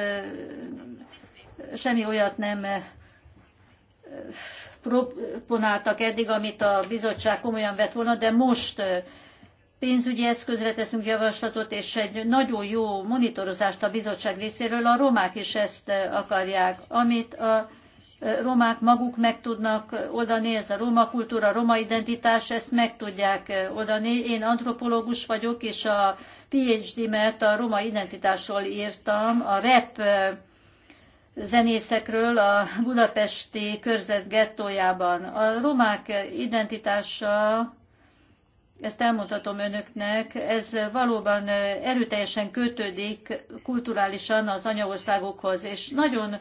semmi olyat nem proponáltak eddig, amit a bizottság komolyan vett volna, de most pénzügyi eszközre teszünk javaslatot, és egy nagyon jó monitorozást a bizottság részéről. A romák is ezt eh, akarják, amit a eh, romák maguk meg tudnak eh, oldani, ez a roma kultúra, roma identitás, ezt meg tudják oldani. Én antropológus vagyok, és a PhD-met a roma identitásról írtam, a rep zenészekről a budapesti körzet gettójában. A romák identitása ezt elmondhatom önöknek, ez valóban erőteljesen kötődik kulturálisan az anyaországokhoz, és nagyon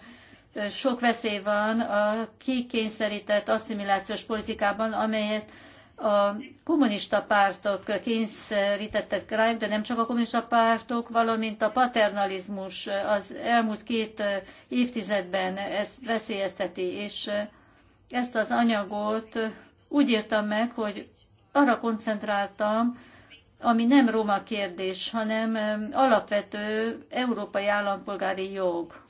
sok veszély van a kikényszerített asszimilációs politikában, amelyet a kommunista pártok kényszerítettek rájuk, de nem csak a kommunista pártok, valamint a paternalizmus az elmúlt két évtizedben ezt veszélyezteti, és ezt az anyagot úgy írtam meg, hogy arra koncentráltam, ami nem Róma kérdés, hanem alapvető európai állampolgári jog.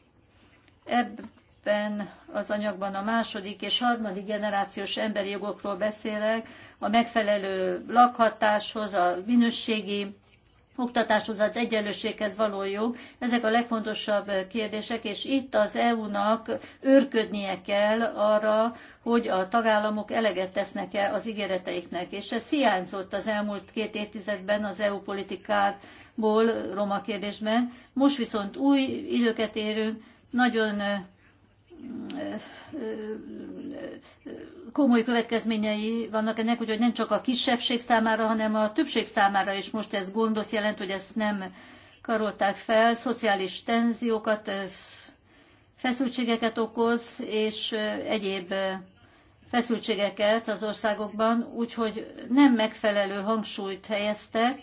Ebben az anyagban a második és harmadik generációs emberi jogokról beszélek, a megfelelő lakhatáshoz, a minőségi oktatáshoz, az egyenlőséghez való jog. Ezek a legfontosabb kérdések, és itt az EU-nak őrködnie kell arra, hogy a tagállamok eleget tesznek-e az ígéreteiknek. És ez hiányzott az elmúlt két évtizedben az EU politikából, roma kérdésben. Most viszont új időket érünk, nagyon komoly következményei vannak ennek, úgyhogy nem csak a kisebbség számára, hanem a többség számára is most ez gondot jelent, hogy ezt nem karolták fel, szociális tenziókat, feszültségeket okoz, és egyéb feszültségeket az országokban, úgyhogy nem megfelelő hangsúlyt helyeztek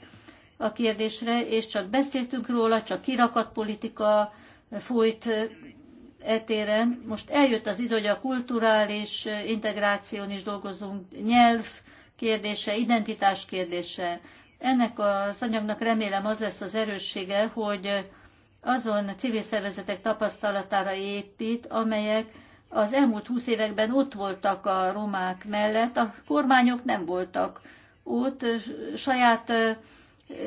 a kérdésre, és csak beszéltünk róla, csak kirakat politika folyt, etéren. Most eljött az idő, hogy a kulturális integráción is dolgozunk, nyelv kérdése, identitás kérdése. Ennek az anyagnak remélem az lesz az erőssége, hogy azon civil szervezetek tapasztalatára épít, amelyek az elmúlt húsz években ott voltak a romák mellett, a kormányok nem voltak ott, saját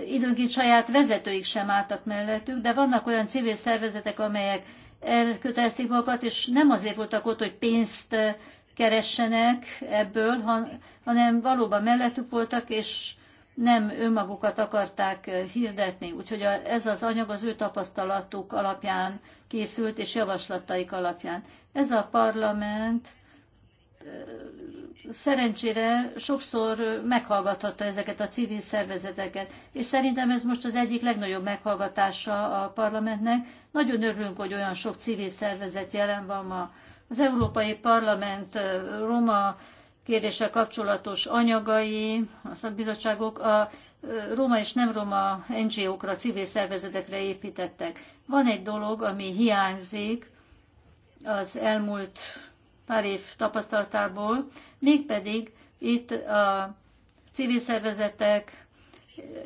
időnként saját vezetőik sem álltak mellettük, de vannak olyan civil szervezetek, amelyek elkötelezték magukat, és nem azért voltak ott, hogy pénzt eh, keressenek ebből, hanem valóban mellettük voltak, és nem önmagukat akarták eh, hirdetni. Úgyhogy ez az anyag az ő tapasztalatuk alapján készült, és javaslataik alapján. Ez a parlament szerencsére sokszor meghallgathatta ezeket a civil szervezeteket, és szerintem ez most az egyik legnagyobb meghallgatása a parlamentnek. Nagyon örülünk, hogy olyan sok civil szervezet jelen van ma. Az Európai Parlament Roma kérdéssel kapcsolatos anyagai, a szakbizottságok a roma és nem roma NGO-kra, civil szervezetekre építettek. Van egy dolog, ami hiányzik az elmúlt Párizs tapasztalatából, mégpedig itt a civil szervezetek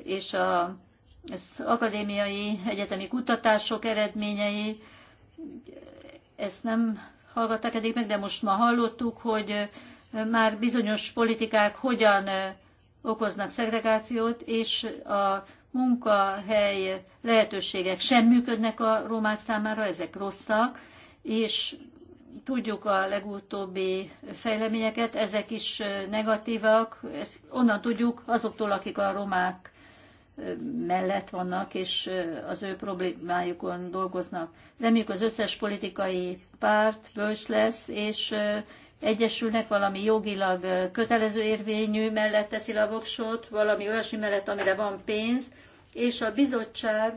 és a, az akadémiai egyetemi kutatások eredményei, ezt nem hallgatták eddig meg, de most ma hallottuk, hogy már bizonyos politikák hogyan okoznak szegregációt, és a munkahely lehetőségek sem működnek a romák számára, ezek rosszak, és tudjuk a legutóbbi fejleményeket, ezek is negatívak, ezt onnan tudjuk azoktól, akik a romák mellett vannak, és az ő problémájukon dolgoznak. Reméljük az összes politikai párt bős lesz, és egyesülnek valami jogilag kötelező érvényű mellett teszi a voksot, valami olyasmi mellett, amire van pénz, és a bizottság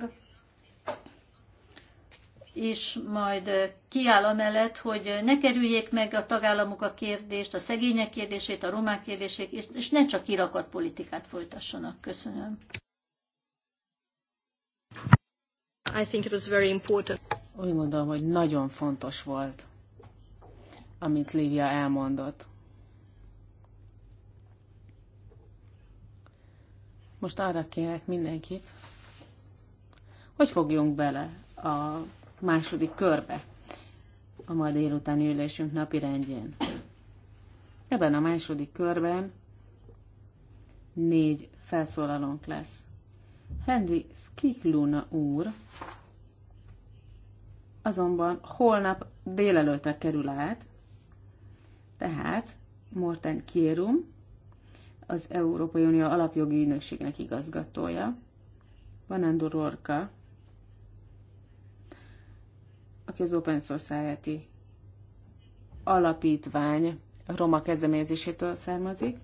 is majd eh, kiáll amellett, hogy eh, ne kerüljék meg a tagállamok a kérdést, a szegények kérdését, a romák kérdését, és ne csak kirakat politikát folytassanak. Köszönöm. I think it was very important. Úgy gondolom, hogy nagyon fontos volt, amit Lívia elmondott. Most arra kérek mindenkit, hogy fogjunk bele a második körbe a ma délután ülésünk napi rendjén. Ebben a második körben négy felszólalónk lesz. Henry Skikluna úr azonban holnap délelőtre kerül át, tehát Morten Kierum, az Európai Unió alapjogi ügynökségnek igazgatója, Vanando Orka, aki az Open Society alapítvány Roma kezdeményezésétől származik,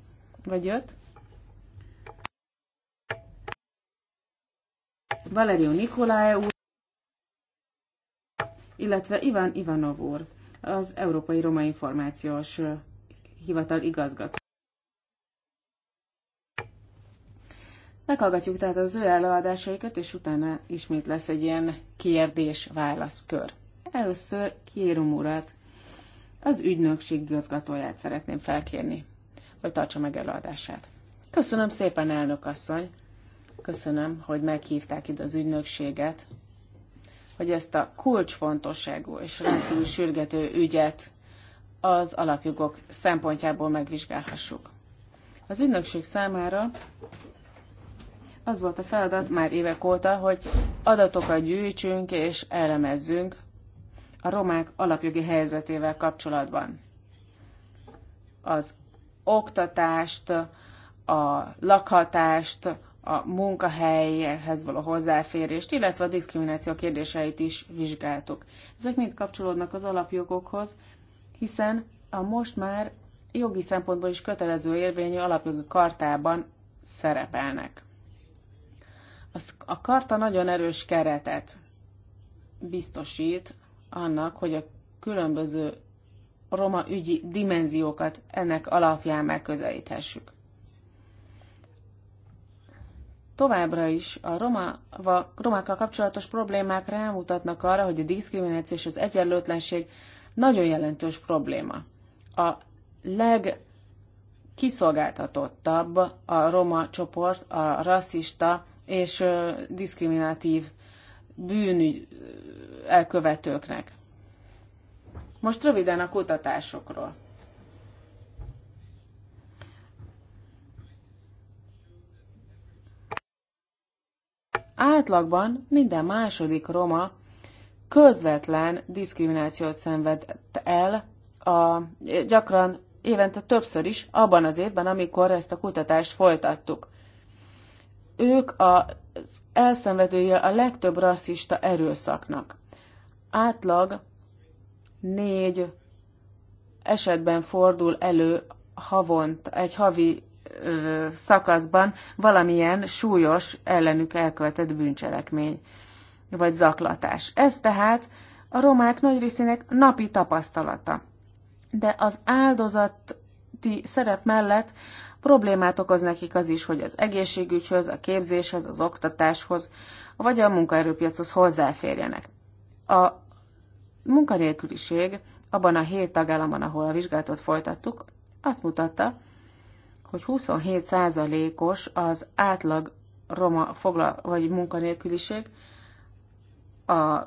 vagy jött. Valerio Nikolae úr, illetve Ivan Ivanov úr, az Európai Roma Információs Hivatal igazgató. Meghallgatjuk tehát az ő előadásaikat, és utána ismét lesz egy ilyen kérdés-válasz kör. Először Kiero Murat, az ügynökség igazgatóját szeretném felkérni, hogy tartsa meg előadását. Köszönöm szépen, elnök asszony! Köszönöm, hogy meghívták ide az ügynökséget, hogy ezt a kulcsfontosságú és rendkívül sürgető ügyet az alapjogok szempontjából megvizsgálhassuk. Az ügynökség számára az volt a feladat már évek óta, hogy adatokat gyűjtsünk és elemezzünk a romák alapjogi helyzetével kapcsolatban. Az oktatást, a lakhatást, a munkahelyhez való hozzáférést, illetve a diszkrimináció kérdéseit is vizsgáltuk. Ezek mind kapcsolódnak az alapjogokhoz, hiszen a most már jogi szempontból is kötelező érvényű alapjogi kartában szerepelnek. A karta nagyon erős keretet biztosít annak, hogy a különböző roma ügyi dimenziókat ennek alapján megközelíthessük. Továbbra is a roma, va, romákkal kapcsolatos problémák rámutatnak arra, hogy a diszkrimináció és az egyenlőtlenség nagyon jelentős probléma. A legkiszolgáltatottabb a roma csoport, a rasszista és ö, diszkriminatív bűnügy elkövetőknek. Most röviden a kutatásokról. Átlagban minden második roma közvetlen diszkriminációt szenvedett el, a, gyakran évente többször is, abban az évben, amikor ezt a kutatást folytattuk. Ők az elszenvedője a legtöbb rasszista erőszaknak átlag négy esetben fordul elő havont, egy havi ö, szakaszban valamilyen súlyos ellenük elkövetett bűncselekmény vagy zaklatás. Ez tehát a romák nagy részének napi tapasztalata. De az áldozati szerep mellett problémát okoz nekik az is, hogy az egészségügyhöz, a képzéshez, az oktatáshoz, vagy a munkaerőpiachoz hozzáférjenek. A munkanélküliség abban a hét tagállamban, ahol a vizsgálatot folytattuk, azt mutatta, hogy 27%-os az átlag roma foglal, vagy munkanélküliség a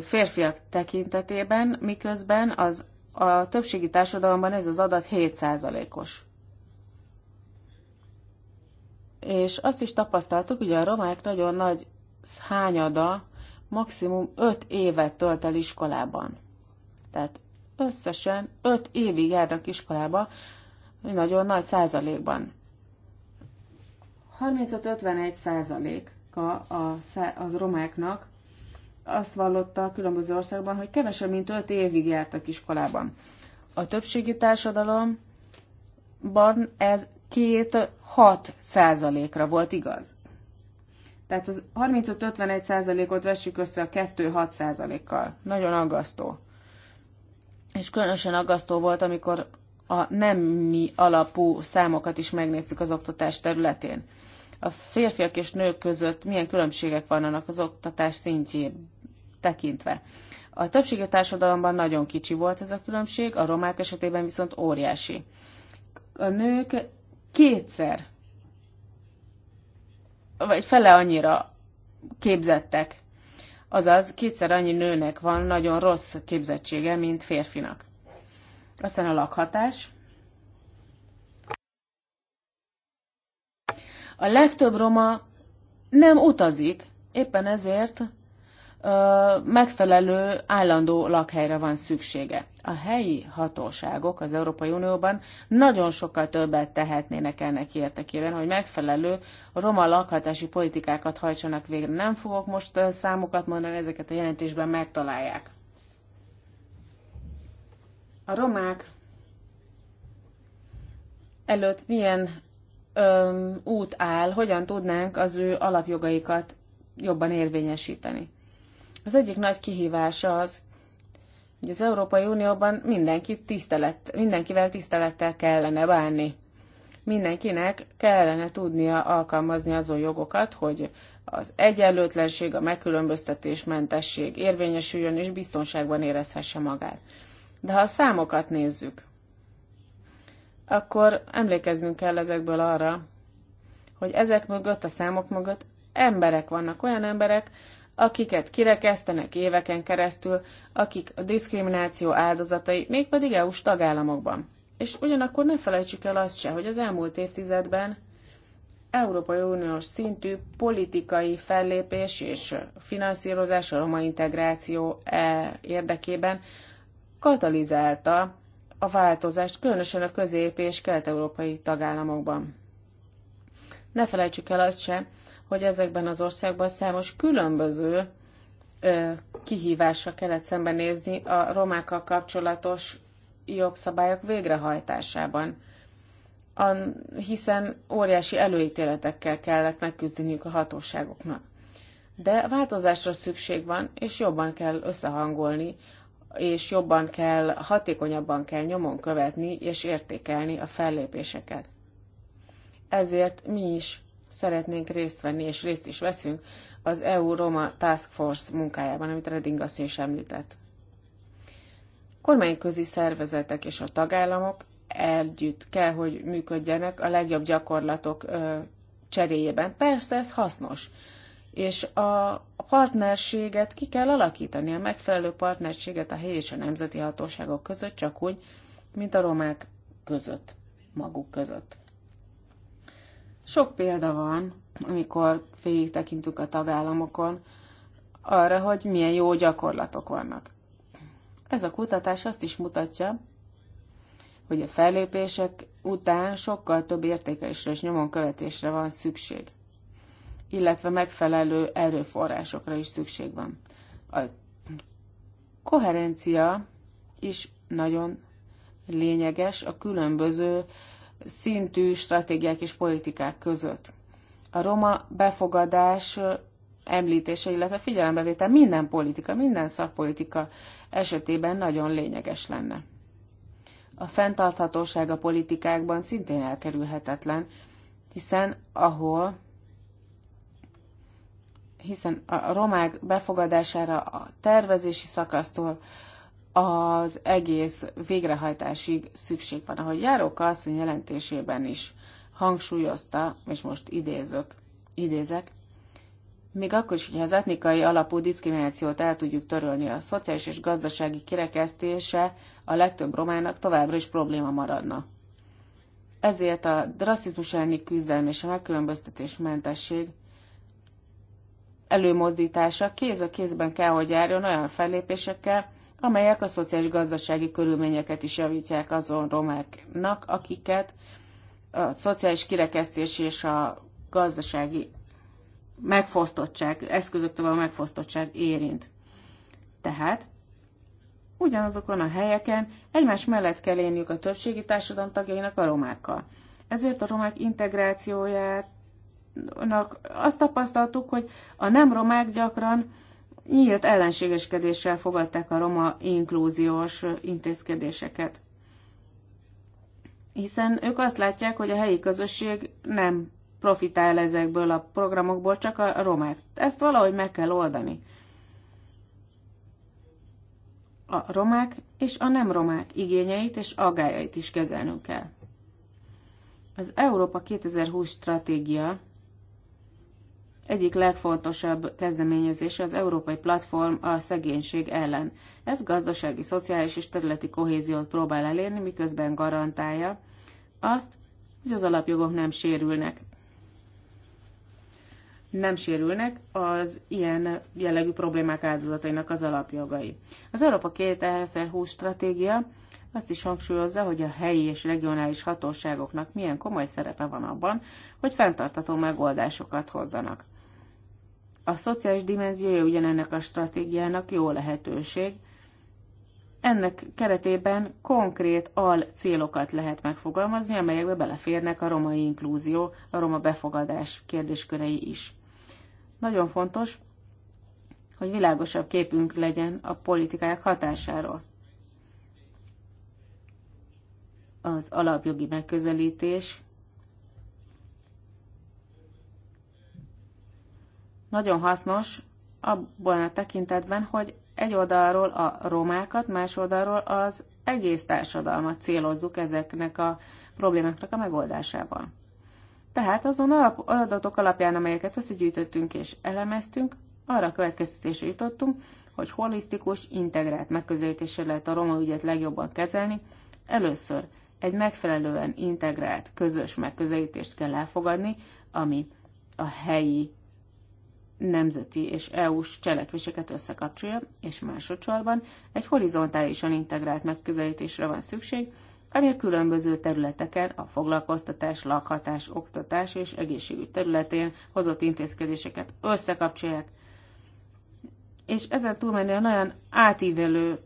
férfiak tekintetében, miközben az a többségi társadalomban ez az adat 7%-os. És azt is tapasztaltuk, hogy a romák nagyon nagy hányada maximum 5 évet tölt el iskolában. Tehát összesen 5 évig járnak iskolába, nagyon nagy százalékban. 35-51 százaléka az romáknak azt vallotta a különböző országban, hogy kevesebb, mint 5 évig jártak iskolában. A többségi társadalomban ez 2-6 százalékra volt igaz. Tehát az 35-51 százalékot vessük össze a 2-6 százalékkal. Nagyon aggasztó. És különösen aggasztó volt, amikor a nem mi alapú számokat is megnéztük az oktatás területén. A férfiak és nők között milyen különbségek vannak az oktatás szintjé tekintve. A többségi társadalomban nagyon kicsi volt ez a különbség, a romák esetében viszont óriási. A nők kétszer vagy fele annyira képzettek. Azaz kétszer annyi nőnek van nagyon rossz képzettsége, mint férfinak. Aztán a lakhatás. A legtöbb roma nem utazik, éppen ezért megfelelő állandó lakhelyre van szüksége. A helyi hatóságok az Európai Unióban nagyon sokkal többet tehetnének ennek érdekében, hogy megfelelő roma lakhatási politikákat hajtsanak végre. Nem fogok most számokat mondani, ezeket a jelentésben megtalálják. A romák előtt milyen öm, út áll, hogyan tudnánk az ő alapjogaikat jobban érvényesíteni. Az egyik nagy kihívás az, hogy az Európai Unióban mindenkit tisztelet, mindenkivel tisztelettel kellene bánni. Mindenkinek kellene tudnia alkalmazni azon jogokat, hogy az egyenlőtlenség, a megkülönböztetés, mentesség érvényesüljön és biztonságban érezhesse magát. De ha a számokat nézzük, akkor emlékeznünk kell ezekből arra, hogy ezek mögött, a számok mögött emberek vannak, olyan emberek, akiket kirekesztenek éveken keresztül, akik a diszkrimináció áldozatai, mégpedig EU-s tagállamokban. És ugyanakkor ne felejtsük el azt se, hogy az elmúlt évtizedben Európai Uniós szintű politikai fellépés és finanszírozás a roma integráció eh, érdekében katalizálta a változást, különösen a közép- és kelet-európai tagállamokban. Ne felejtsük el azt se, hogy ezekben az országban számos különböző ö, kihívásra kellett szembenézni a romákkal kapcsolatos jogszabályok végrehajtásában. A, hiszen óriási előítéletekkel kellett megküzdeniük a hatóságoknak. De változásra szükség van, és jobban kell összehangolni, és jobban kell, hatékonyabban kell nyomon követni és értékelni a fellépéseket. Ezért mi is szeretnénk részt venni, és részt is veszünk az EU-Roma Task Force munkájában, amit Reding asszony is említett. Kormányközi szervezetek és a tagállamok együtt kell, hogy működjenek a legjobb gyakorlatok cseréjében. Persze ez hasznos, és a partnerséget ki kell alakítani, a megfelelő partnerséget a helyi és a nemzeti hatóságok között, csak úgy, mint a romák között, maguk között. Sok példa van, amikor végig tekintünk a tagállamokon, arra, hogy milyen jó gyakorlatok vannak. Ez a kutatás azt is mutatja, hogy a fellépések után sokkal több értékelésre és nyomon követésre van szükség, illetve megfelelő erőforrásokra is szükség van. A koherencia is nagyon lényeges a különböző szintű stratégiák és politikák között. A roma befogadás említése, illetve figyelembevétel minden politika, minden szakpolitika esetében nagyon lényeges lenne. A fenntarthatóság a politikákban szintén elkerülhetetlen, hiszen ahol hiszen a romák befogadására a tervezési szakasztól az egész végrehajtásig szükség van. Ahogy Járóka asszony jelentésében is hangsúlyozta, és most idézök, idézek, még akkor is, hogyha az etnikai alapú diszkriminációt el tudjuk törölni, a szociális és gazdasági kirekesztése a legtöbb romának továbbra is probléma maradna. Ezért a rasszizmus elleni küzdelem és a mentesség előmozdítása kéz a kézben kell, hogy járjon olyan fellépésekkel, amelyek a szociális gazdasági körülményeket is javítják azon romáknak, akiket a szociális kirekesztés és a gazdasági megfosztottság, eszközöktől a megfosztottság érint. Tehát ugyanazokon a helyeken egymás mellett kell élniük a többségi társadalom tagjainak a romákkal. Ezért a romák integrációjának azt tapasztaltuk, hogy a nem romák gyakran nyílt ellenségeskedéssel fogadták a roma inklúziós intézkedéseket. Hiszen ők azt látják, hogy a helyi közösség nem profitál ezekből a programokból, csak a romák. Ezt valahogy meg kell oldani. A romák és a nem romák igényeit és agályait is kezelnünk kell. Az Európa 2020 stratégia egyik legfontosabb kezdeményezése az Európai Platform a szegénység ellen. Ez gazdasági, szociális és területi kohéziót próbál elérni, miközben garantálja azt, hogy az alapjogok nem sérülnek. Nem sérülnek az ilyen jellegű problémák áldozatainak az alapjogai. Az Európa 2020 stratégia azt is hangsúlyozza, hogy a helyi és regionális hatóságoknak milyen komoly szerepe van abban, hogy fenntartató megoldásokat hozzanak. A szociális dimenziója ugyanennek a stratégiának jó lehetőség. Ennek keretében konkrét al célokat lehet megfogalmazni, amelyekbe beleférnek a romai inklúzió, a roma befogadás kérdéskörei is. Nagyon fontos, hogy világosabb képünk legyen a politikák hatásáról. Az alapjogi megközelítés nagyon hasznos abban a tekintetben, hogy egy oldalról a romákat, más oldalról az egész társadalmat célozzuk ezeknek a problémáknak a megoldásában. Tehát azon alap, adatok alapján, amelyeket összegyűjtöttünk és elemeztünk, arra a következtetésre jutottunk, hogy holisztikus, integrált megközelítéssel lehet a roma ügyet legjobban kezelni. Először egy megfelelően integrált, közös megközelítést kell elfogadni, ami a helyi nemzeti és EU-s cselekvéseket összekapcsolja, és másodszorban egy horizontálisan integrált megközelítésre van szükség, ami a különböző területeken, a foglalkoztatás, lakhatás, oktatás és egészségügy területén hozott intézkedéseket összekapcsolják, és ezen túlmenően olyan átívelő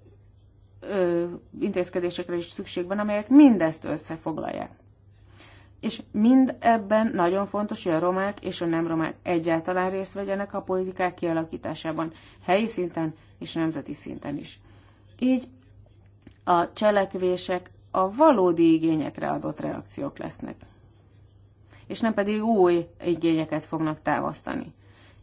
ö, intézkedésekre is szükség van, amelyek mindezt összefoglalják és mind ebben nagyon fontos, hogy a romák és a nem romák egyáltalán részt vegyenek a politikák kialakításában, helyi szinten és nemzeti szinten is. Így a cselekvések a valódi igényekre adott reakciók lesznek, és nem pedig új igényeket fognak távasztani.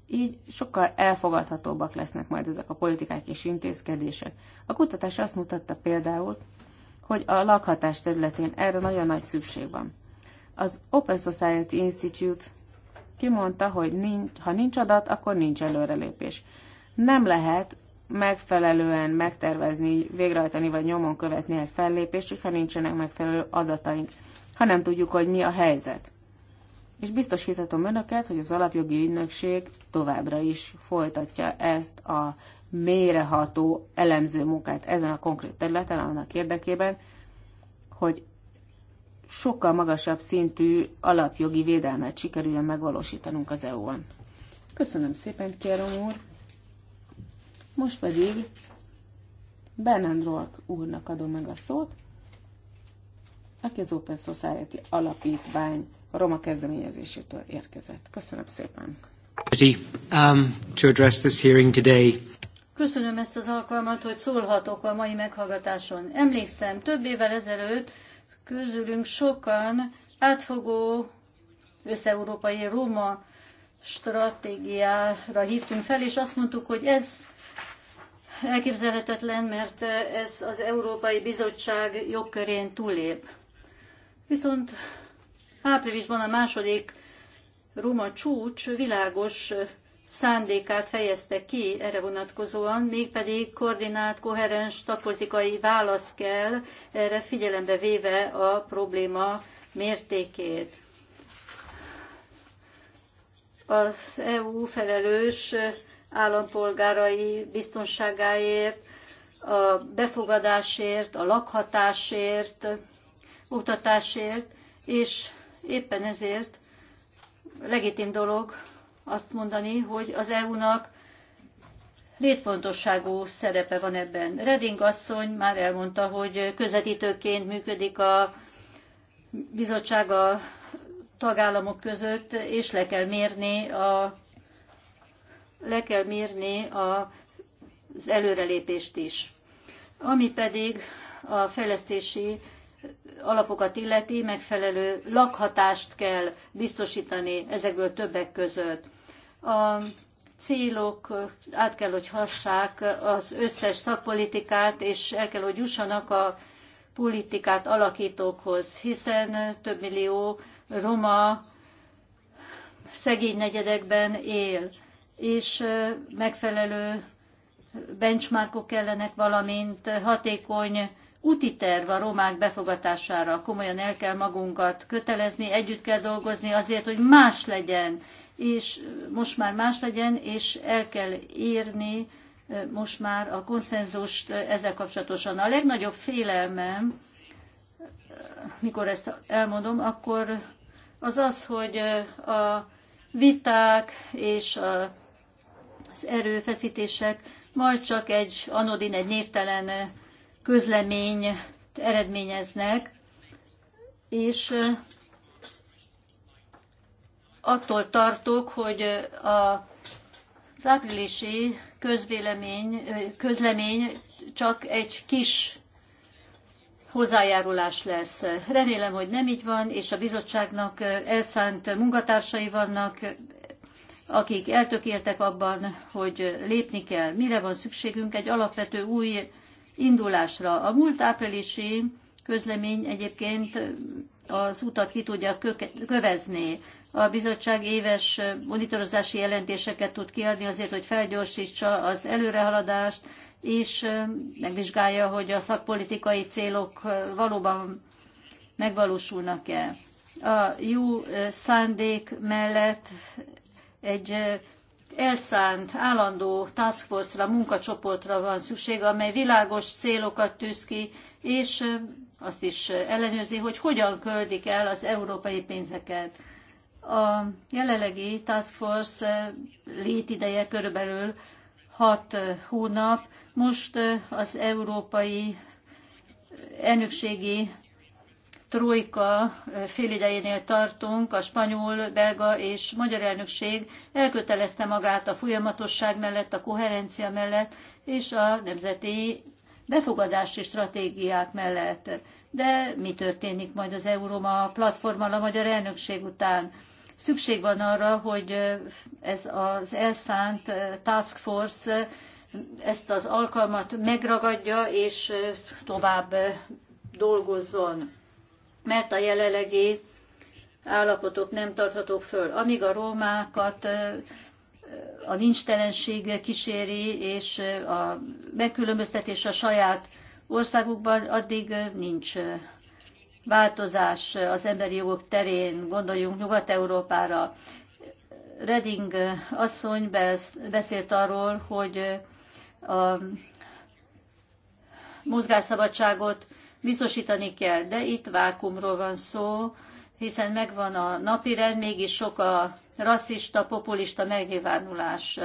Így sokkal elfogadhatóbbak lesznek majd ezek a politikák és intézkedések. A kutatás azt mutatta például, hogy a lakhatás területén erre nagyon nagy szükség van az Open Society Institute kimondta, hogy nincs, ha nincs adat, akkor nincs előrelépés. Nem lehet megfelelően megtervezni, végrehajtani vagy nyomon követni egy fellépést, hogyha nincsenek megfelelő adataink, ha nem tudjuk, hogy mi a helyzet. És biztosíthatom önöket, hogy az alapjogi ügynökség továbbra is folytatja ezt a méreható elemző munkát ezen a konkrét területen, annak érdekében, hogy sokkal magasabb szintű alapjogi védelmet sikerüljön megvalósítanunk az EU-ban. Köszönöm szépen, Kérom úr! Most pedig Bernard Rourke úrnak adom meg a szót, aki az Open Society Alapítvány roma kezdeményezésétől érkezett. Köszönöm szépen! Um, to address this hearing today. Köszönöm ezt az alkalmat, hogy szólhatok a mai meghallgatáson. Emlékszem, több évvel ezelőtt közülünk sokan átfogó összeurópai Róma stratégiára hívtunk fel, és azt mondtuk, hogy ez elképzelhetetlen, mert ez az Európai Bizottság jogkörén túlép. Viszont áprilisban a második Róma csúcs világos szándékát fejezte ki erre vonatkozóan, mégpedig koordinált, koherens szakpolitikai válasz kell erre figyelembe véve a probléma mértékét. Az EU felelős állampolgárai biztonságáért, a befogadásért, a lakhatásért, oktatásért, és éppen ezért legitim dolog azt mondani, hogy az EU-nak létfontosságú szerepe van ebben. Reding asszony már elmondta, hogy közvetítőként működik a bizottság a tagállamok között, és le kell mérni a le kell mérni a, az előrelépést is. Ami pedig a fejlesztési alapokat illeti, megfelelő lakhatást kell biztosítani ezekből többek között. A célok át kell, hogy hassák az összes szakpolitikát, és el kell, hogy jussanak a politikát alakítókhoz, hiszen több millió roma szegény negyedekben él, és megfelelő benchmarkok kellenek, valamint hatékony úti terv a romák befogatására. Komolyan el kell magunkat kötelezni, együtt kell dolgozni azért, hogy más legyen, és most már más legyen, és el kell érni most már a konszenzust ezzel kapcsolatosan. A legnagyobb félelmem, mikor ezt elmondom, akkor az az, hogy a viták és az erőfeszítések majd csak egy anodin, egy névtelen közlemény eredményeznek, és attól tartok, hogy a az áprilisi közvélemény, közlemény csak egy kis hozzájárulás lesz. Remélem, hogy nem így van, és a bizottságnak elszánt munkatársai vannak, akik eltökéltek abban, hogy lépni kell. Mire van szükségünk? Egy alapvető új indulásra. A múlt áprilisi közlemény egyébként az utat ki tudja kövezni. A bizottság éves monitorozási jelentéseket tud kiadni azért, hogy felgyorsítsa az előrehaladást, és megvizsgálja, hogy a szakpolitikai célok valóban megvalósulnak-e. A jó szándék mellett egy elszánt, állandó task force-ra, munkacsoportra van szükség, amely világos célokat tűz ki, és azt is ellenőrzi, hogy hogyan köldik el az európai pénzeket. A jelenlegi Task Force létideje körülbelül 6 hónap. Most az európai elnökségi trojka félidejénél tartunk, a spanyol, belga és magyar elnökség elkötelezte magát a folyamatosság mellett, a koherencia mellett és a nemzeti befogadási stratégiák mellett. De mi történik majd az Euróma platformmal a magyar elnökség után? Szükség van arra, hogy ez az elszánt task force ezt az alkalmat megragadja és tovább dolgozzon, mert a jelenlegi állapotok nem tarthatók föl. Amíg a rómákat a nincstelenség kíséri, és a megkülönböztetés a saját országukban, addig nincs változás az emberi jogok terén, gondoljunk Nyugat-Európára. Reding asszony beszélt arról, hogy a mozgásszabadságot biztosítani kell, de itt vákumról van szó, hiszen megvan a napirend, mégis sok a rasszista, populista megnyilvánulás.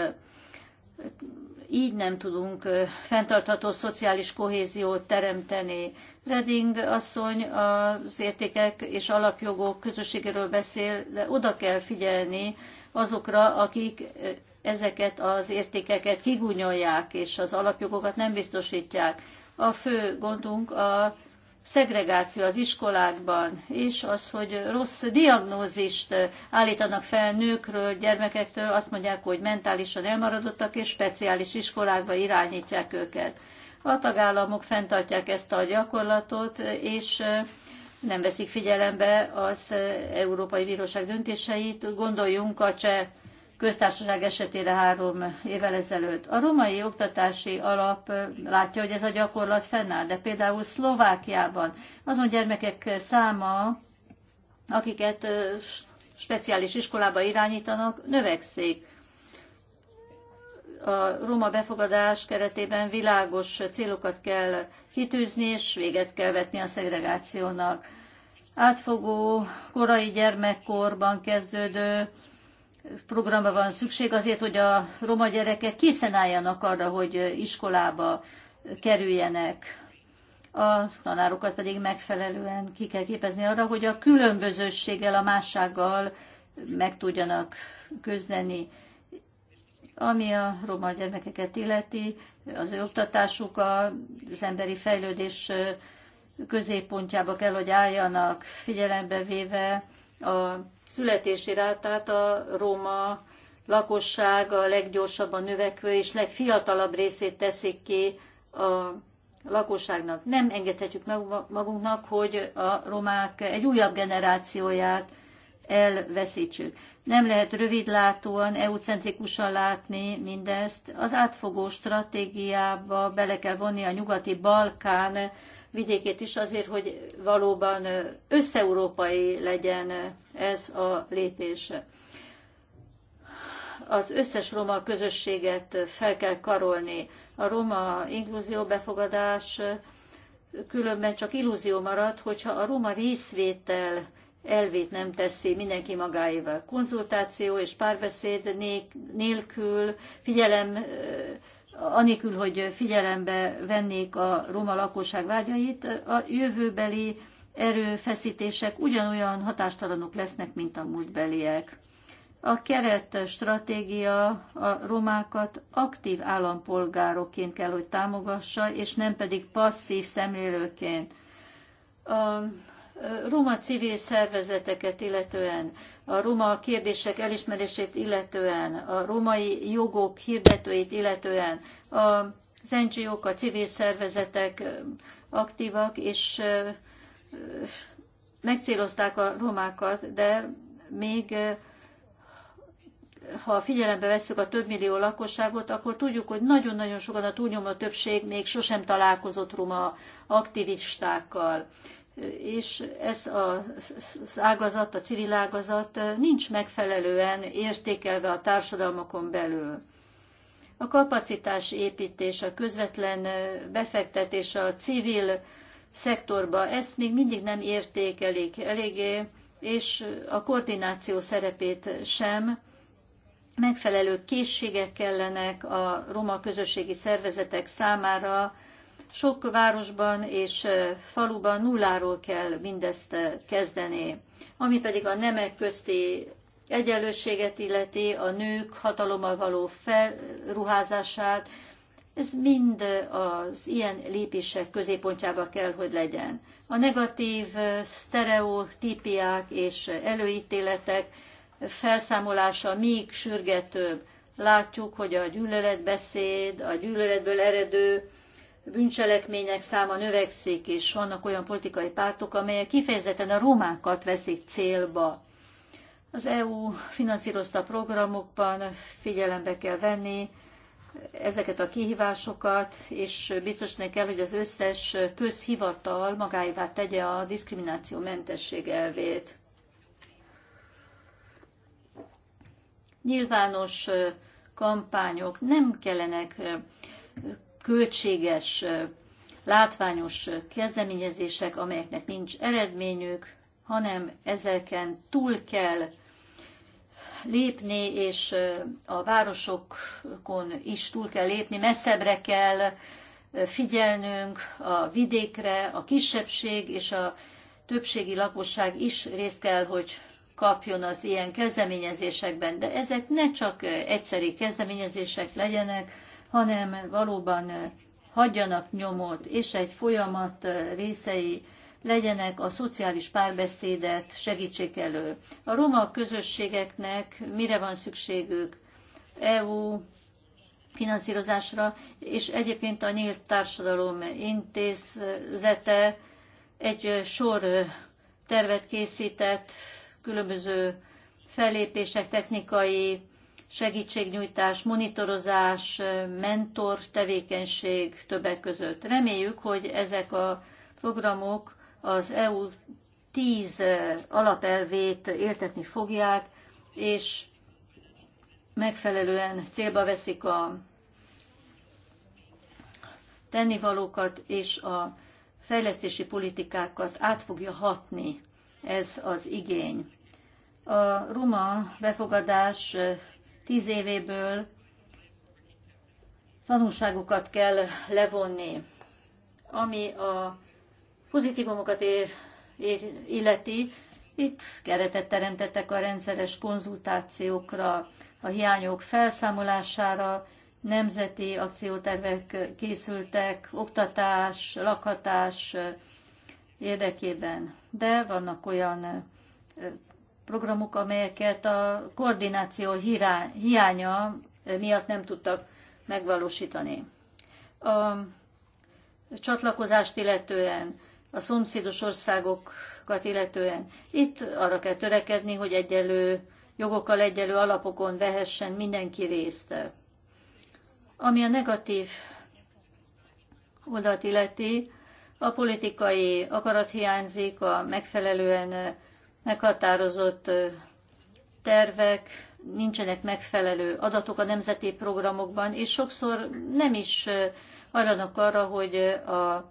Így nem tudunk fenntartható szociális kohéziót teremteni. Reding asszony az értékek és alapjogok közösségéről beszél, de oda kell figyelni azokra, akik ezeket az értékeket kigúnyolják, és az alapjogokat nem biztosítják. A fő gondunk a szegregáció az iskolákban, és az, hogy rossz diagnózist állítanak fel nőkről, gyermekektől, azt mondják, hogy mentálisan elmaradottak, és speciális iskolákba irányítják őket. A tagállamok fenntartják ezt a gyakorlatot, és nem veszik figyelembe az Európai Bíróság döntéseit. Gondoljunk a cseh köztársaság esetére három évvel ezelőtt. A romai oktatási alap látja, hogy ez a gyakorlat fennáll, de például Szlovákiában azon gyermekek száma, akiket speciális iskolába irányítanak, növekszik. A roma befogadás keretében világos célokat kell kitűzni, és véget kell vetni a szegregációnak. Átfogó, korai gyermekkorban kezdődő programra van szükség azért, hogy a roma gyerekek készen álljanak arra, hogy iskolába kerüljenek. A tanárokat pedig megfelelően ki kell képezni arra, hogy a különbözőséggel, a mássággal meg tudjanak küzdeni. Ami a roma gyermekeket illeti, az ő oktatásuk az emberi fejlődés középpontjába kell, hogy álljanak, figyelembe véve a születési rátát a Róma lakosság a leggyorsabban növekvő és legfiatalabb részét teszik ki a lakosságnak. Nem engedhetjük meg magunknak, hogy a romák egy újabb generációját elveszítsük. Nem lehet rövidlátóan, eucentrikusan látni mindezt. Az átfogó stratégiába bele kell vonni a nyugati Balkán vidékét is azért, hogy valóban összeurópai legyen ez a lépés. Az összes roma közösséget fel kell karolni. A roma inkluzió befogadás különben csak illúzió marad, hogyha a roma részvétel elvét nem teszi mindenki magáéval. Konzultáció és párbeszéd nélkül, figyelem anélkül, hogy figyelembe vennék a roma lakosság vágyait, a jövőbeli erőfeszítések ugyanolyan hatástalanok lesznek, mint a múltbeliek. A keret stratégia a romákat aktív állampolgárokként kell, hogy támogassa, és nem pedig passzív szemlélőként. A Eh, roma civil szervezeteket illetően, a roma kérdések elismerését illetően, a római jogok hirdetőit illetően, az NGO-k, a civil szervezetek eh, aktívak, és eh, megcélozták a romákat, de még ha figyelembe vesszük a több millió lakosságot, akkor tudjuk, hogy nagyon-nagyon sokan a túlnyomó többség még sosem találkozott roma aktivistákkal és ez a, az ágazat, a civil ágazat nincs megfelelően értékelve a társadalmakon belül. A kapacitás építés, a közvetlen befektetés a civil szektorba, ezt még mindig nem értékelik eléggé, és a koordináció szerepét sem. Megfelelő készségek kellenek a roma közösségi szervezetek számára, Sok városban és faluban nulláról kell mindezt kezdeni. Ami pedig a nemek közti egyenlőséget illeti, a nők hatalommal való felruházását, ez mind az ilyen lépések középpontjába kell, hogy legyen. A negatív sztereotípiák és előítéletek felszámolása még sürgetőbb. Látjuk, hogy a gyűlöletbeszéd, a gyűlöletből eredő bűncselekmények száma növekszik, és vannak olyan politikai pártok, amelyek kifejezetten a romákat veszik célba. Az EU finanszírozta programokban figyelembe kell venni ezeket a kihívásokat, és biztosnak kell, hogy az összes közhivatal magáévá tegye a diszkrimináció mentesség elvét. Nyilvános kampányok nem kellenek költséges, látványos kezdeményezések, amelyeknek nincs eredményük, hanem ezeken túl kell lépni, és a városokon is túl kell lépni, messzebbre kell figyelnünk a vidékre, a kisebbség és a többségi lakosság is részt kell, hogy kapjon az ilyen kezdeményezésekben, de ezek ne csak egyszeri kezdeményezések legyenek, hanem valóban hagyjanak nyomot, és egy folyamat részei legyenek a szociális párbeszédet segítsék elő. A roma közösségeknek mire van szükségük? EU finanszírozásra, és egyébként a Nyílt Társadalom Intézete egy sor tervet készített, különböző fellépések, technikai segítségnyújtás, monitorozás, mentor tevékenység többek között. Reméljük, hogy ezek a programok az EU 10 alapelvét éltetni fogják, és megfelelően célba veszik a tennivalókat és a fejlesztési politikákat át fogja hatni ez az igény. A roma befogadás tíz évéből tanulságokat kell levonni. Ami a pozitívumokat ér, ér, illeti, itt keretet teremtettek a rendszeres konzultációkra, a hiányok felszámolására, nemzeti akciótervek készültek, oktatás, lakhatás érdekében. De vannak olyan programok, amelyeket a koordináció hiánya miatt nem tudtak megvalósítani. A csatlakozást illetően, a szomszédos országokat illetően itt arra kell törekedni, hogy egyelő jogokkal egyelő alapokon vehessen mindenki részt. Ami a negatív oldalt illeti, a politikai akarat hiányzik, a megfelelően meghatározott tervek, nincsenek megfelelő adatok a nemzeti programokban, és sokszor nem is hajlanak arra, hogy a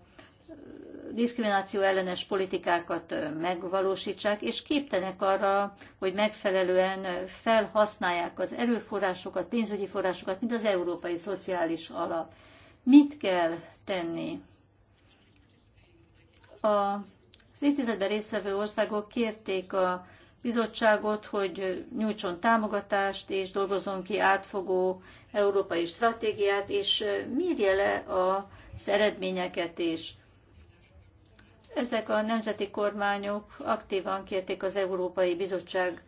diszkrimináció ellenes politikákat megvalósítsák, és képtenek arra, hogy megfelelően felhasználják az erőforrásokat, pénzügyi forrásokat, mint az Európai Szociális Alap. Mit kell tenni? A az évtizedben résztvevő országok kérték a bizottságot, hogy nyújtson támogatást, és dolgozzon ki átfogó európai stratégiát, és mérje le az eredményeket is. Ezek a nemzeti kormányok aktívan kérték az Európai Bizottság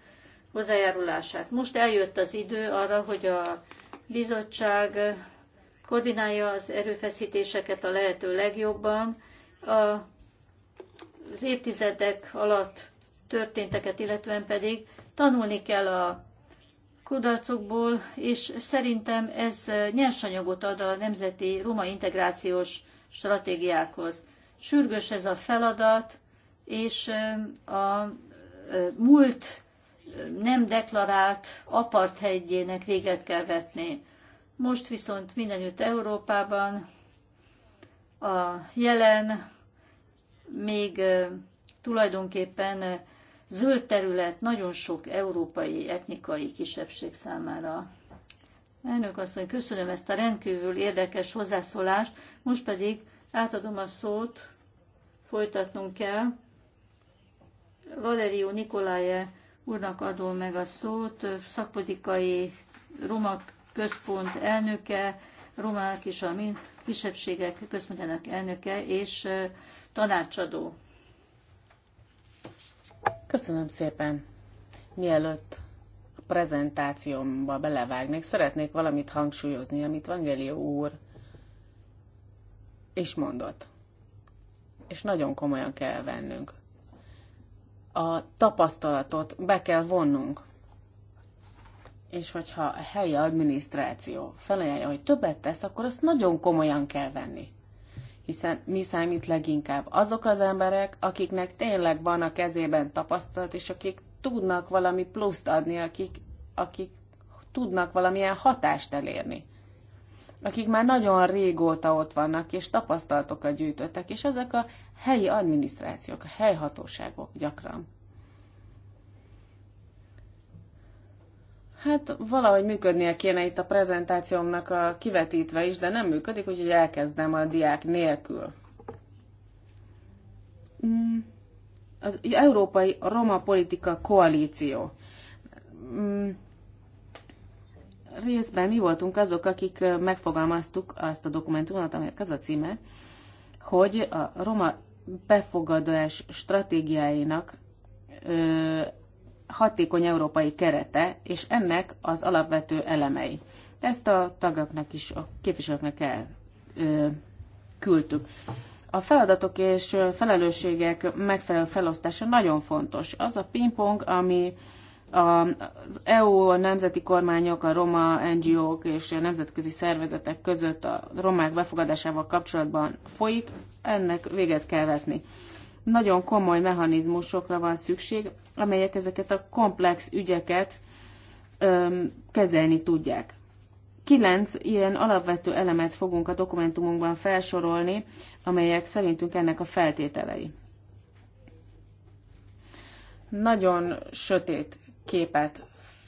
hozzájárulását. Most eljött az idő arra, hogy a bizottság koordinálja az erőfeszítéseket a lehető legjobban, a az évtizedek alatt történteket, illetően pedig tanulni kell a kudarcokból, és szerintem ez nyersanyagot ad a nemzeti roma integrációs stratégiákhoz. Sürgős ez a feladat, és a múlt nem deklarált apartheidjének véget kell vetni. Most viszont mindenütt Európában a jelen még tulajdonképpen zöld terület nagyon sok európai etnikai kisebbség számára. Elnök asszony, köszönöm ezt a rendkívül érdekes hozzászólást, most pedig átadom a szót, folytatnunk kell. Valerio Nikolaje úrnak adom meg a szót, szakpolitikai Roma központ elnöke, romák és a kisebbségek központjának elnöke, és tanácsadó. Köszönöm szépen. Mielőtt a prezentációmba belevágnék, szeretnék valamit hangsúlyozni, amit Vangelió úr és mondott. És nagyon komolyan kell vennünk. A tapasztalatot be kell vonnunk. És hogyha a helyi adminisztráció felajánlja, hogy többet tesz, akkor azt nagyon komolyan kell venni hiszen mi számít leginkább? Azok az emberek, akiknek tényleg van a kezében tapasztalat, és akik tudnak valami pluszt adni, akik, akik tudnak valamilyen hatást elérni. Akik már nagyon régóta ott vannak, és tapasztalatokat gyűjtöttek, és ezek a helyi adminisztrációk, a helyhatóságok gyakran. Hát valahogy működnie kéne itt a prezentációmnak a kivetítve is, de nem működik, úgyhogy elkezdem a diák nélkül. Mm, az Európai Roma Politika Koalíció. Mm, részben mi voltunk azok, akik megfogalmaztuk azt a dokumentumot, aminek az a címe, hogy a roma befogadás stratégiáinak hatékony európai kerete, és ennek az alapvető elemei. Ezt a tagoknak is, a képviselőknek el ö, küldtük. A feladatok és felelősségek megfelelő felosztása nagyon fontos. Az a pingpong, ami az EU, a nemzeti kormányok, a roma NGO-k és a nemzetközi szervezetek között a romák befogadásával kapcsolatban folyik, ennek véget kell vetni nagyon komoly mechanizmusokra van szükség, amelyek ezeket a komplex ügyeket öm, kezelni tudják. Kilenc ilyen alapvető elemet fogunk a dokumentumunkban felsorolni, amelyek szerintünk ennek a feltételei. Nagyon sötét képet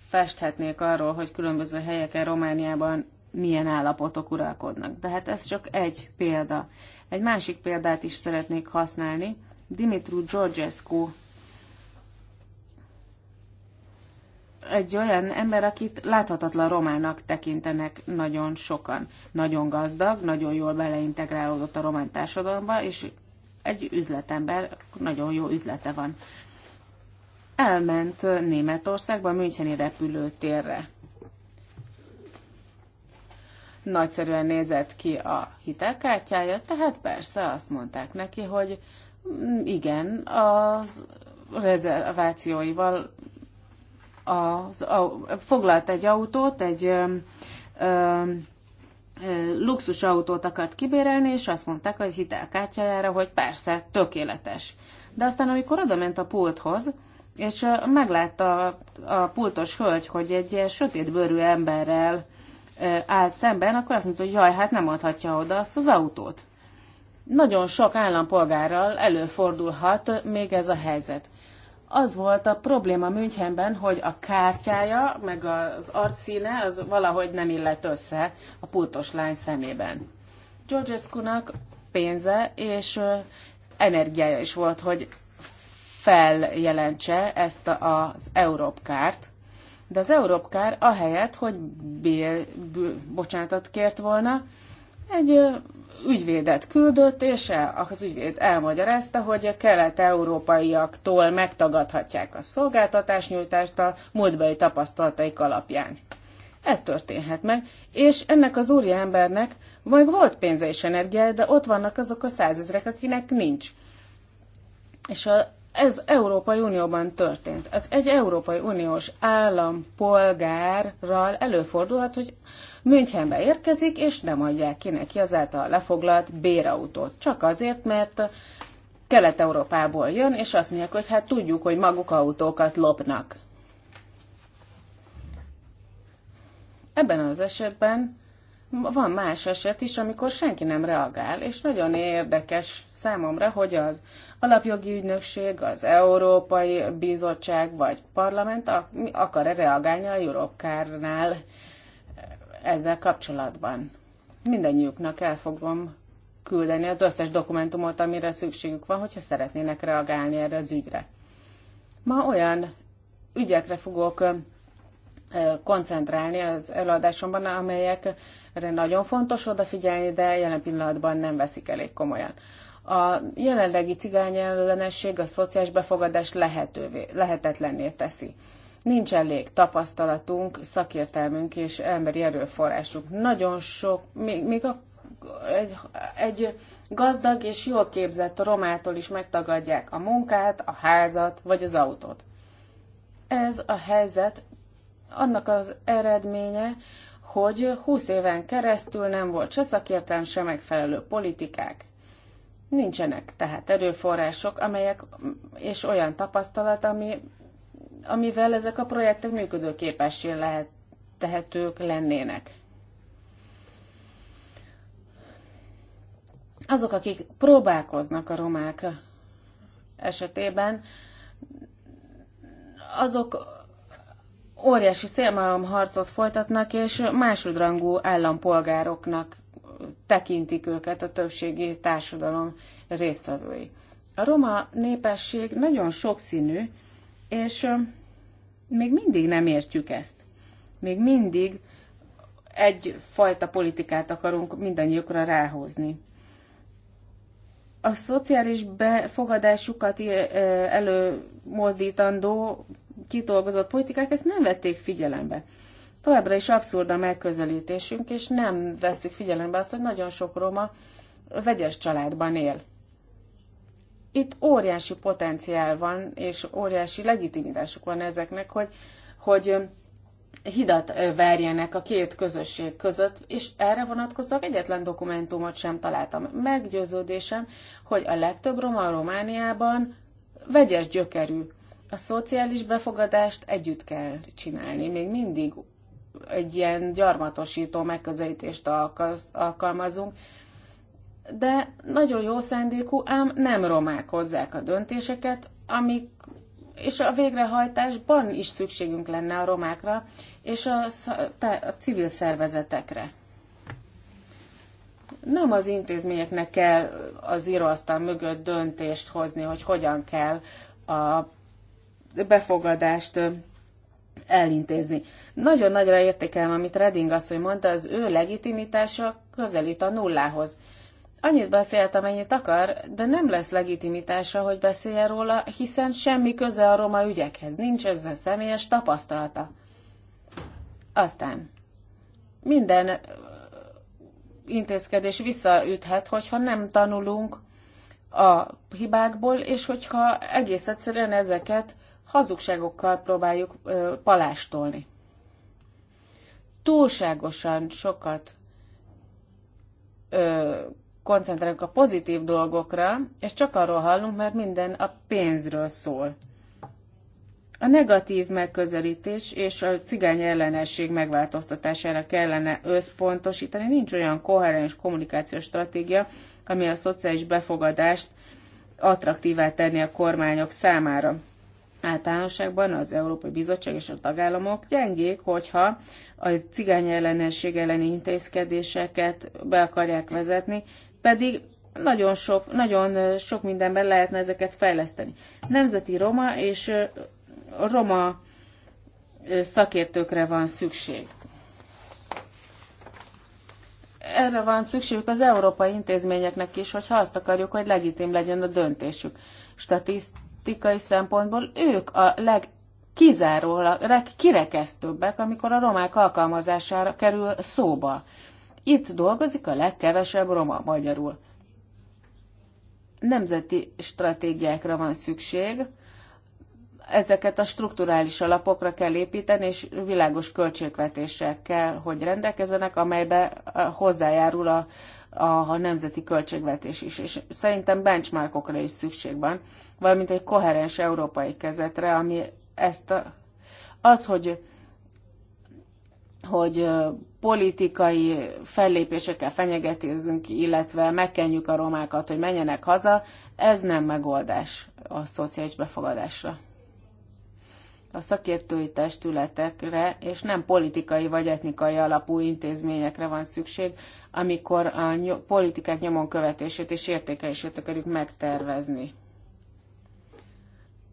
festhetnék arról, hogy különböző helyeken Romániában milyen állapotok uralkodnak. De hát ez csak egy példa. Egy másik példát is szeretnék használni, Dimitru Georgescu, egy olyan ember, akit láthatatlan romának tekintenek nagyon sokan. Nagyon gazdag, nagyon jól beleintegrálódott a román társadalomba, és egy üzletember, nagyon jó üzlete van. Elment Németországba, Müncheni repülőtérre. Nagyszerűen nézett ki a hitelkártyája, tehát persze azt mondták neki, hogy Igen, a rezervációival az, a, foglalt egy autót, egy ö, ö, luxus autót akart kibérelni, és azt mondták hogy az hitelkártyájára, hogy persze, tökéletes. De aztán, amikor oda ment a pulthoz, és meglátta a pultos hölgy, hogy egy sötétbőrű emberrel állt szemben, akkor azt mondta, hogy jaj, hát nem adhatja oda azt az autót nagyon sok állampolgárral előfordulhat még ez a helyzet. Az volt a probléma Münchenben, hogy a kártyája, meg az arcszíne, az valahogy nem illett össze a pultos lány szemében. Georgescu-nak pénze és energiája is volt, hogy feljelentse ezt az Európkárt, de az Európkár ahelyett, hogy bél, bocsánatot kért volna, egy ügyvédet küldött, és e, az ügyvéd elmagyarázta, hogy a kelet-európaiaktól megtagadhatják a szolgáltatásnyújtást a múltbeli tapasztalataik alapján. Ez történhet meg, és ennek az úriembernek majd volt pénze és energia, de ott vannak azok a százezrek, akinek nincs. És a, ez Európai Unióban történt. Ez egy Európai Uniós állampolgárral előfordulhat, hogy Münchenbe érkezik, és nem adják ki neki az által lefoglalt bérautót. Csak azért, mert Kelet-Európából jön, és azt mondják, hogy hát tudjuk, hogy maguk autókat lopnak. Ebben az esetben van más eset is, amikor senki nem reagál, és nagyon érdekes számomra, hogy az alapjogi ügynökség, az Európai Bizottság vagy Parlament akar-e reagálni a Europkárnál ezzel kapcsolatban. Mindennyiuknak el fogom küldeni az összes dokumentumot, amire szükségük van, hogyha szeretnének reagálni erre az ügyre. Ma olyan ügyekre fogok koncentrálni az előadásomban, amelyekre nagyon fontos odafigyelni, de jelen pillanatban nem veszik elég komolyan. A jelenlegi cigány ellenesség a szociális befogadás lehetővé, lehetetlenné teszi. Nincs elég tapasztalatunk, szakértelmünk és emberi erőforrásunk. Nagyon sok, még, még a, egy, egy gazdag és jól képzett romától is megtagadják a munkát, a házat vagy az autót. Ez a helyzet annak az eredménye, hogy 20 éven keresztül nem volt se szakértelm, se megfelelő politikák. Nincsenek tehát erőforrások, amelyek és olyan tapasztalat, ami amivel ezek a projektek működőképessé lehet tehetők lennének. Azok, akik próbálkoznak a romák esetében, azok óriási harcot folytatnak, és másodrangú állampolgároknak tekintik őket a többségi társadalom résztvevői. A roma népesség nagyon sokszínű, és még mindig nem értjük ezt. Még mindig egyfajta politikát akarunk mindannyiukra ráhozni. A szociális befogadásukat előmozdítandó kitolgozott politikák ezt nem vették figyelembe. Továbbra is abszurd a megközelítésünk, és nem veszük figyelembe azt, hogy nagyon sok roma vegyes családban él. Itt óriási potenciál van, és óriási legitimitásuk van ezeknek, hogy, hogy hidat verjenek a két közösség között, és erre vonatkozóan egyetlen dokumentumot sem találtam. Meggyőződésem, hogy a legtöbb roma Romániában vegyes gyökerű. A szociális befogadást együtt kell csinálni. Még mindig egy ilyen gyarmatosító megközelítést alkalmazunk, de nagyon jó szándékú, ám nem romálkozzák a döntéseket, amik és a végrehajtásban is szükségünk lenne a romákra és a, a civil szervezetekre. Nem az intézményeknek kell az íróasztal mögött döntést hozni, hogy hogyan kell a befogadást elintézni. Nagyon nagyra értékelem, amit Reding asszony mondta, az ő legitimitása közelít a nullához. Annyit beszélt, amennyit akar, de nem lesz legitimitása, hogy beszélje róla, hiszen semmi köze a roma ügyekhez, nincs ezzel személyes tapasztalata. Aztán minden intézkedés visszaüthet, hogyha nem tanulunk a hibákból, és hogyha egész egyszerűen ezeket hazugságokkal próbáljuk ö, palástolni. Túlságosan sokat ö, koncentrálunk a pozitív dolgokra, és csak arról hallunk, mert minden a pénzről szól. A negatív megközelítés és a cigány ellenesség megváltoztatására kellene összpontosítani. Nincs olyan koherens kommunikációs stratégia, ami a szociális befogadást attraktívá tenni a kormányok számára. Általánosságban az Európai Bizottság és a tagállamok gyengék, hogyha a cigány ellenesség elleni intézkedéseket be akarják vezetni, pedig nagyon sok, nagyon sok mindenben lehetne ezeket fejleszteni. Nemzeti roma és roma szakértőkre van szükség. Erre van szükségük az európai intézményeknek is, hogyha azt akarjuk, hogy legitim legyen a döntésük. Statisztikai szempontból ők a legkizárólag, legkirekesztőbbek, amikor a romák alkalmazására kerül szóba. Itt dolgozik a legkevesebb roma magyarul. Nemzeti stratégiákra van szükség, ezeket a strukturális alapokra kell építeni, és világos költségvetéssel kell, hogy rendelkezzenek, amelybe eh, hozzájárul a, a nemzeti költségvetés is. És szerintem benchmarkokra is szükség van, valamint egy koherens európai kezetre, ami ezt a, az, hogy hogy eh, politikai fellépésekkel fenyegetézzünk, illetve megkenjük a romákat, hogy menjenek haza, ez nem megoldás a szociális befogadásra. A szakértői testületekre és nem politikai vagy etnikai alapú intézményekre van szükség, amikor a ny- politikák nyomon követését és értékelését akarjuk megtervezni.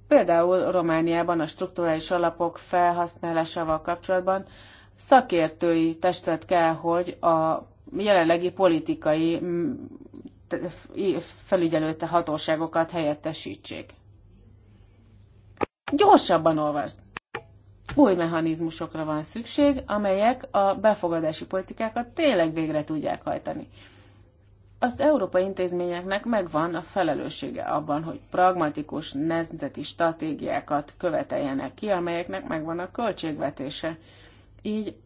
Például Romániában a strukturális alapok felhasználásával kapcsolatban szakértői testület kell, hogy a jelenlegi politikai felügyelőte hatóságokat helyettesítsék. Gyorsabban olvasd! Új mechanizmusokra van szükség, amelyek a befogadási politikákat tényleg végre tudják hajtani. Az európai intézményeknek megvan a felelőssége abban, hogy pragmatikus nemzeti stratégiákat követeljenek ki, amelyeknek megvan a költségvetése Így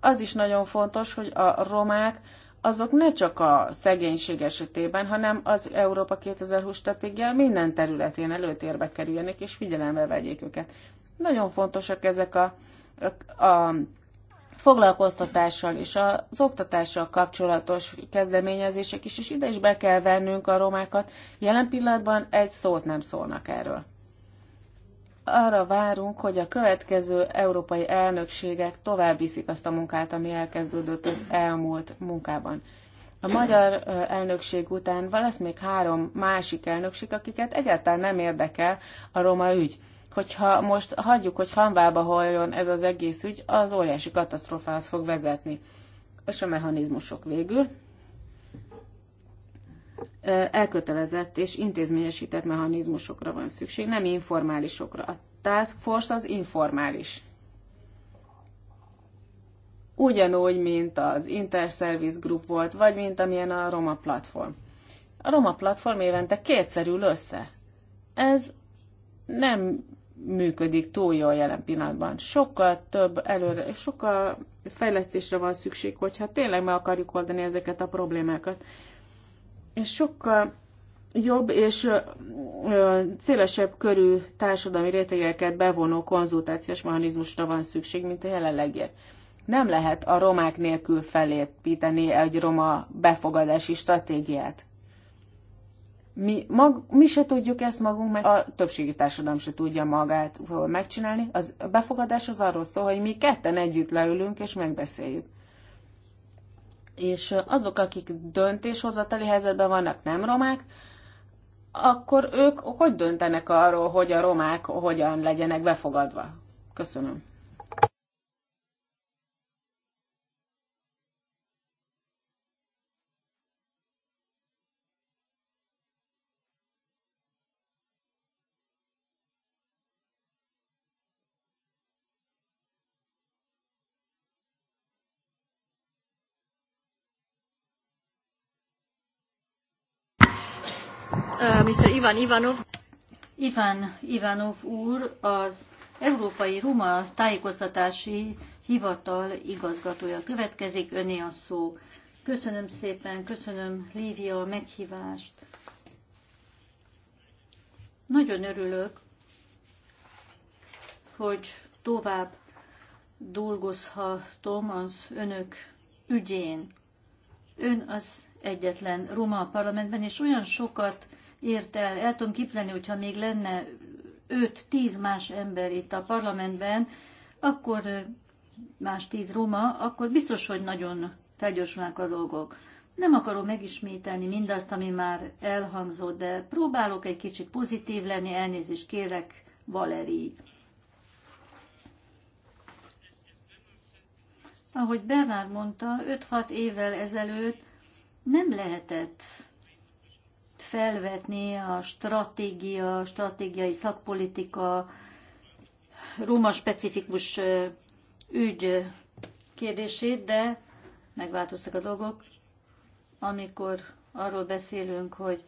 az is nagyon fontos, hogy a romák azok ne csak a szegénység esetében, hanem az Európa 2020 stratégia minden területén előtérbe kerüljenek, és figyelembe vegyék őket. Nagyon fontosak ezek a, a, foglalkoztatással és az oktatással kapcsolatos kezdeményezések is, és ide is be kell vennünk a romákat. Jelen pillanatban egy szót nem szólnak erről arra várunk, hogy a következő európai elnökségek tovább viszik azt a munkát, ami elkezdődött az elmúlt munkában. A magyar elnökség után van lesz még három másik elnökség, akiket egyáltalán nem érdekel a roma ügy. Hogyha most hagyjuk, hogy hanvába holjon ez az egész ügy, az óriási katasztrófához fog vezetni. És a mechanizmusok végül. Eh, elkötelezett és intézményesített mechanizmusokra van szükség, nem informálisokra. A task force az informális. Ugyanúgy, mint az Interservice Group volt, vagy mint amilyen a Roma Platform. A Roma Platform évente kétszerül össze. Ez nem működik túl jól jelen pillanatban. Sokkal több előre, sokkal fejlesztésre van szükség, hogyha tényleg meg akarjuk oldani ezeket a problémákat és sokkal jobb és szélesebb körű társadalmi rétegeket bevonó konzultációs mechanizmusra van szükség, mint a jelenlegiek. Nem lehet a romák nélkül felépíteni egy roma befogadási stratégiát. Mi, mag, mi se tudjuk ezt magunk meg, a többségi társadalom se tudja magát megcsinálni. Az, a befogadás az arról szól, hogy mi ketten együtt leülünk és megbeszéljük és azok, akik döntéshozatali helyzetben vannak, nem romák, akkor ők hogy döntenek arról, hogy a romák hogyan legyenek befogadva? Köszönöm. Eh, Mr. Ivan Ivanov. Ivan Ivanov úr az Európai Roma Tájékoztatási Hivatal igazgatója következik, öné a szó. Köszönöm szépen, köszönöm Lívia a meghívást. Nagyon örülök, hogy tovább dolgozhatom az önök ügyén. Ön az egyetlen roma a parlamentben, és olyan sokat érte el. El tudom képzelni, hogyha még lenne 5-10 más ember itt a parlamentben, akkor más 10 roma, akkor biztos, hogy nagyon felgyorsulnak a dolgok. Nem akarom megismételni mindazt, ami már elhangzott, de próbálok egy kicsit pozitív lenni, elnézést kérek, Valeri. Ahogy Bernard mondta, 5-6 évvel ezelőtt nem lehetett felvetni a stratégia, stratégiai szakpolitika, Róma specifikus ügy kérdését, de megváltoztak a dolgok, amikor arról beszélünk, hogy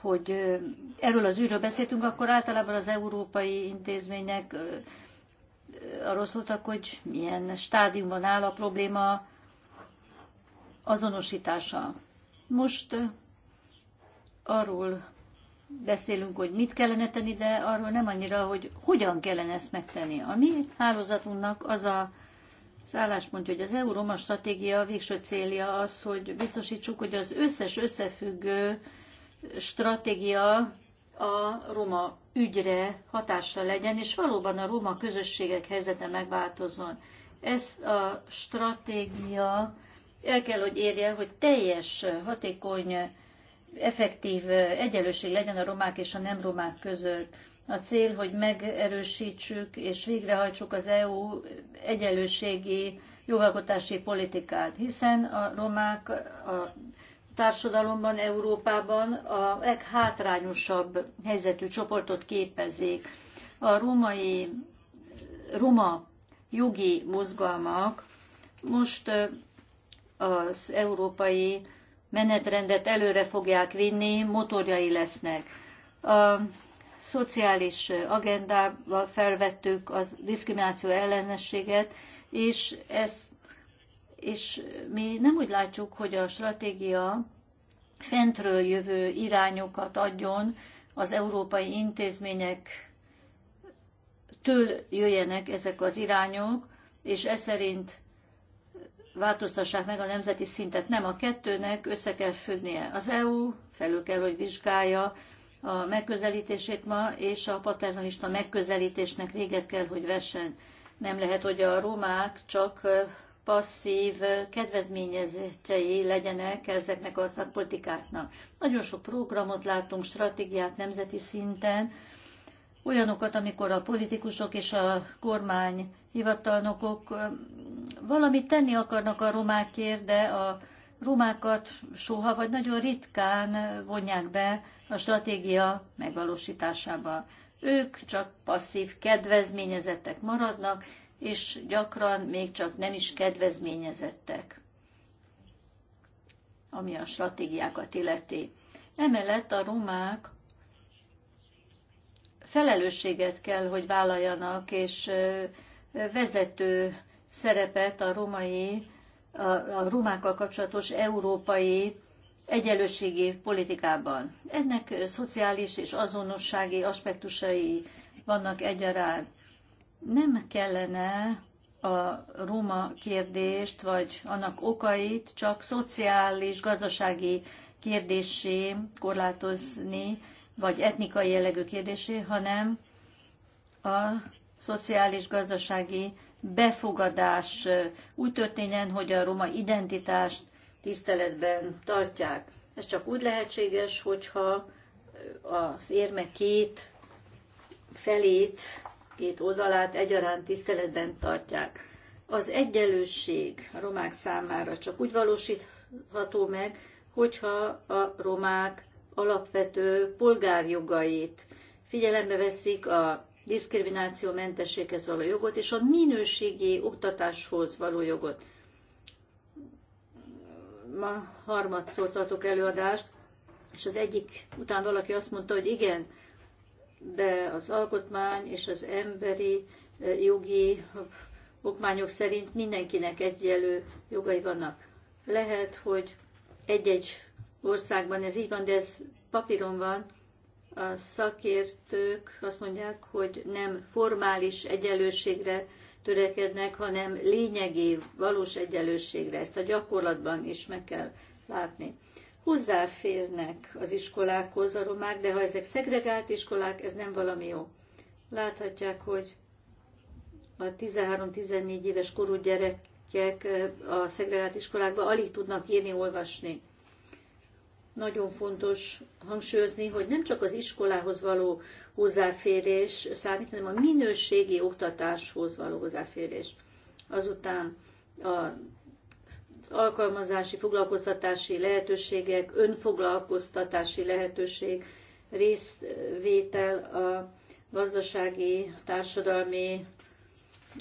hogy erről az űről beszéltünk, akkor általában az európai intézmények arról szóltak, hogy milyen stádiumban áll a probléma azonosítása. Most arról beszélünk, hogy mit kellene tenni, de arról nem annyira, hogy hogyan kellene ezt megtenni. A mi hálózatunknak az a szálláspontja, hogy az EU-Roma stratégia végső célja az, hogy biztosítsuk, hogy az összes összefüggő stratégia a roma ügyre hatással legyen, és valóban a roma közösségek helyzete megváltozzon. Ezt a stratégia el kell, hogy érje, hogy teljes, hatékony, effektív egyenlőség legyen a romák és a nem romák között. A cél, hogy megerősítsük és végrehajtsuk az EU egyenlőségi jogalkotási politikát, hiszen a romák a társadalomban, Európában a leghátrányosabb helyzetű csoportot képezik. A római, roma jogi mozgalmak most az európai menetrendet előre fogják vinni, motorjai lesznek. A szociális agendával felvettük a diszkrimináció ellenességet, és, ez, és mi nem úgy látjuk, hogy a stratégia fentről jövő irányokat adjon az európai intézmények től jöjjenek ezek az irányok, és ez szerint változtassák meg a nemzeti szintet. Nem, a kettőnek össze kell függnie. Az EU felül kell, hogy vizsgálja a megközelítését ma, és a paternalista megközelítésnek véget kell, hogy vessen. Nem lehet, hogy a romák csak passzív kedvezményezetjei legyenek ezeknek a szakpolitikáknak. Nagyon sok programot látunk, stratégiát nemzeti szinten, olyanokat, amikor a politikusok és a kormány hivatalnokok valamit tenni akarnak a romákért, de a romákat soha vagy nagyon ritkán vonják be a stratégia megvalósításába. Ők csak passzív kedvezményezettek maradnak, és gyakran még csak nem is kedvezményezettek, ami a stratégiákat illeti. Emellett a romák felelősséget kell, hogy vállaljanak, és vezető szerepet a romai, a, a romákkal kapcsolatos európai egyenlőségi politikában. Ennek szociális és azonossági aspektusai vannak egyaránt. Nem kellene a roma kérdést, vagy annak okait csak szociális, gazdasági kérdésé korlátozni, vagy etnikai jellegű kérdésé, hanem a szociális-gazdasági befogadás eh, úgy történjen, hogy a roma identitást tiszteletben tartják. Ez csak úgy lehetséges, hogyha eh, az érme két felét, két oldalát egyaránt tiszteletben tartják. Az egyenlőség a romák számára csak úgy valósítható meg, hogyha a romák alapvető polgárjogait, figyelembe veszik a mentességhez való jogot és a minőségi oktatáshoz való jogot. Ma harmadszor tartok előadást, és az egyik után valaki azt mondta, hogy igen, de az alkotmány és az emberi eh, jogi okmányok szerint mindenkinek egyenlő jogai vannak. Lehet, hogy egy-egy országban ez így van, de ez papíron van. A szakértők azt mondják, hogy nem formális egyenlőségre törekednek, hanem lényegi, valós egyenlőségre. Ezt a gyakorlatban is meg kell látni. Hozzáférnek az iskolákhoz a romák, de ha ezek szegregált iskolák, ez nem valami jó. Láthatják, hogy a 13-14 éves korú gyerekek eh, a szegregált iskolákban alig tudnak írni, olvasni nagyon fontos hangsúlyozni, hogy nem csak az iskolához való hozzáférés számít, hanem a minőségi oktatáshoz való hozzáférés. Azután a alkalmazási, foglalkoztatási lehetőségek, önfoglalkoztatási lehetőség, részvétel a gazdasági, társadalmi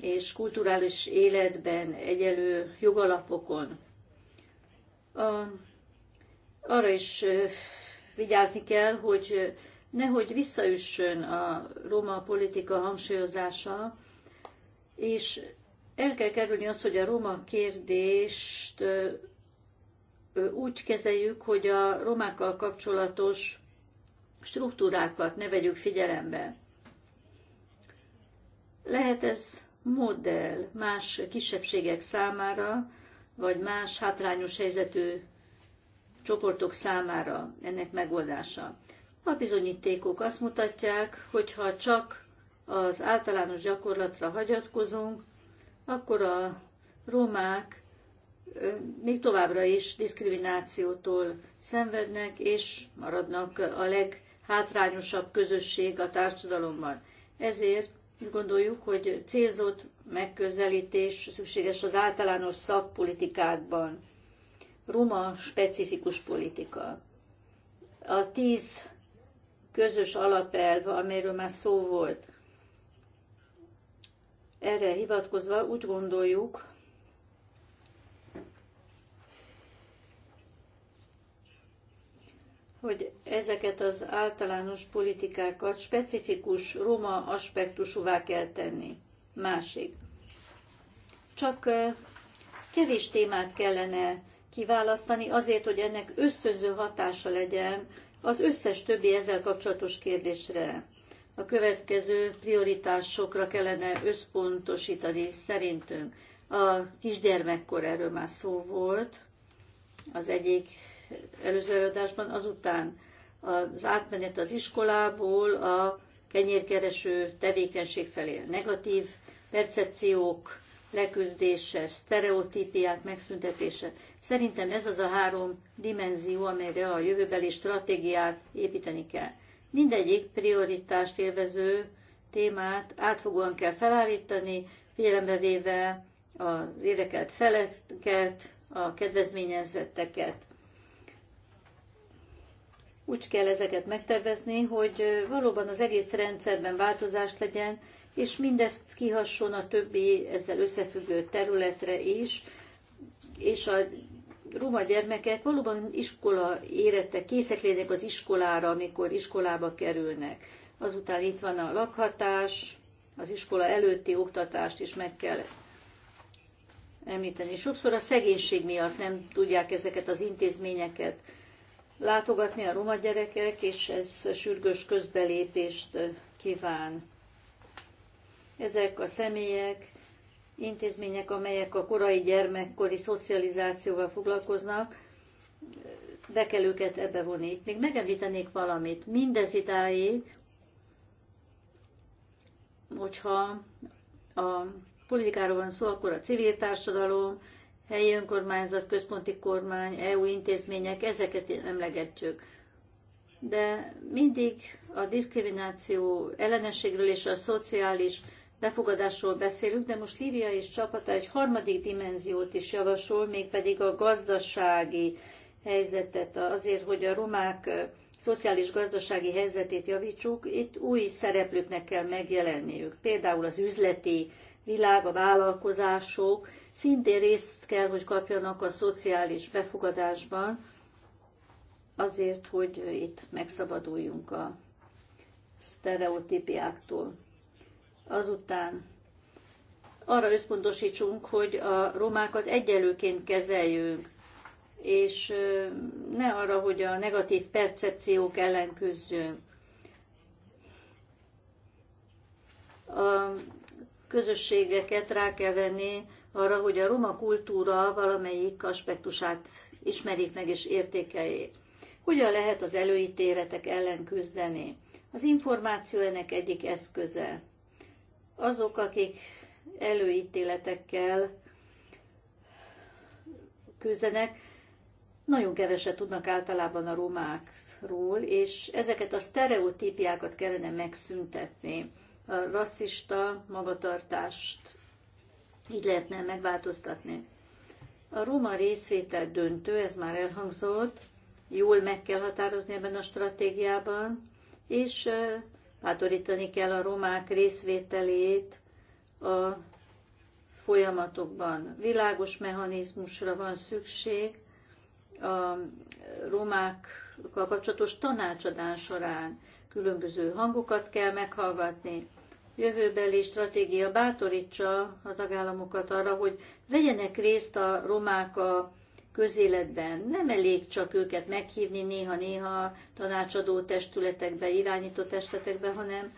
és kulturális életben egyelő jogalapokon. A arra is vigyázni kell, hogy nehogy visszaüssön a roma politika hangsúlyozása, és el kell kerülni azt, hogy a roma kérdést úgy kezeljük, hogy a romákkal kapcsolatos struktúrákat ne vegyük figyelembe. Lehet ez modell más kisebbségek számára, vagy más hátrányos helyzetű csoportok számára ennek megoldása. A bizonyítékok azt mutatják, hogy ha csak az általános gyakorlatra hagyatkozunk, akkor a romák még továbbra is diszkriminációtól szenvednek, és maradnak a leghátrányosabb közösség a társadalomban. Ezért gondoljuk, hogy célzott megközelítés szükséges az általános szakpolitikákban roma specifikus politika. A tíz közös alapelv, amiről már szó volt, erre hivatkozva úgy gondoljuk, hogy ezeket az általános politikákat specifikus roma aspektusúvá kell tenni. Másik. Csak eh, kevés témát kellene kiválasztani azért, hogy ennek összöző hatása legyen az összes többi ezzel kapcsolatos kérdésre. A következő prioritásokra kellene összpontosítani szerintünk. A kisgyermekkor erről már szó volt az egyik előző előadásban, azután az átmenet az iskolából a kenyérkereső tevékenység felé. Negatív percepciók leküzdése, sztereotípiák megszüntetése. Szerintem ez az a három dimenzió, amelyre a jövőbeli stratégiát építeni kell. Mindegyik prioritást élvező témát átfogóan kell felállítani, figyelembe véve az érdekelt feleket, a kedvezményezetteket. Úgy kell ezeket megtervezni, hogy valóban az egész rendszerben változás legyen, és mindezt kihasson a többi ezzel összefüggő területre is, és a roma gyermekek valóban iskola érette, készek lények az iskolára, amikor iskolába kerülnek. Azután itt van a lakhatás, az iskola előtti oktatást is meg kell említeni. Sokszor a szegénység miatt nem tudják ezeket az intézményeket látogatni a roma gyerekek, és ez sürgős közbelépést kíván ezek a személyek, intézmények, amelyek a korai gyermekkori szocializációval foglalkoznak, be kell őket ebbe vonni. Itt még megemlítenék valamit. Mindez idáig, hogyha a politikáról van szó, akkor a civil társadalom, helyi önkormányzat, központi kormány, EU intézmények, ezeket emlegetjük. De mindig a diszkrimináció ellenességről és a szociális befogadásról beszélünk, de most Líbia és csapata egy harmadik dimenziót is javasol, mégpedig a gazdasági helyzetet, azért, hogy a romák szociális-gazdasági helyzetét javítsuk, itt új szereplőknek kell megjelenniük. Például az üzleti világ, a vállalkozások szintén részt kell, hogy kapjanak a szociális befogadásban, azért, hogy itt megszabaduljunk a sztereotípiáktól. Azután arra összpontosítsunk, hogy a romákat egyelőként kezeljünk, és ne arra, hogy a negatív percepciók ellen küzdjünk. A közösségeket rá kell venni arra, hogy a roma kultúra valamelyik aspektusát ismerik meg és értékeljék. Hogyan lehet az előítéletek ellen küzdeni? Az információ ennek egyik eszköze. Azok, akik előítéletekkel küzdenek, nagyon keveset tudnak általában a romákról, és ezeket a sztereotípiákat kellene megszüntetni. A rasszista magatartást így lehetne megváltoztatni. A roma részvétel döntő, ez már elhangzott, jól meg kell határozni ebben a stratégiában, és hátorítani kell a romák részvételét a folyamatokban. Világos mechanizmusra van szükség a romákkal kapcsolatos tanácsadás során. Különböző hangokat kell meghallgatni. Jövőbeli stratégia bátorítsa a tagállamokat arra, hogy vegyenek részt a romák a közéletben. Nem elég csak őket meghívni néha-néha tanácsadó testületekbe, irányító testületekbe, hanem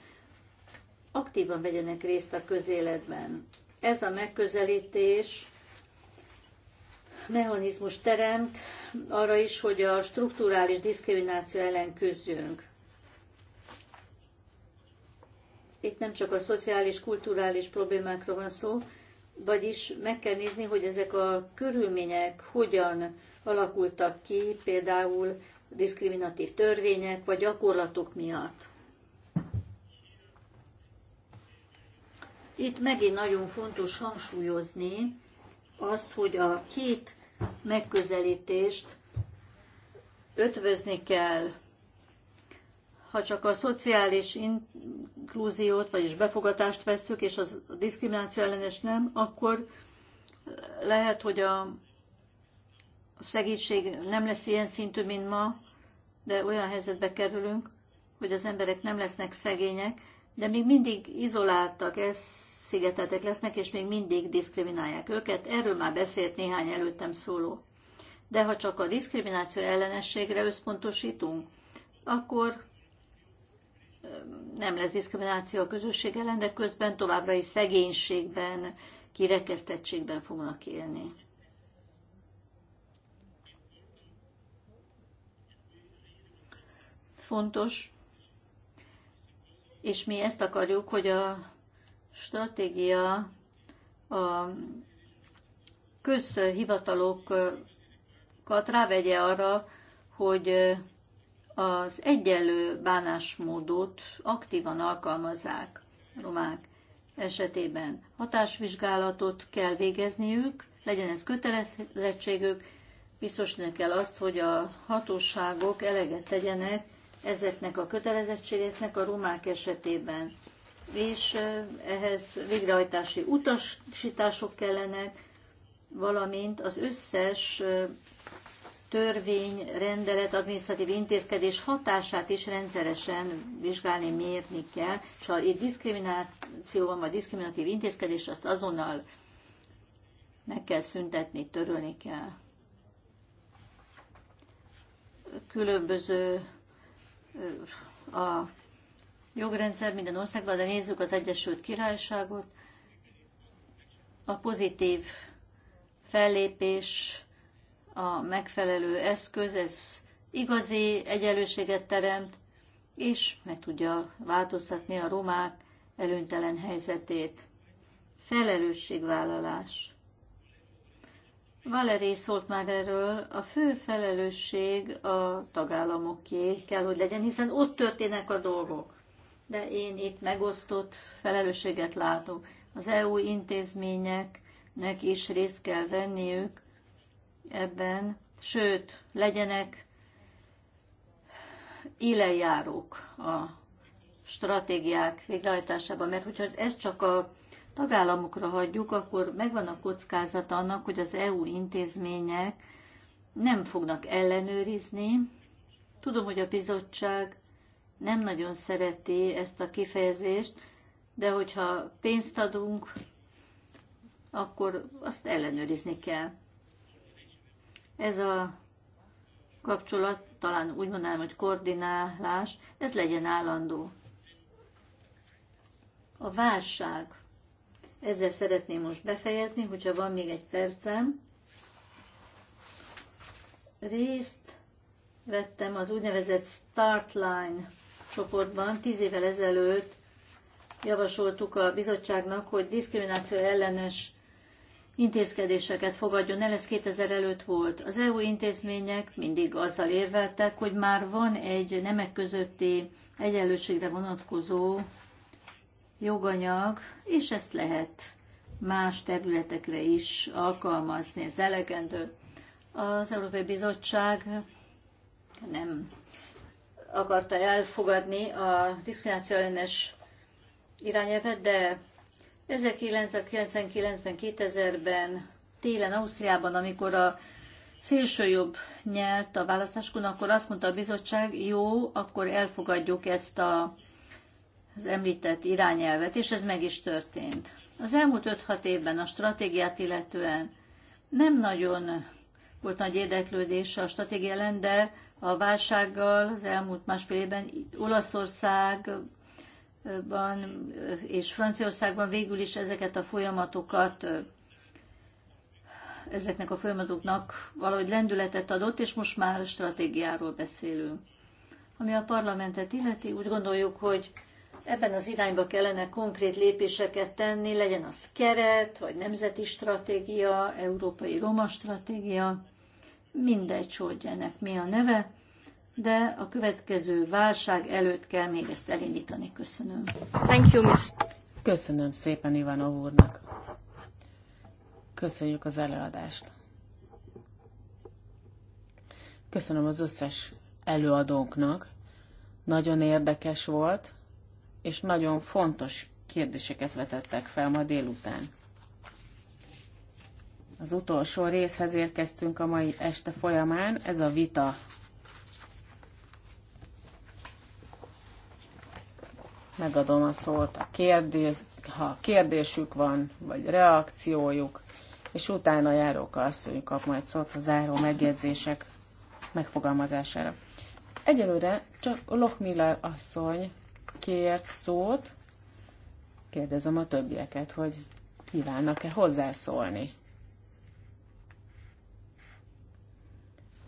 aktívan vegyenek részt a közéletben. Ez a megközelítés mechanizmus teremt arra is, hogy a strukturális diszkrimináció ellen küzdjünk. Itt nem csak a szociális, kulturális problémákra van szó, vagyis meg kell nézni, hogy ezek a körülmények hogyan alakultak ki, például diszkriminatív törvények vagy gyakorlatok miatt. Itt megint nagyon fontos hangsúlyozni azt, hogy a két megközelítést ötvözni kell ha csak a szociális inkluziót, vagyis befogatást vesszük, és az a diszkrimináció ellenes nem, akkor lehet, hogy a segítség nem lesz ilyen szintű, mint ma, de olyan helyzetbe kerülünk, hogy az emberek nem lesznek szegények, de még mindig izoláltak, ez szigetetek lesznek, és még mindig diszkriminálják őket. Erről már beszélt néhány előttem szóló. De ha csak a diszkrimináció ellenességre összpontosítunk, akkor nem lesz diszkrimináció a közösség ellen, de közben továbbra is szegénységben, kirekesztettségben fognak élni. Fontos, és mi ezt akarjuk, hogy a stratégia a közhivatalokat rávegye arra, hogy az egyenlő bánásmódot aktívan alkalmazzák romák esetében. Hatásvizsgálatot kell végezniük, legyen ez kötelezettségük, biztosnak kell azt, hogy a hatóságok eleget tegyenek ezeknek a kötelezettségeknek a romák esetében. És ehhez végrehajtási utasítások kellenek, valamint az összes törvény, rendelet, adminisztratív intézkedés hatását is rendszeresen vizsgálni, mérni kell, és ha itt diszkrimináció van, vagy diszkriminatív intézkedés, azt azonnal meg kell szüntetni, törölni kell. Különböző a jogrendszer minden országban, de nézzük az Egyesült Királyságot. A pozitív fellépés a megfelelő eszköz, ez igazi egyenlőséget teremt, és meg tudja változtatni a romák előnytelen helyzetét. Felelősségvállalás. Valeri szólt már erről, a fő felelősség a tagállamoké kell, hogy legyen, hiszen ott történnek a dolgok. De én itt megosztott felelősséget látok. Az EU intézményeknek is részt kell venniük ebben, sőt, legyenek élenjárók a stratégiák végrehajtásában, mert hogyha ezt csak a tagállamokra hagyjuk, akkor megvan a kockázata annak, hogy az EU intézmények nem fognak ellenőrizni. Tudom, hogy a bizottság nem nagyon szereti ezt a kifejezést, de hogyha pénzt adunk, akkor azt ellenőrizni kell ez a kapcsolat, talán úgy mondanám, hogy koordinálás, ez legyen állandó. A válság. Ezzel szeretném most befejezni, hogyha van még egy percem. Részt vettem az úgynevezett Startline csoportban. Tíz évvel ezelőtt javasoltuk a bizottságnak, hogy diszkrimináció ellenes intézkedéseket fogadjon el, ez 2000 előtt volt. Az EU intézmények mindig azzal érveltek, hogy már van egy nemek közötti egyenlőségre vonatkozó joganyag, és ezt lehet más területekre is alkalmazni, ez elegendő. Az Európai Bizottság nem akarta elfogadni a diszkrimináció ellenes irányelvet, de 1999-ben, 2000-ben télen Ausztriában, amikor a szélsőjobb nyert a választáskon, akkor azt mondta a bizottság, jó, akkor elfogadjuk ezt a, az említett irányelvet, és ez meg is történt. Az elmúlt 5-6 évben a stratégiát illetően nem nagyon volt nagy érdeklődés a stratégia ellen, de a válsággal az elmúlt másfél évben Olaszország, Ban és Franciaországban végül is ezeket a folyamatokat, ezeknek a folyamatoknak valahogy lendületet adott, és most már stratégiáról beszélünk. Ami a parlamentet illeti, úgy gondoljuk, hogy ebben az irányba kellene konkrét lépéseket tenni, legyen az keret, vagy nemzeti stratégia, európai roma stratégia, mindegy, hogy ennek mi a neve de a következő válság előtt kell még ezt elindítani. Köszönöm. Thank you, miss. Köszönöm szépen Ivanov úrnak. Köszönjük az előadást. Köszönöm az összes előadónknak. Nagyon érdekes volt, és nagyon fontos kérdéseket vetettek fel ma délután. Az utolsó részhez érkeztünk a mai este folyamán, ez a vita megadom a szót, a kérdés, ha kérdésük van, vagy reakciójuk, és utána járók asszony kap majd szót a záró megjegyzések megfogalmazására. Egyelőre csak Lochmiller asszony kért szót, kérdezem a többieket, hogy kívánnak-e hozzászólni.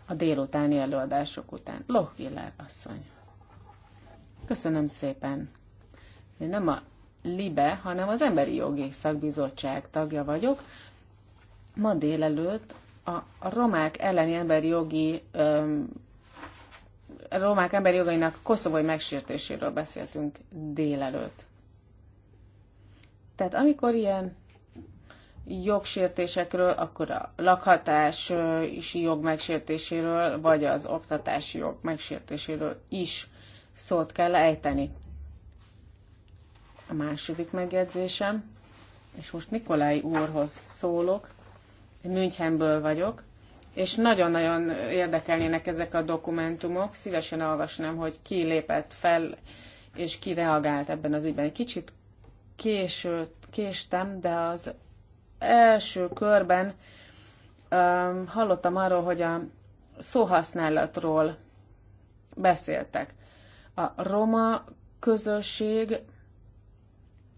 A délutáni előadások után. Lochmiller asszony. Köszönöm szépen nem a LIBE, hanem az Emberi Jogi Szakbizottság tagja vagyok. Ma délelőtt a romák elleni emberi jogi öm, romák emberi jogainak koszovói megsértéséről beszéltünk délelőtt. Tehát amikor ilyen jogsértésekről, akkor a lakhatási jog megsértéséről, vagy az oktatási jog megsértéséről is szót kell ejteni. A második megjegyzésem, és most Nikolai úrhoz szólok, Münchenből vagyok, és nagyon-nagyon érdekelnének ezek a dokumentumok. Szívesen olvasnám, hogy ki lépett fel, és ki reagált ebben az ügyben. Kicsit késő, késtem, de az első körben um, hallottam arról, hogy a szóhasználatról beszéltek. A roma közösség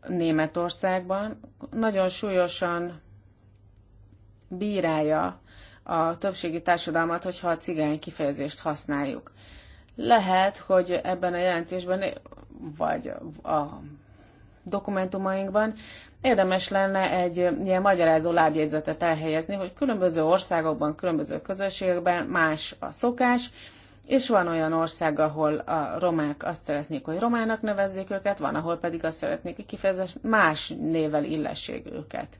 Németországban nagyon súlyosan bírálja a többségi társadalmat, hogyha a cigány kifejezést használjuk. Lehet, hogy ebben a jelentésben, vagy a dokumentumainkban érdemes lenne egy ilyen magyarázó lábjegyzetet elhelyezni, hogy különböző országokban, különböző közösségekben más a szokás, és van olyan ország, ahol a romák azt szeretnék, hogy romának nevezzék őket, van, ahol pedig azt szeretnék, hogy kifejezés más nével illessék őket.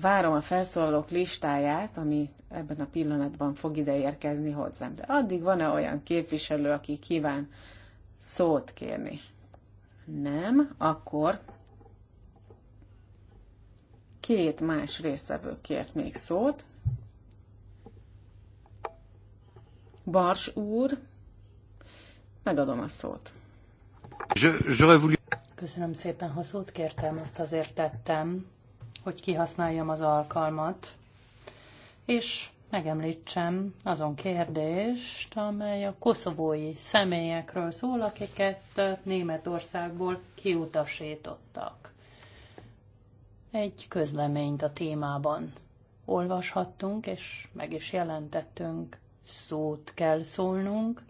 Várom a felszólalók listáját, ami ebben a pillanatban fog ide érkezni hozzám. De addig van-e olyan képviselő, aki kíván szót kérni? Nem, akkor két más részevő kért még szót. Bars úr, megadom a szót. Köszönöm szépen, ha szót kértem, azt azért tettem, hogy kihasználjam az alkalmat, és megemlítsem azon kérdést, amely a koszovói személyekről szól, akiket Németországból kiutasítottak. Egy közleményt a témában olvashattunk, és meg is jelentettünk szót kell szólnunk,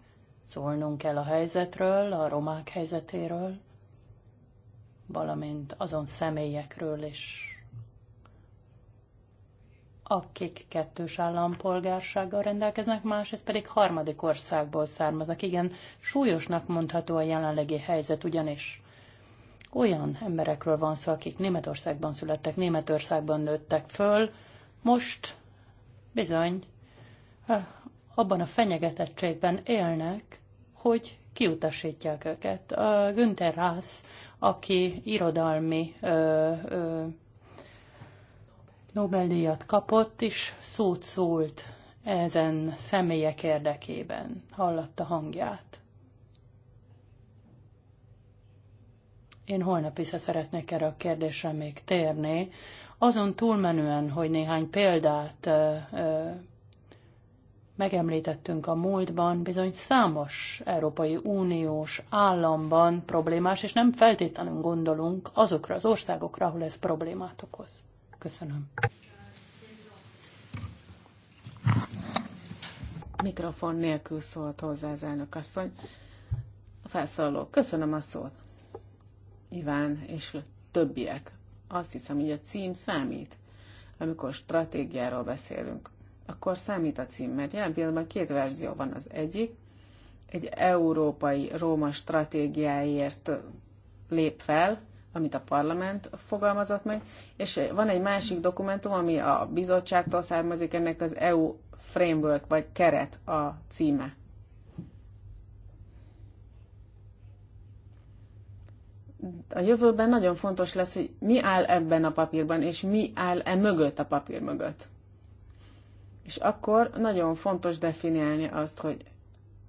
szólnunk kell a helyzetről, a romák helyzetéről, valamint azon személyekről is, akik kettős állampolgársággal rendelkeznek, másrészt pedig harmadik országból származnak. Igen, súlyosnak mondható a jelenlegi helyzet ugyanis. Olyan emberekről van szó, akik Németországban születtek, Németországban nőttek föl, most bizony abban a fenyegetettségben élnek, hogy kiutasítják őket. A Günther Rász, aki irodalmi ö, ö, Nobel-díjat kapott, és szót szólt ezen személyek érdekében, hallatta hangját. Én holnap vissza szeretnék erre a kérdésre még térni, azon túlmenően, hogy néhány példát ö, ö, megemlítettünk a múltban, bizony számos Európai Uniós államban problémás, és nem feltétlenül gondolunk azokra az országokra, ahol ez problémát okoz. Köszönöm. Mikrofon nélkül szólt hozzá az elnök asszony. A felszóló. köszönöm a szót. Iván és többiek. Azt hiszem, hogy a cím számít, amikor stratégiáról beszélünk akkor számít a cím, mert jelen pillanatban két verzió van az egyik, egy európai Róma stratégiáért lép fel, amit a parlament fogalmazott meg, és van egy másik dokumentum, ami a bizottságtól származik, ennek az EU framework vagy keret a címe. A jövőben nagyon fontos lesz, hogy mi áll ebben a papírban, és mi áll e mögött a papír mögött. És akkor nagyon fontos definiálni azt, hogy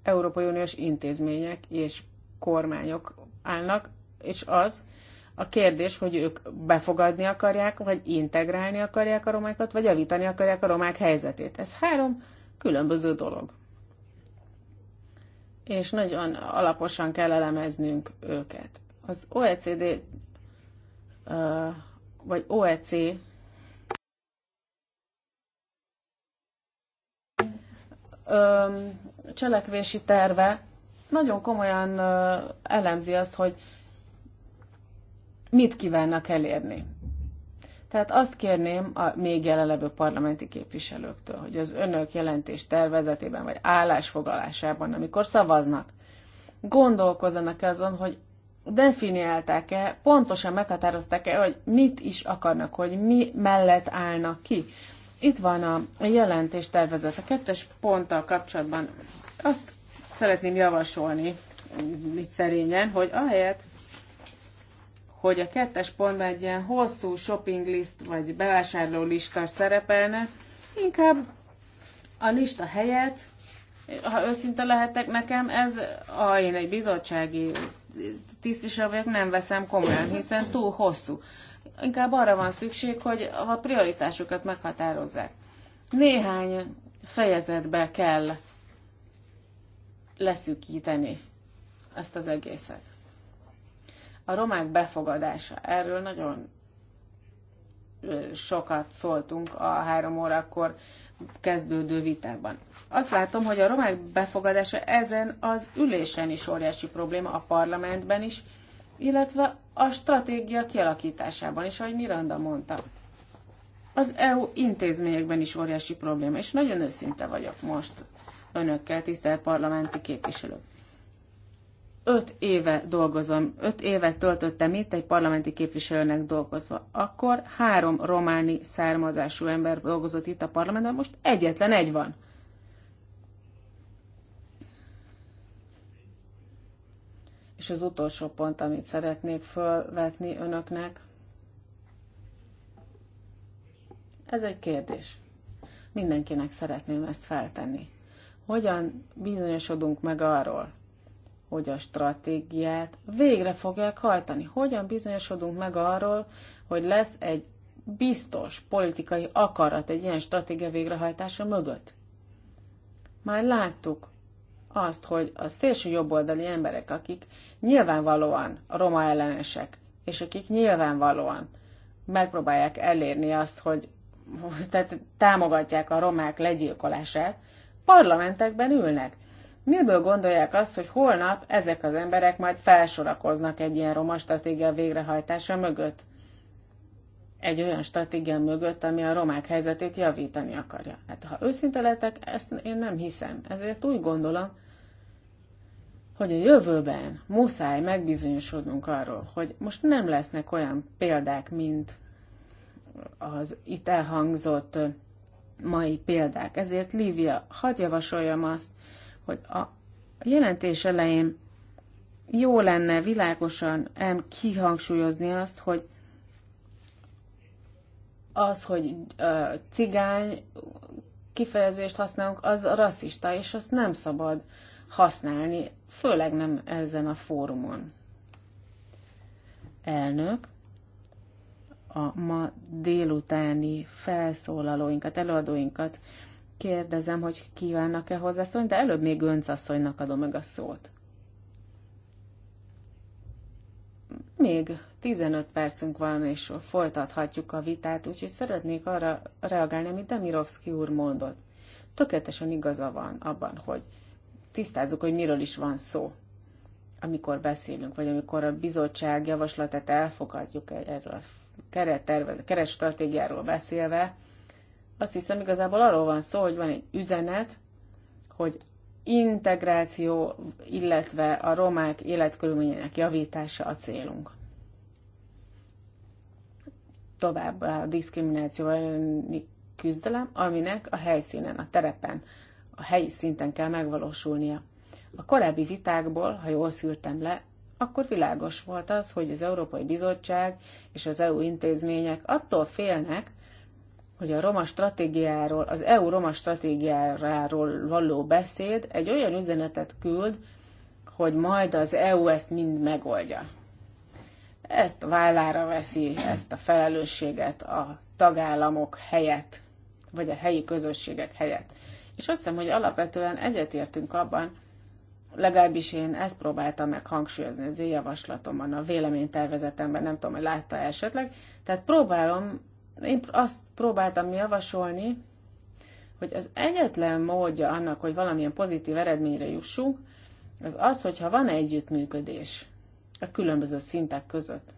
Európai Uniós intézmények és kormányok állnak, és az a kérdés, hogy ők befogadni akarják, vagy integrálni akarják a romákat, vagy javítani akarják a romák helyzetét. Ez három különböző dolog. És nagyon alaposan kell elemeznünk őket. Az OECD, vagy OEC cselekvési terve nagyon komolyan elemzi azt, hogy mit kívánnak elérni. Tehát azt kérném a még jelenlevő parlamenti képviselőktől, hogy az önök jelentés tervezetében vagy állásfoglalásában, amikor szavaznak, gondolkozzanak azon, hogy definiálták-e, pontosan meghatározták-e, hogy mit is akarnak, hogy mi mellett állnak ki. Itt van a jelentés tervezet a kettes ponttal kapcsolatban. Azt szeretném javasolni, így szerényen, hogy ahelyett, hogy a kettes pontban egy ilyen hosszú shopping list vagy bevásárló lista szerepelne, inkább a lista helyett, ha őszinte lehetek nekem, ez, a én egy bizottsági tisztviselő vagyok, nem veszem komolyan, hiszen túl hosszú inkább arra van szükség, hogy a prioritásokat meghatározzák. Néhány fejezetbe kell leszűkíteni ezt az egészet. A romák befogadása. Erről nagyon sokat szóltunk a három órakor kezdődő vitában. Azt látom, hogy a romák befogadása ezen az ülésen is óriási probléma, a parlamentben is, illetve a stratégia kialakításában is, ahogy Miranda mondta. Az EU intézményekben is óriási probléma, és nagyon őszinte vagyok most önökkel, tisztelt parlamenti képviselő. Öt éve dolgozom, öt évet töltöttem itt egy parlamenti képviselőnek dolgozva. Akkor három románi származású ember dolgozott itt a parlamentben, most egyetlen egy van. És az utolsó pont, amit szeretnék felvetni önöknek, ez egy kérdés. Mindenkinek szeretném ezt feltenni. Hogyan bizonyosodunk meg arról, hogy a stratégiát végre fogják hajtani? Hogyan bizonyosodunk meg arról, hogy lesz egy biztos politikai akarat egy ilyen stratégia végrehajtása mögött? Már láttuk azt, hogy a szélső jobboldali emberek, akik nyilvánvalóan roma ellenesek, és akik nyilvánvalóan megpróbálják elérni azt, hogy tehát támogatják a romák legyilkolását, parlamentekben ülnek. Miből gondolják azt, hogy holnap ezek az emberek majd felsorakoznak egy ilyen roma stratégia végrehajtása mögött? egy olyan stratégia mögött, ami a romák helyzetét javítani akarja. Hát ha őszinte lehetek, ezt én nem hiszem. Ezért úgy gondolom, hogy a jövőben muszáj megbizonyosodnunk arról, hogy most nem lesznek olyan példák, mint az itt elhangzott mai példák. Ezért Lívia, hadd javasoljam azt, hogy a jelentés elején jó lenne világosan kihangsúlyozni azt, hogy az, hogy cigány kifejezést használunk, az rasszista, és azt nem szabad használni, főleg nem ezen a fórumon. Elnök, a ma délutáni felszólalóinkat, előadóinkat kérdezem, hogy kívánnak-e hozzászólni, de előbb még Gönc asszonynak adom meg a szót. Még 15 percünk van, és folytathatjuk a vitát, úgyhogy szeretnék arra reagálni, amit Demirovszki úr mondott. Tökéletesen igaza van abban, hogy tisztázzuk, hogy miről is van szó, amikor beszélünk, vagy amikor a bizottság javaslatát elfogadjuk e- erről a kerettervezet, keretstratégiáról beszélve, azt hiszem igazából arról van szó, hogy van egy üzenet, hogy integráció, illetve a romák életkörülményének javítása a célunk. Tovább a diszkrimináció elleni küzdelem, aminek a helyszínen, a terepen, a helyi szinten kell megvalósulnia. A korábbi vitákból, ha jól szűrtem le, akkor világos volt az, hogy az Európai Bizottság és az EU intézmények attól félnek, hogy a roma stratégiáról, az EU roma stratégiáról való beszéd egy olyan üzenetet küld, hogy majd az EU ezt mind megoldja. Ezt vállára veszi, ezt a felelősséget a tagállamok helyett, vagy a helyi közösségek helyett. És azt hiszem, hogy alapvetően egyetértünk abban, legalábbis én ezt próbáltam meg hangsúlyozni az én javaslatomban, a véleménytervezetemben, nem tudom, hogy látta esetleg. Tehát próbálom Én azt próbáltam javasolni, hogy az egyetlen módja annak, hogy valamilyen pozitív eredményre jussunk, az az, hogyha van együttműködés a különböző szintek között.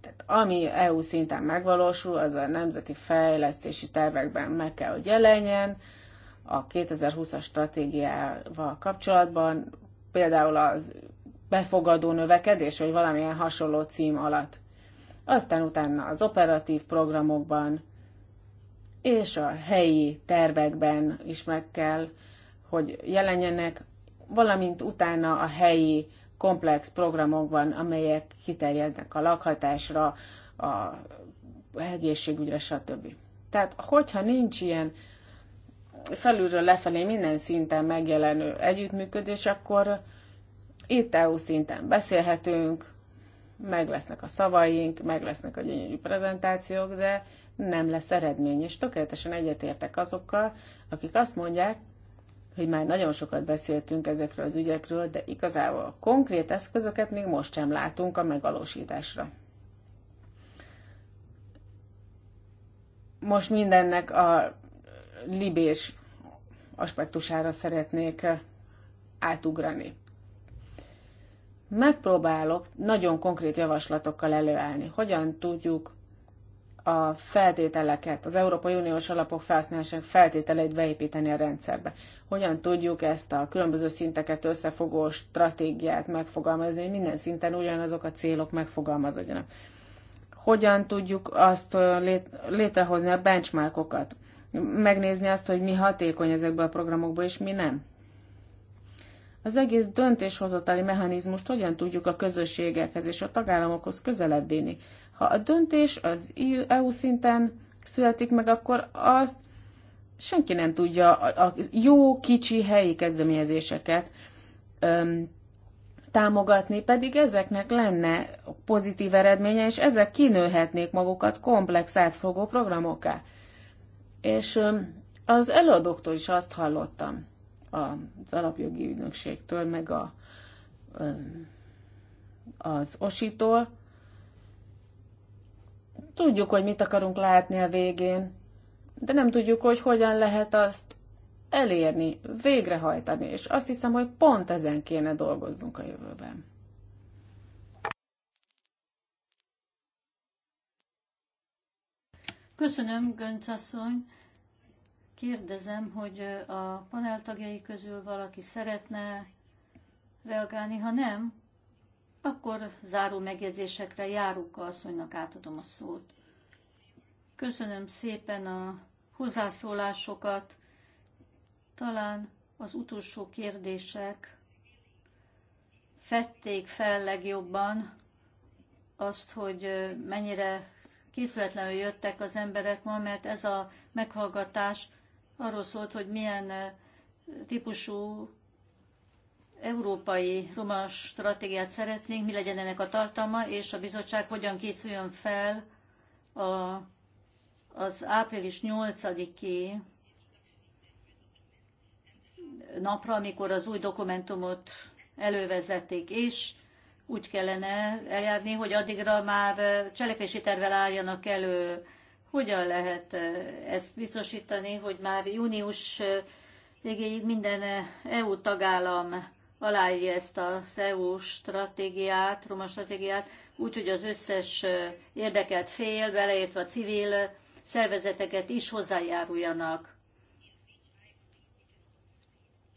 Tehát ami EU szinten megvalósul, az a nemzeti fejlesztési tervekben meg kell, hogy jelenjen, a 2020-as stratégiával kapcsolatban, például az befogadó növekedés, vagy valamilyen hasonló cím alatt aztán utána az operatív programokban és a helyi tervekben is meg kell, hogy jelenjenek, valamint utána a helyi komplex programokban, amelyek kiterjednek a lakhatásra, a egészségügyre, stb. Tehát, hogyha nincs ilyen felülről lefelé minden szinten megjelenő együttműködés, akkor itt EU szinten beszélhetünk, meg lesznek a szavaink, meg lesznek a gyönyörű prezentációk, de nem lesz eredmény. És tökéletesen egyetértek azokkal, akik azt mondják, hogy már nagyon sokat beszéltünk ezekről az ügyekről, de igazából a konkrét eszközöket még most sem látunk a megvalósításra. Most mindennek a libés aspektusára szeretnék átugrani megpróbálok nagyon konkrét javaslatokkal előállni. Hogyan tudjuk a feltételeket, az Európai Uniós alapok felhasználásának feltételeit beépíteni a rendszerbe. Hogyan tudjuk ezt a különböző szinteket összefogó stratégiát megfogalmazni, hogy minden szinten ugyanazok a célok megfogalmazódjanak. Hogyan tudjuk azt létrehozni a benchmarkokat, megnézni azt, hogy mi hatékony ezekből a programokból, és mi nem az egész döntéshozatali mechanizmust hogyan tudjuk a közösségekhez és a tagállamokhoz közelebb vinni. Ha a döntés az EU szinten születik meg, akkor azt senki nem tudja a jó kicsi helyi kezdeményezéseket öm, támogatni, pedig ezeknek lenne pozitív eredménye, és ezek kinőhetnék magukat komplex átfogó programokká. És öm, az előadóktól is azt hallottam, az alapjogi ügynökségtől, meg a, az osítól. Tudjuk, hogy mit akarunk látni a végén, de nem tudjuk, hogy hogyan lehet azt elérni, végrehajtani, és azt hiszem, hogy pont ezen kéne dolgozzunk a jövőben. Köszönöm, Gönc asszony. Kérdezem, hogy a panel tagjai közül valaki szeretne reagálni, ha nem, akkor záró megjegyzésekre a asszonynak átadom a szót. Köszönöm szépen a hozzászólásokat. Talán az utolsó kérdések fették fel legjobban azt, hogy mennyire készületlenül jöttek az emberek ma, mert ez a meghallgatás arról szólt, hogy milyen eh, típusú európai roma stratégiát szeretnénk, mi legyen ennek a tartalma, és a bizottság hogyan készüljön fel a, az április 8-i napra, amikor az új dokumentumot elővezették, és úgy kellene eljárni, hogy addigra már eh, cselekvési tervvel álljanak elő Hogyan lehet eh, ezt biztosítani, hogy már június eh, végéig minden eh, EU tagállam aláírja ezt az EU stratégiát, roma stratégiát, úgyhogy az összes érdekelt fél, beleértve a civil szervezeteket is hozzájáruljanak.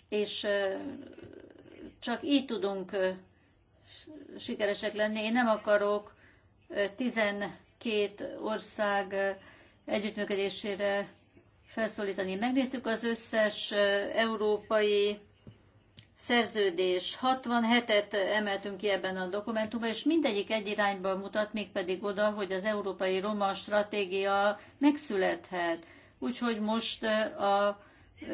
És csak így tudunk sikeresek lenni. Én nem akarok két ország együttműködésére felszólítani. Megnéztük az összes európai szerződés. 67-et emeltünk ki ebben a dokumentumban, és mindegyik egy irányba mutat, mégpedig oda, hogy az európai roma stratégia megszülethet. Úgyhogy most a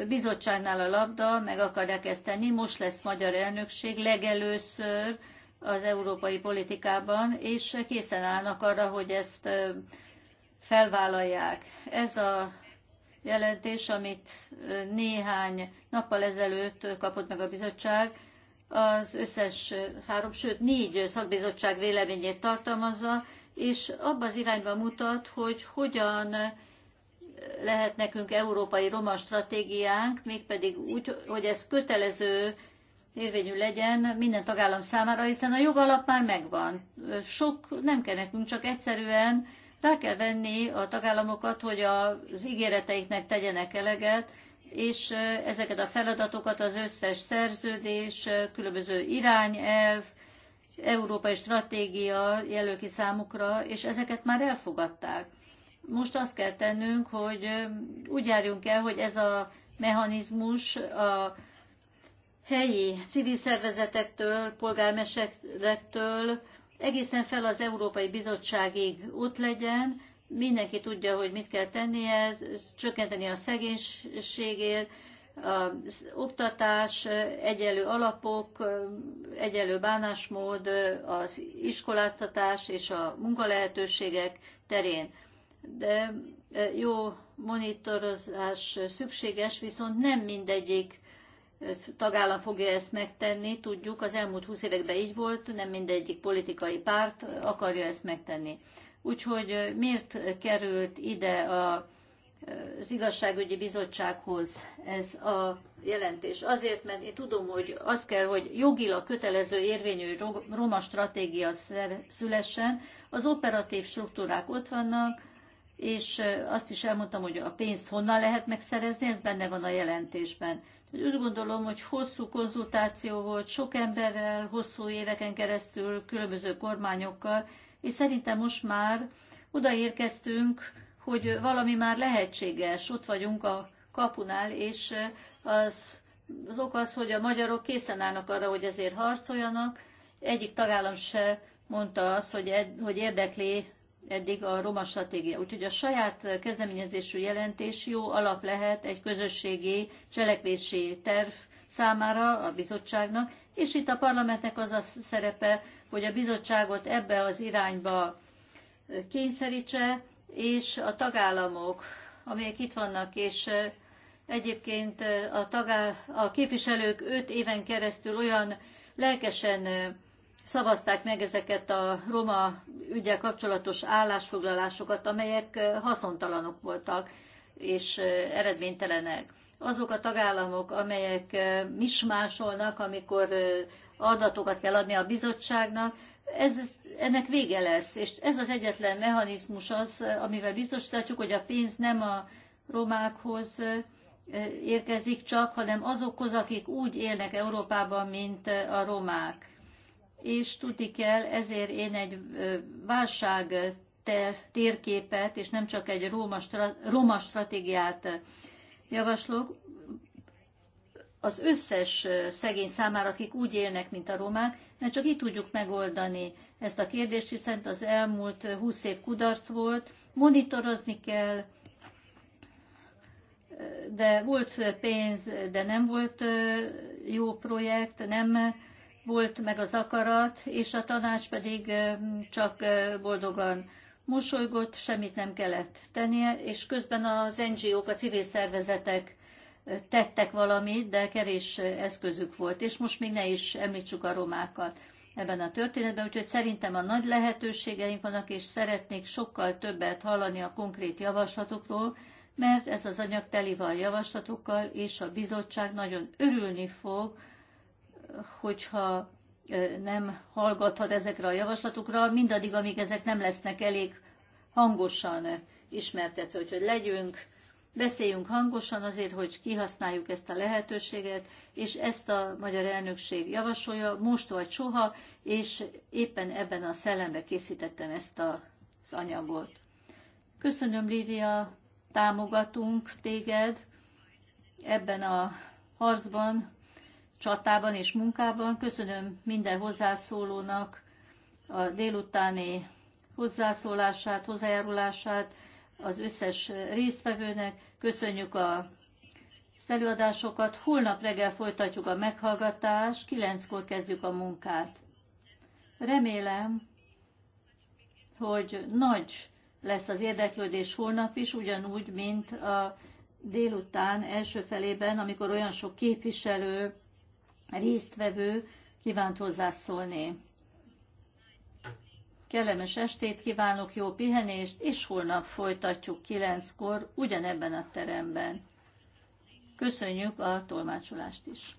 bizottságnál a labda, meg akarják ezt tenni, most lesz magyar elnökség legelőször, az európai politikában, és készen állnak arra, hogy ezt felvállalják. Ez a jelentés, amit néhány nappal ezelőtt kapott meg a bizottság, az összes három, sőt négy szakbizottság véleményét tartalmazza, és abba az irányba mutat, hogy hogyan lehet nekünk európai roma stratégiánk, mégpedig úgy, hogy ez kötelező érvényű legyen minden tagállam számára, hiszen a jogalap már megvan. Sok nem kell nekünk, csak egyszerűen rá kell venni a tagállamokat, hogy az ígéreteiknek tegyenek eleget, és ezeket a feladatokat az összes szerződés, különböző irányelv, európai stratégia jelöl ki számukra, és ezeket már elfogadták. Most azt kell tennünk, hogy úgy járjunk el, hogy ez a mechanizmus a helyi civil szervezetektől, polgármesterektől, egészen fel az Európai Bizottságig ott legyen, mindenki tudja, hogy mit kell tennie, csökkenteni a szegénységét, az oktatás, egyenlő alapok, egyenlő bánásmód, az iskoláztatás és a munkalehetőségek terén. De jó monitorozás szükséges, viszont nem mindegyik tagállam fogja ezt megtenni, tudjuk, az elmúlt 20 években így volt, nem mindegyik politikai párt akarja ezt megtenni. Úgyhogy miért került ide a, az igazságügyi bizottsághoz ez a jelentés? Azért, mert én tudom, hogy az kell, hogy jogilag kötelező érvényű roma stratégia szülessen, az operatív struktúrák ott vannak, és azt is elmondtam, hogy a pénzt honnan lehet megszerezni, ez benne van a jelentésben. Úgy gondolom, hogy hosszú konzultáció volt sok emberrel, hosszú éveken keresztül, különböző kormányokkal, és szerintem most már odaérkeztünk, hogy valami már lehetséges, ott vagyunk a kapunál, és az, az ok az, hogy a magyarok készen állnak arra, hogy ezért harcoljanak. Egyik tagállam se mondta azt, hogy, ed, hogy érdekli eddig a roma stratégia. Úgyhogy a saját kezdeményezésű jelentés jó alap lehet egy közösségi cselekvési terv számára a bizottságnak, és itt a parlamentnek az a szerepe, hogy a bizottságot ebbe az irányba kényszerítse, és a tagállamok, amelyek itt vannak, és egyébként a, tagá- a képviselők öt éven keresztül olyan lelkesen szavazták meg ezeket a roma ügyel kapcsolatos állásfoglalásokat, amelyek haszontalanok voltak és eredménytelenek. Azok a tagállamok, amelyek mismásolnak, amikor adatokat kell adni a bizottságnak, ez, ennek vége lesz, és ez az egyetlen mechanizmus az, amivel biztosítatjuk, hogy a pénz nem a romákhoz érkezik csak, hanem azokhoz, akik úgy élnek Európában, mint a romák és tudni kell, ezért én egy válság térképet, és nem csak egy Róma, stra- Róma stratégiát javaslok, az összes szegény számára, akik úgy élnek, mint a romák, mert csak így tudjuk megoldani ezt a kérdést, hiszen az elmúlt 20 év kudarc volt, monitorozni kell, de volt pénz, de nem volt jó projekt, nem volt meg az akarat, és a tanács pedig csak boldogan mosolygott, semmit nem kellett tennie, és közben az NGO-k, a civil szervezetek tettek valamit, de kevés eszközük volt, és most még ne is említsük a romákat ebben a történetben, úgyhogy szerintem a nagy lehetőségeink vannak, és szeretnék sokkal többet hallani a konkrét javaslatokról, mert ez az anyag teli van javaslatokkal, és a bizottság nagyon örülni fog, hogyha nem hallgathat ezekre a javaslatokra, mindaddig, amíg ezek nem lesznek elég hangosan ismertetve, hogy legyünk, beszéljünk hangosan azért, hogy kihasználjuk ezt a lehetőséget, és ezt a magyar elnökség javasolja most vagy soha, és éppen ebben a szellembe készítettem ezt az anyagot. Köszönöm, Lívia, támogatunk téged ebben a harcban, csatában és munkában. Köszönöm minden hozzászólónak a délutáni hozzászólását, hozzájárulását, az összes résztvevőnek. Köszönjük a előadásokat. Holnap reggel folytatjuk a meghallgatást, kilenckor kezdjük a munkát. Remélem, hogy nagy lesz az érdeklődés holnap is, ugyanúgy, mint a délután első felében, amikor olyan sok képviselő résztvevő kívánt hozzászólni. Kellemes estét kívánok, jó pihenést, és holnap folytatjuk kilenckor ugyanebben a teremben. Köszönjük a tolmácsolást is!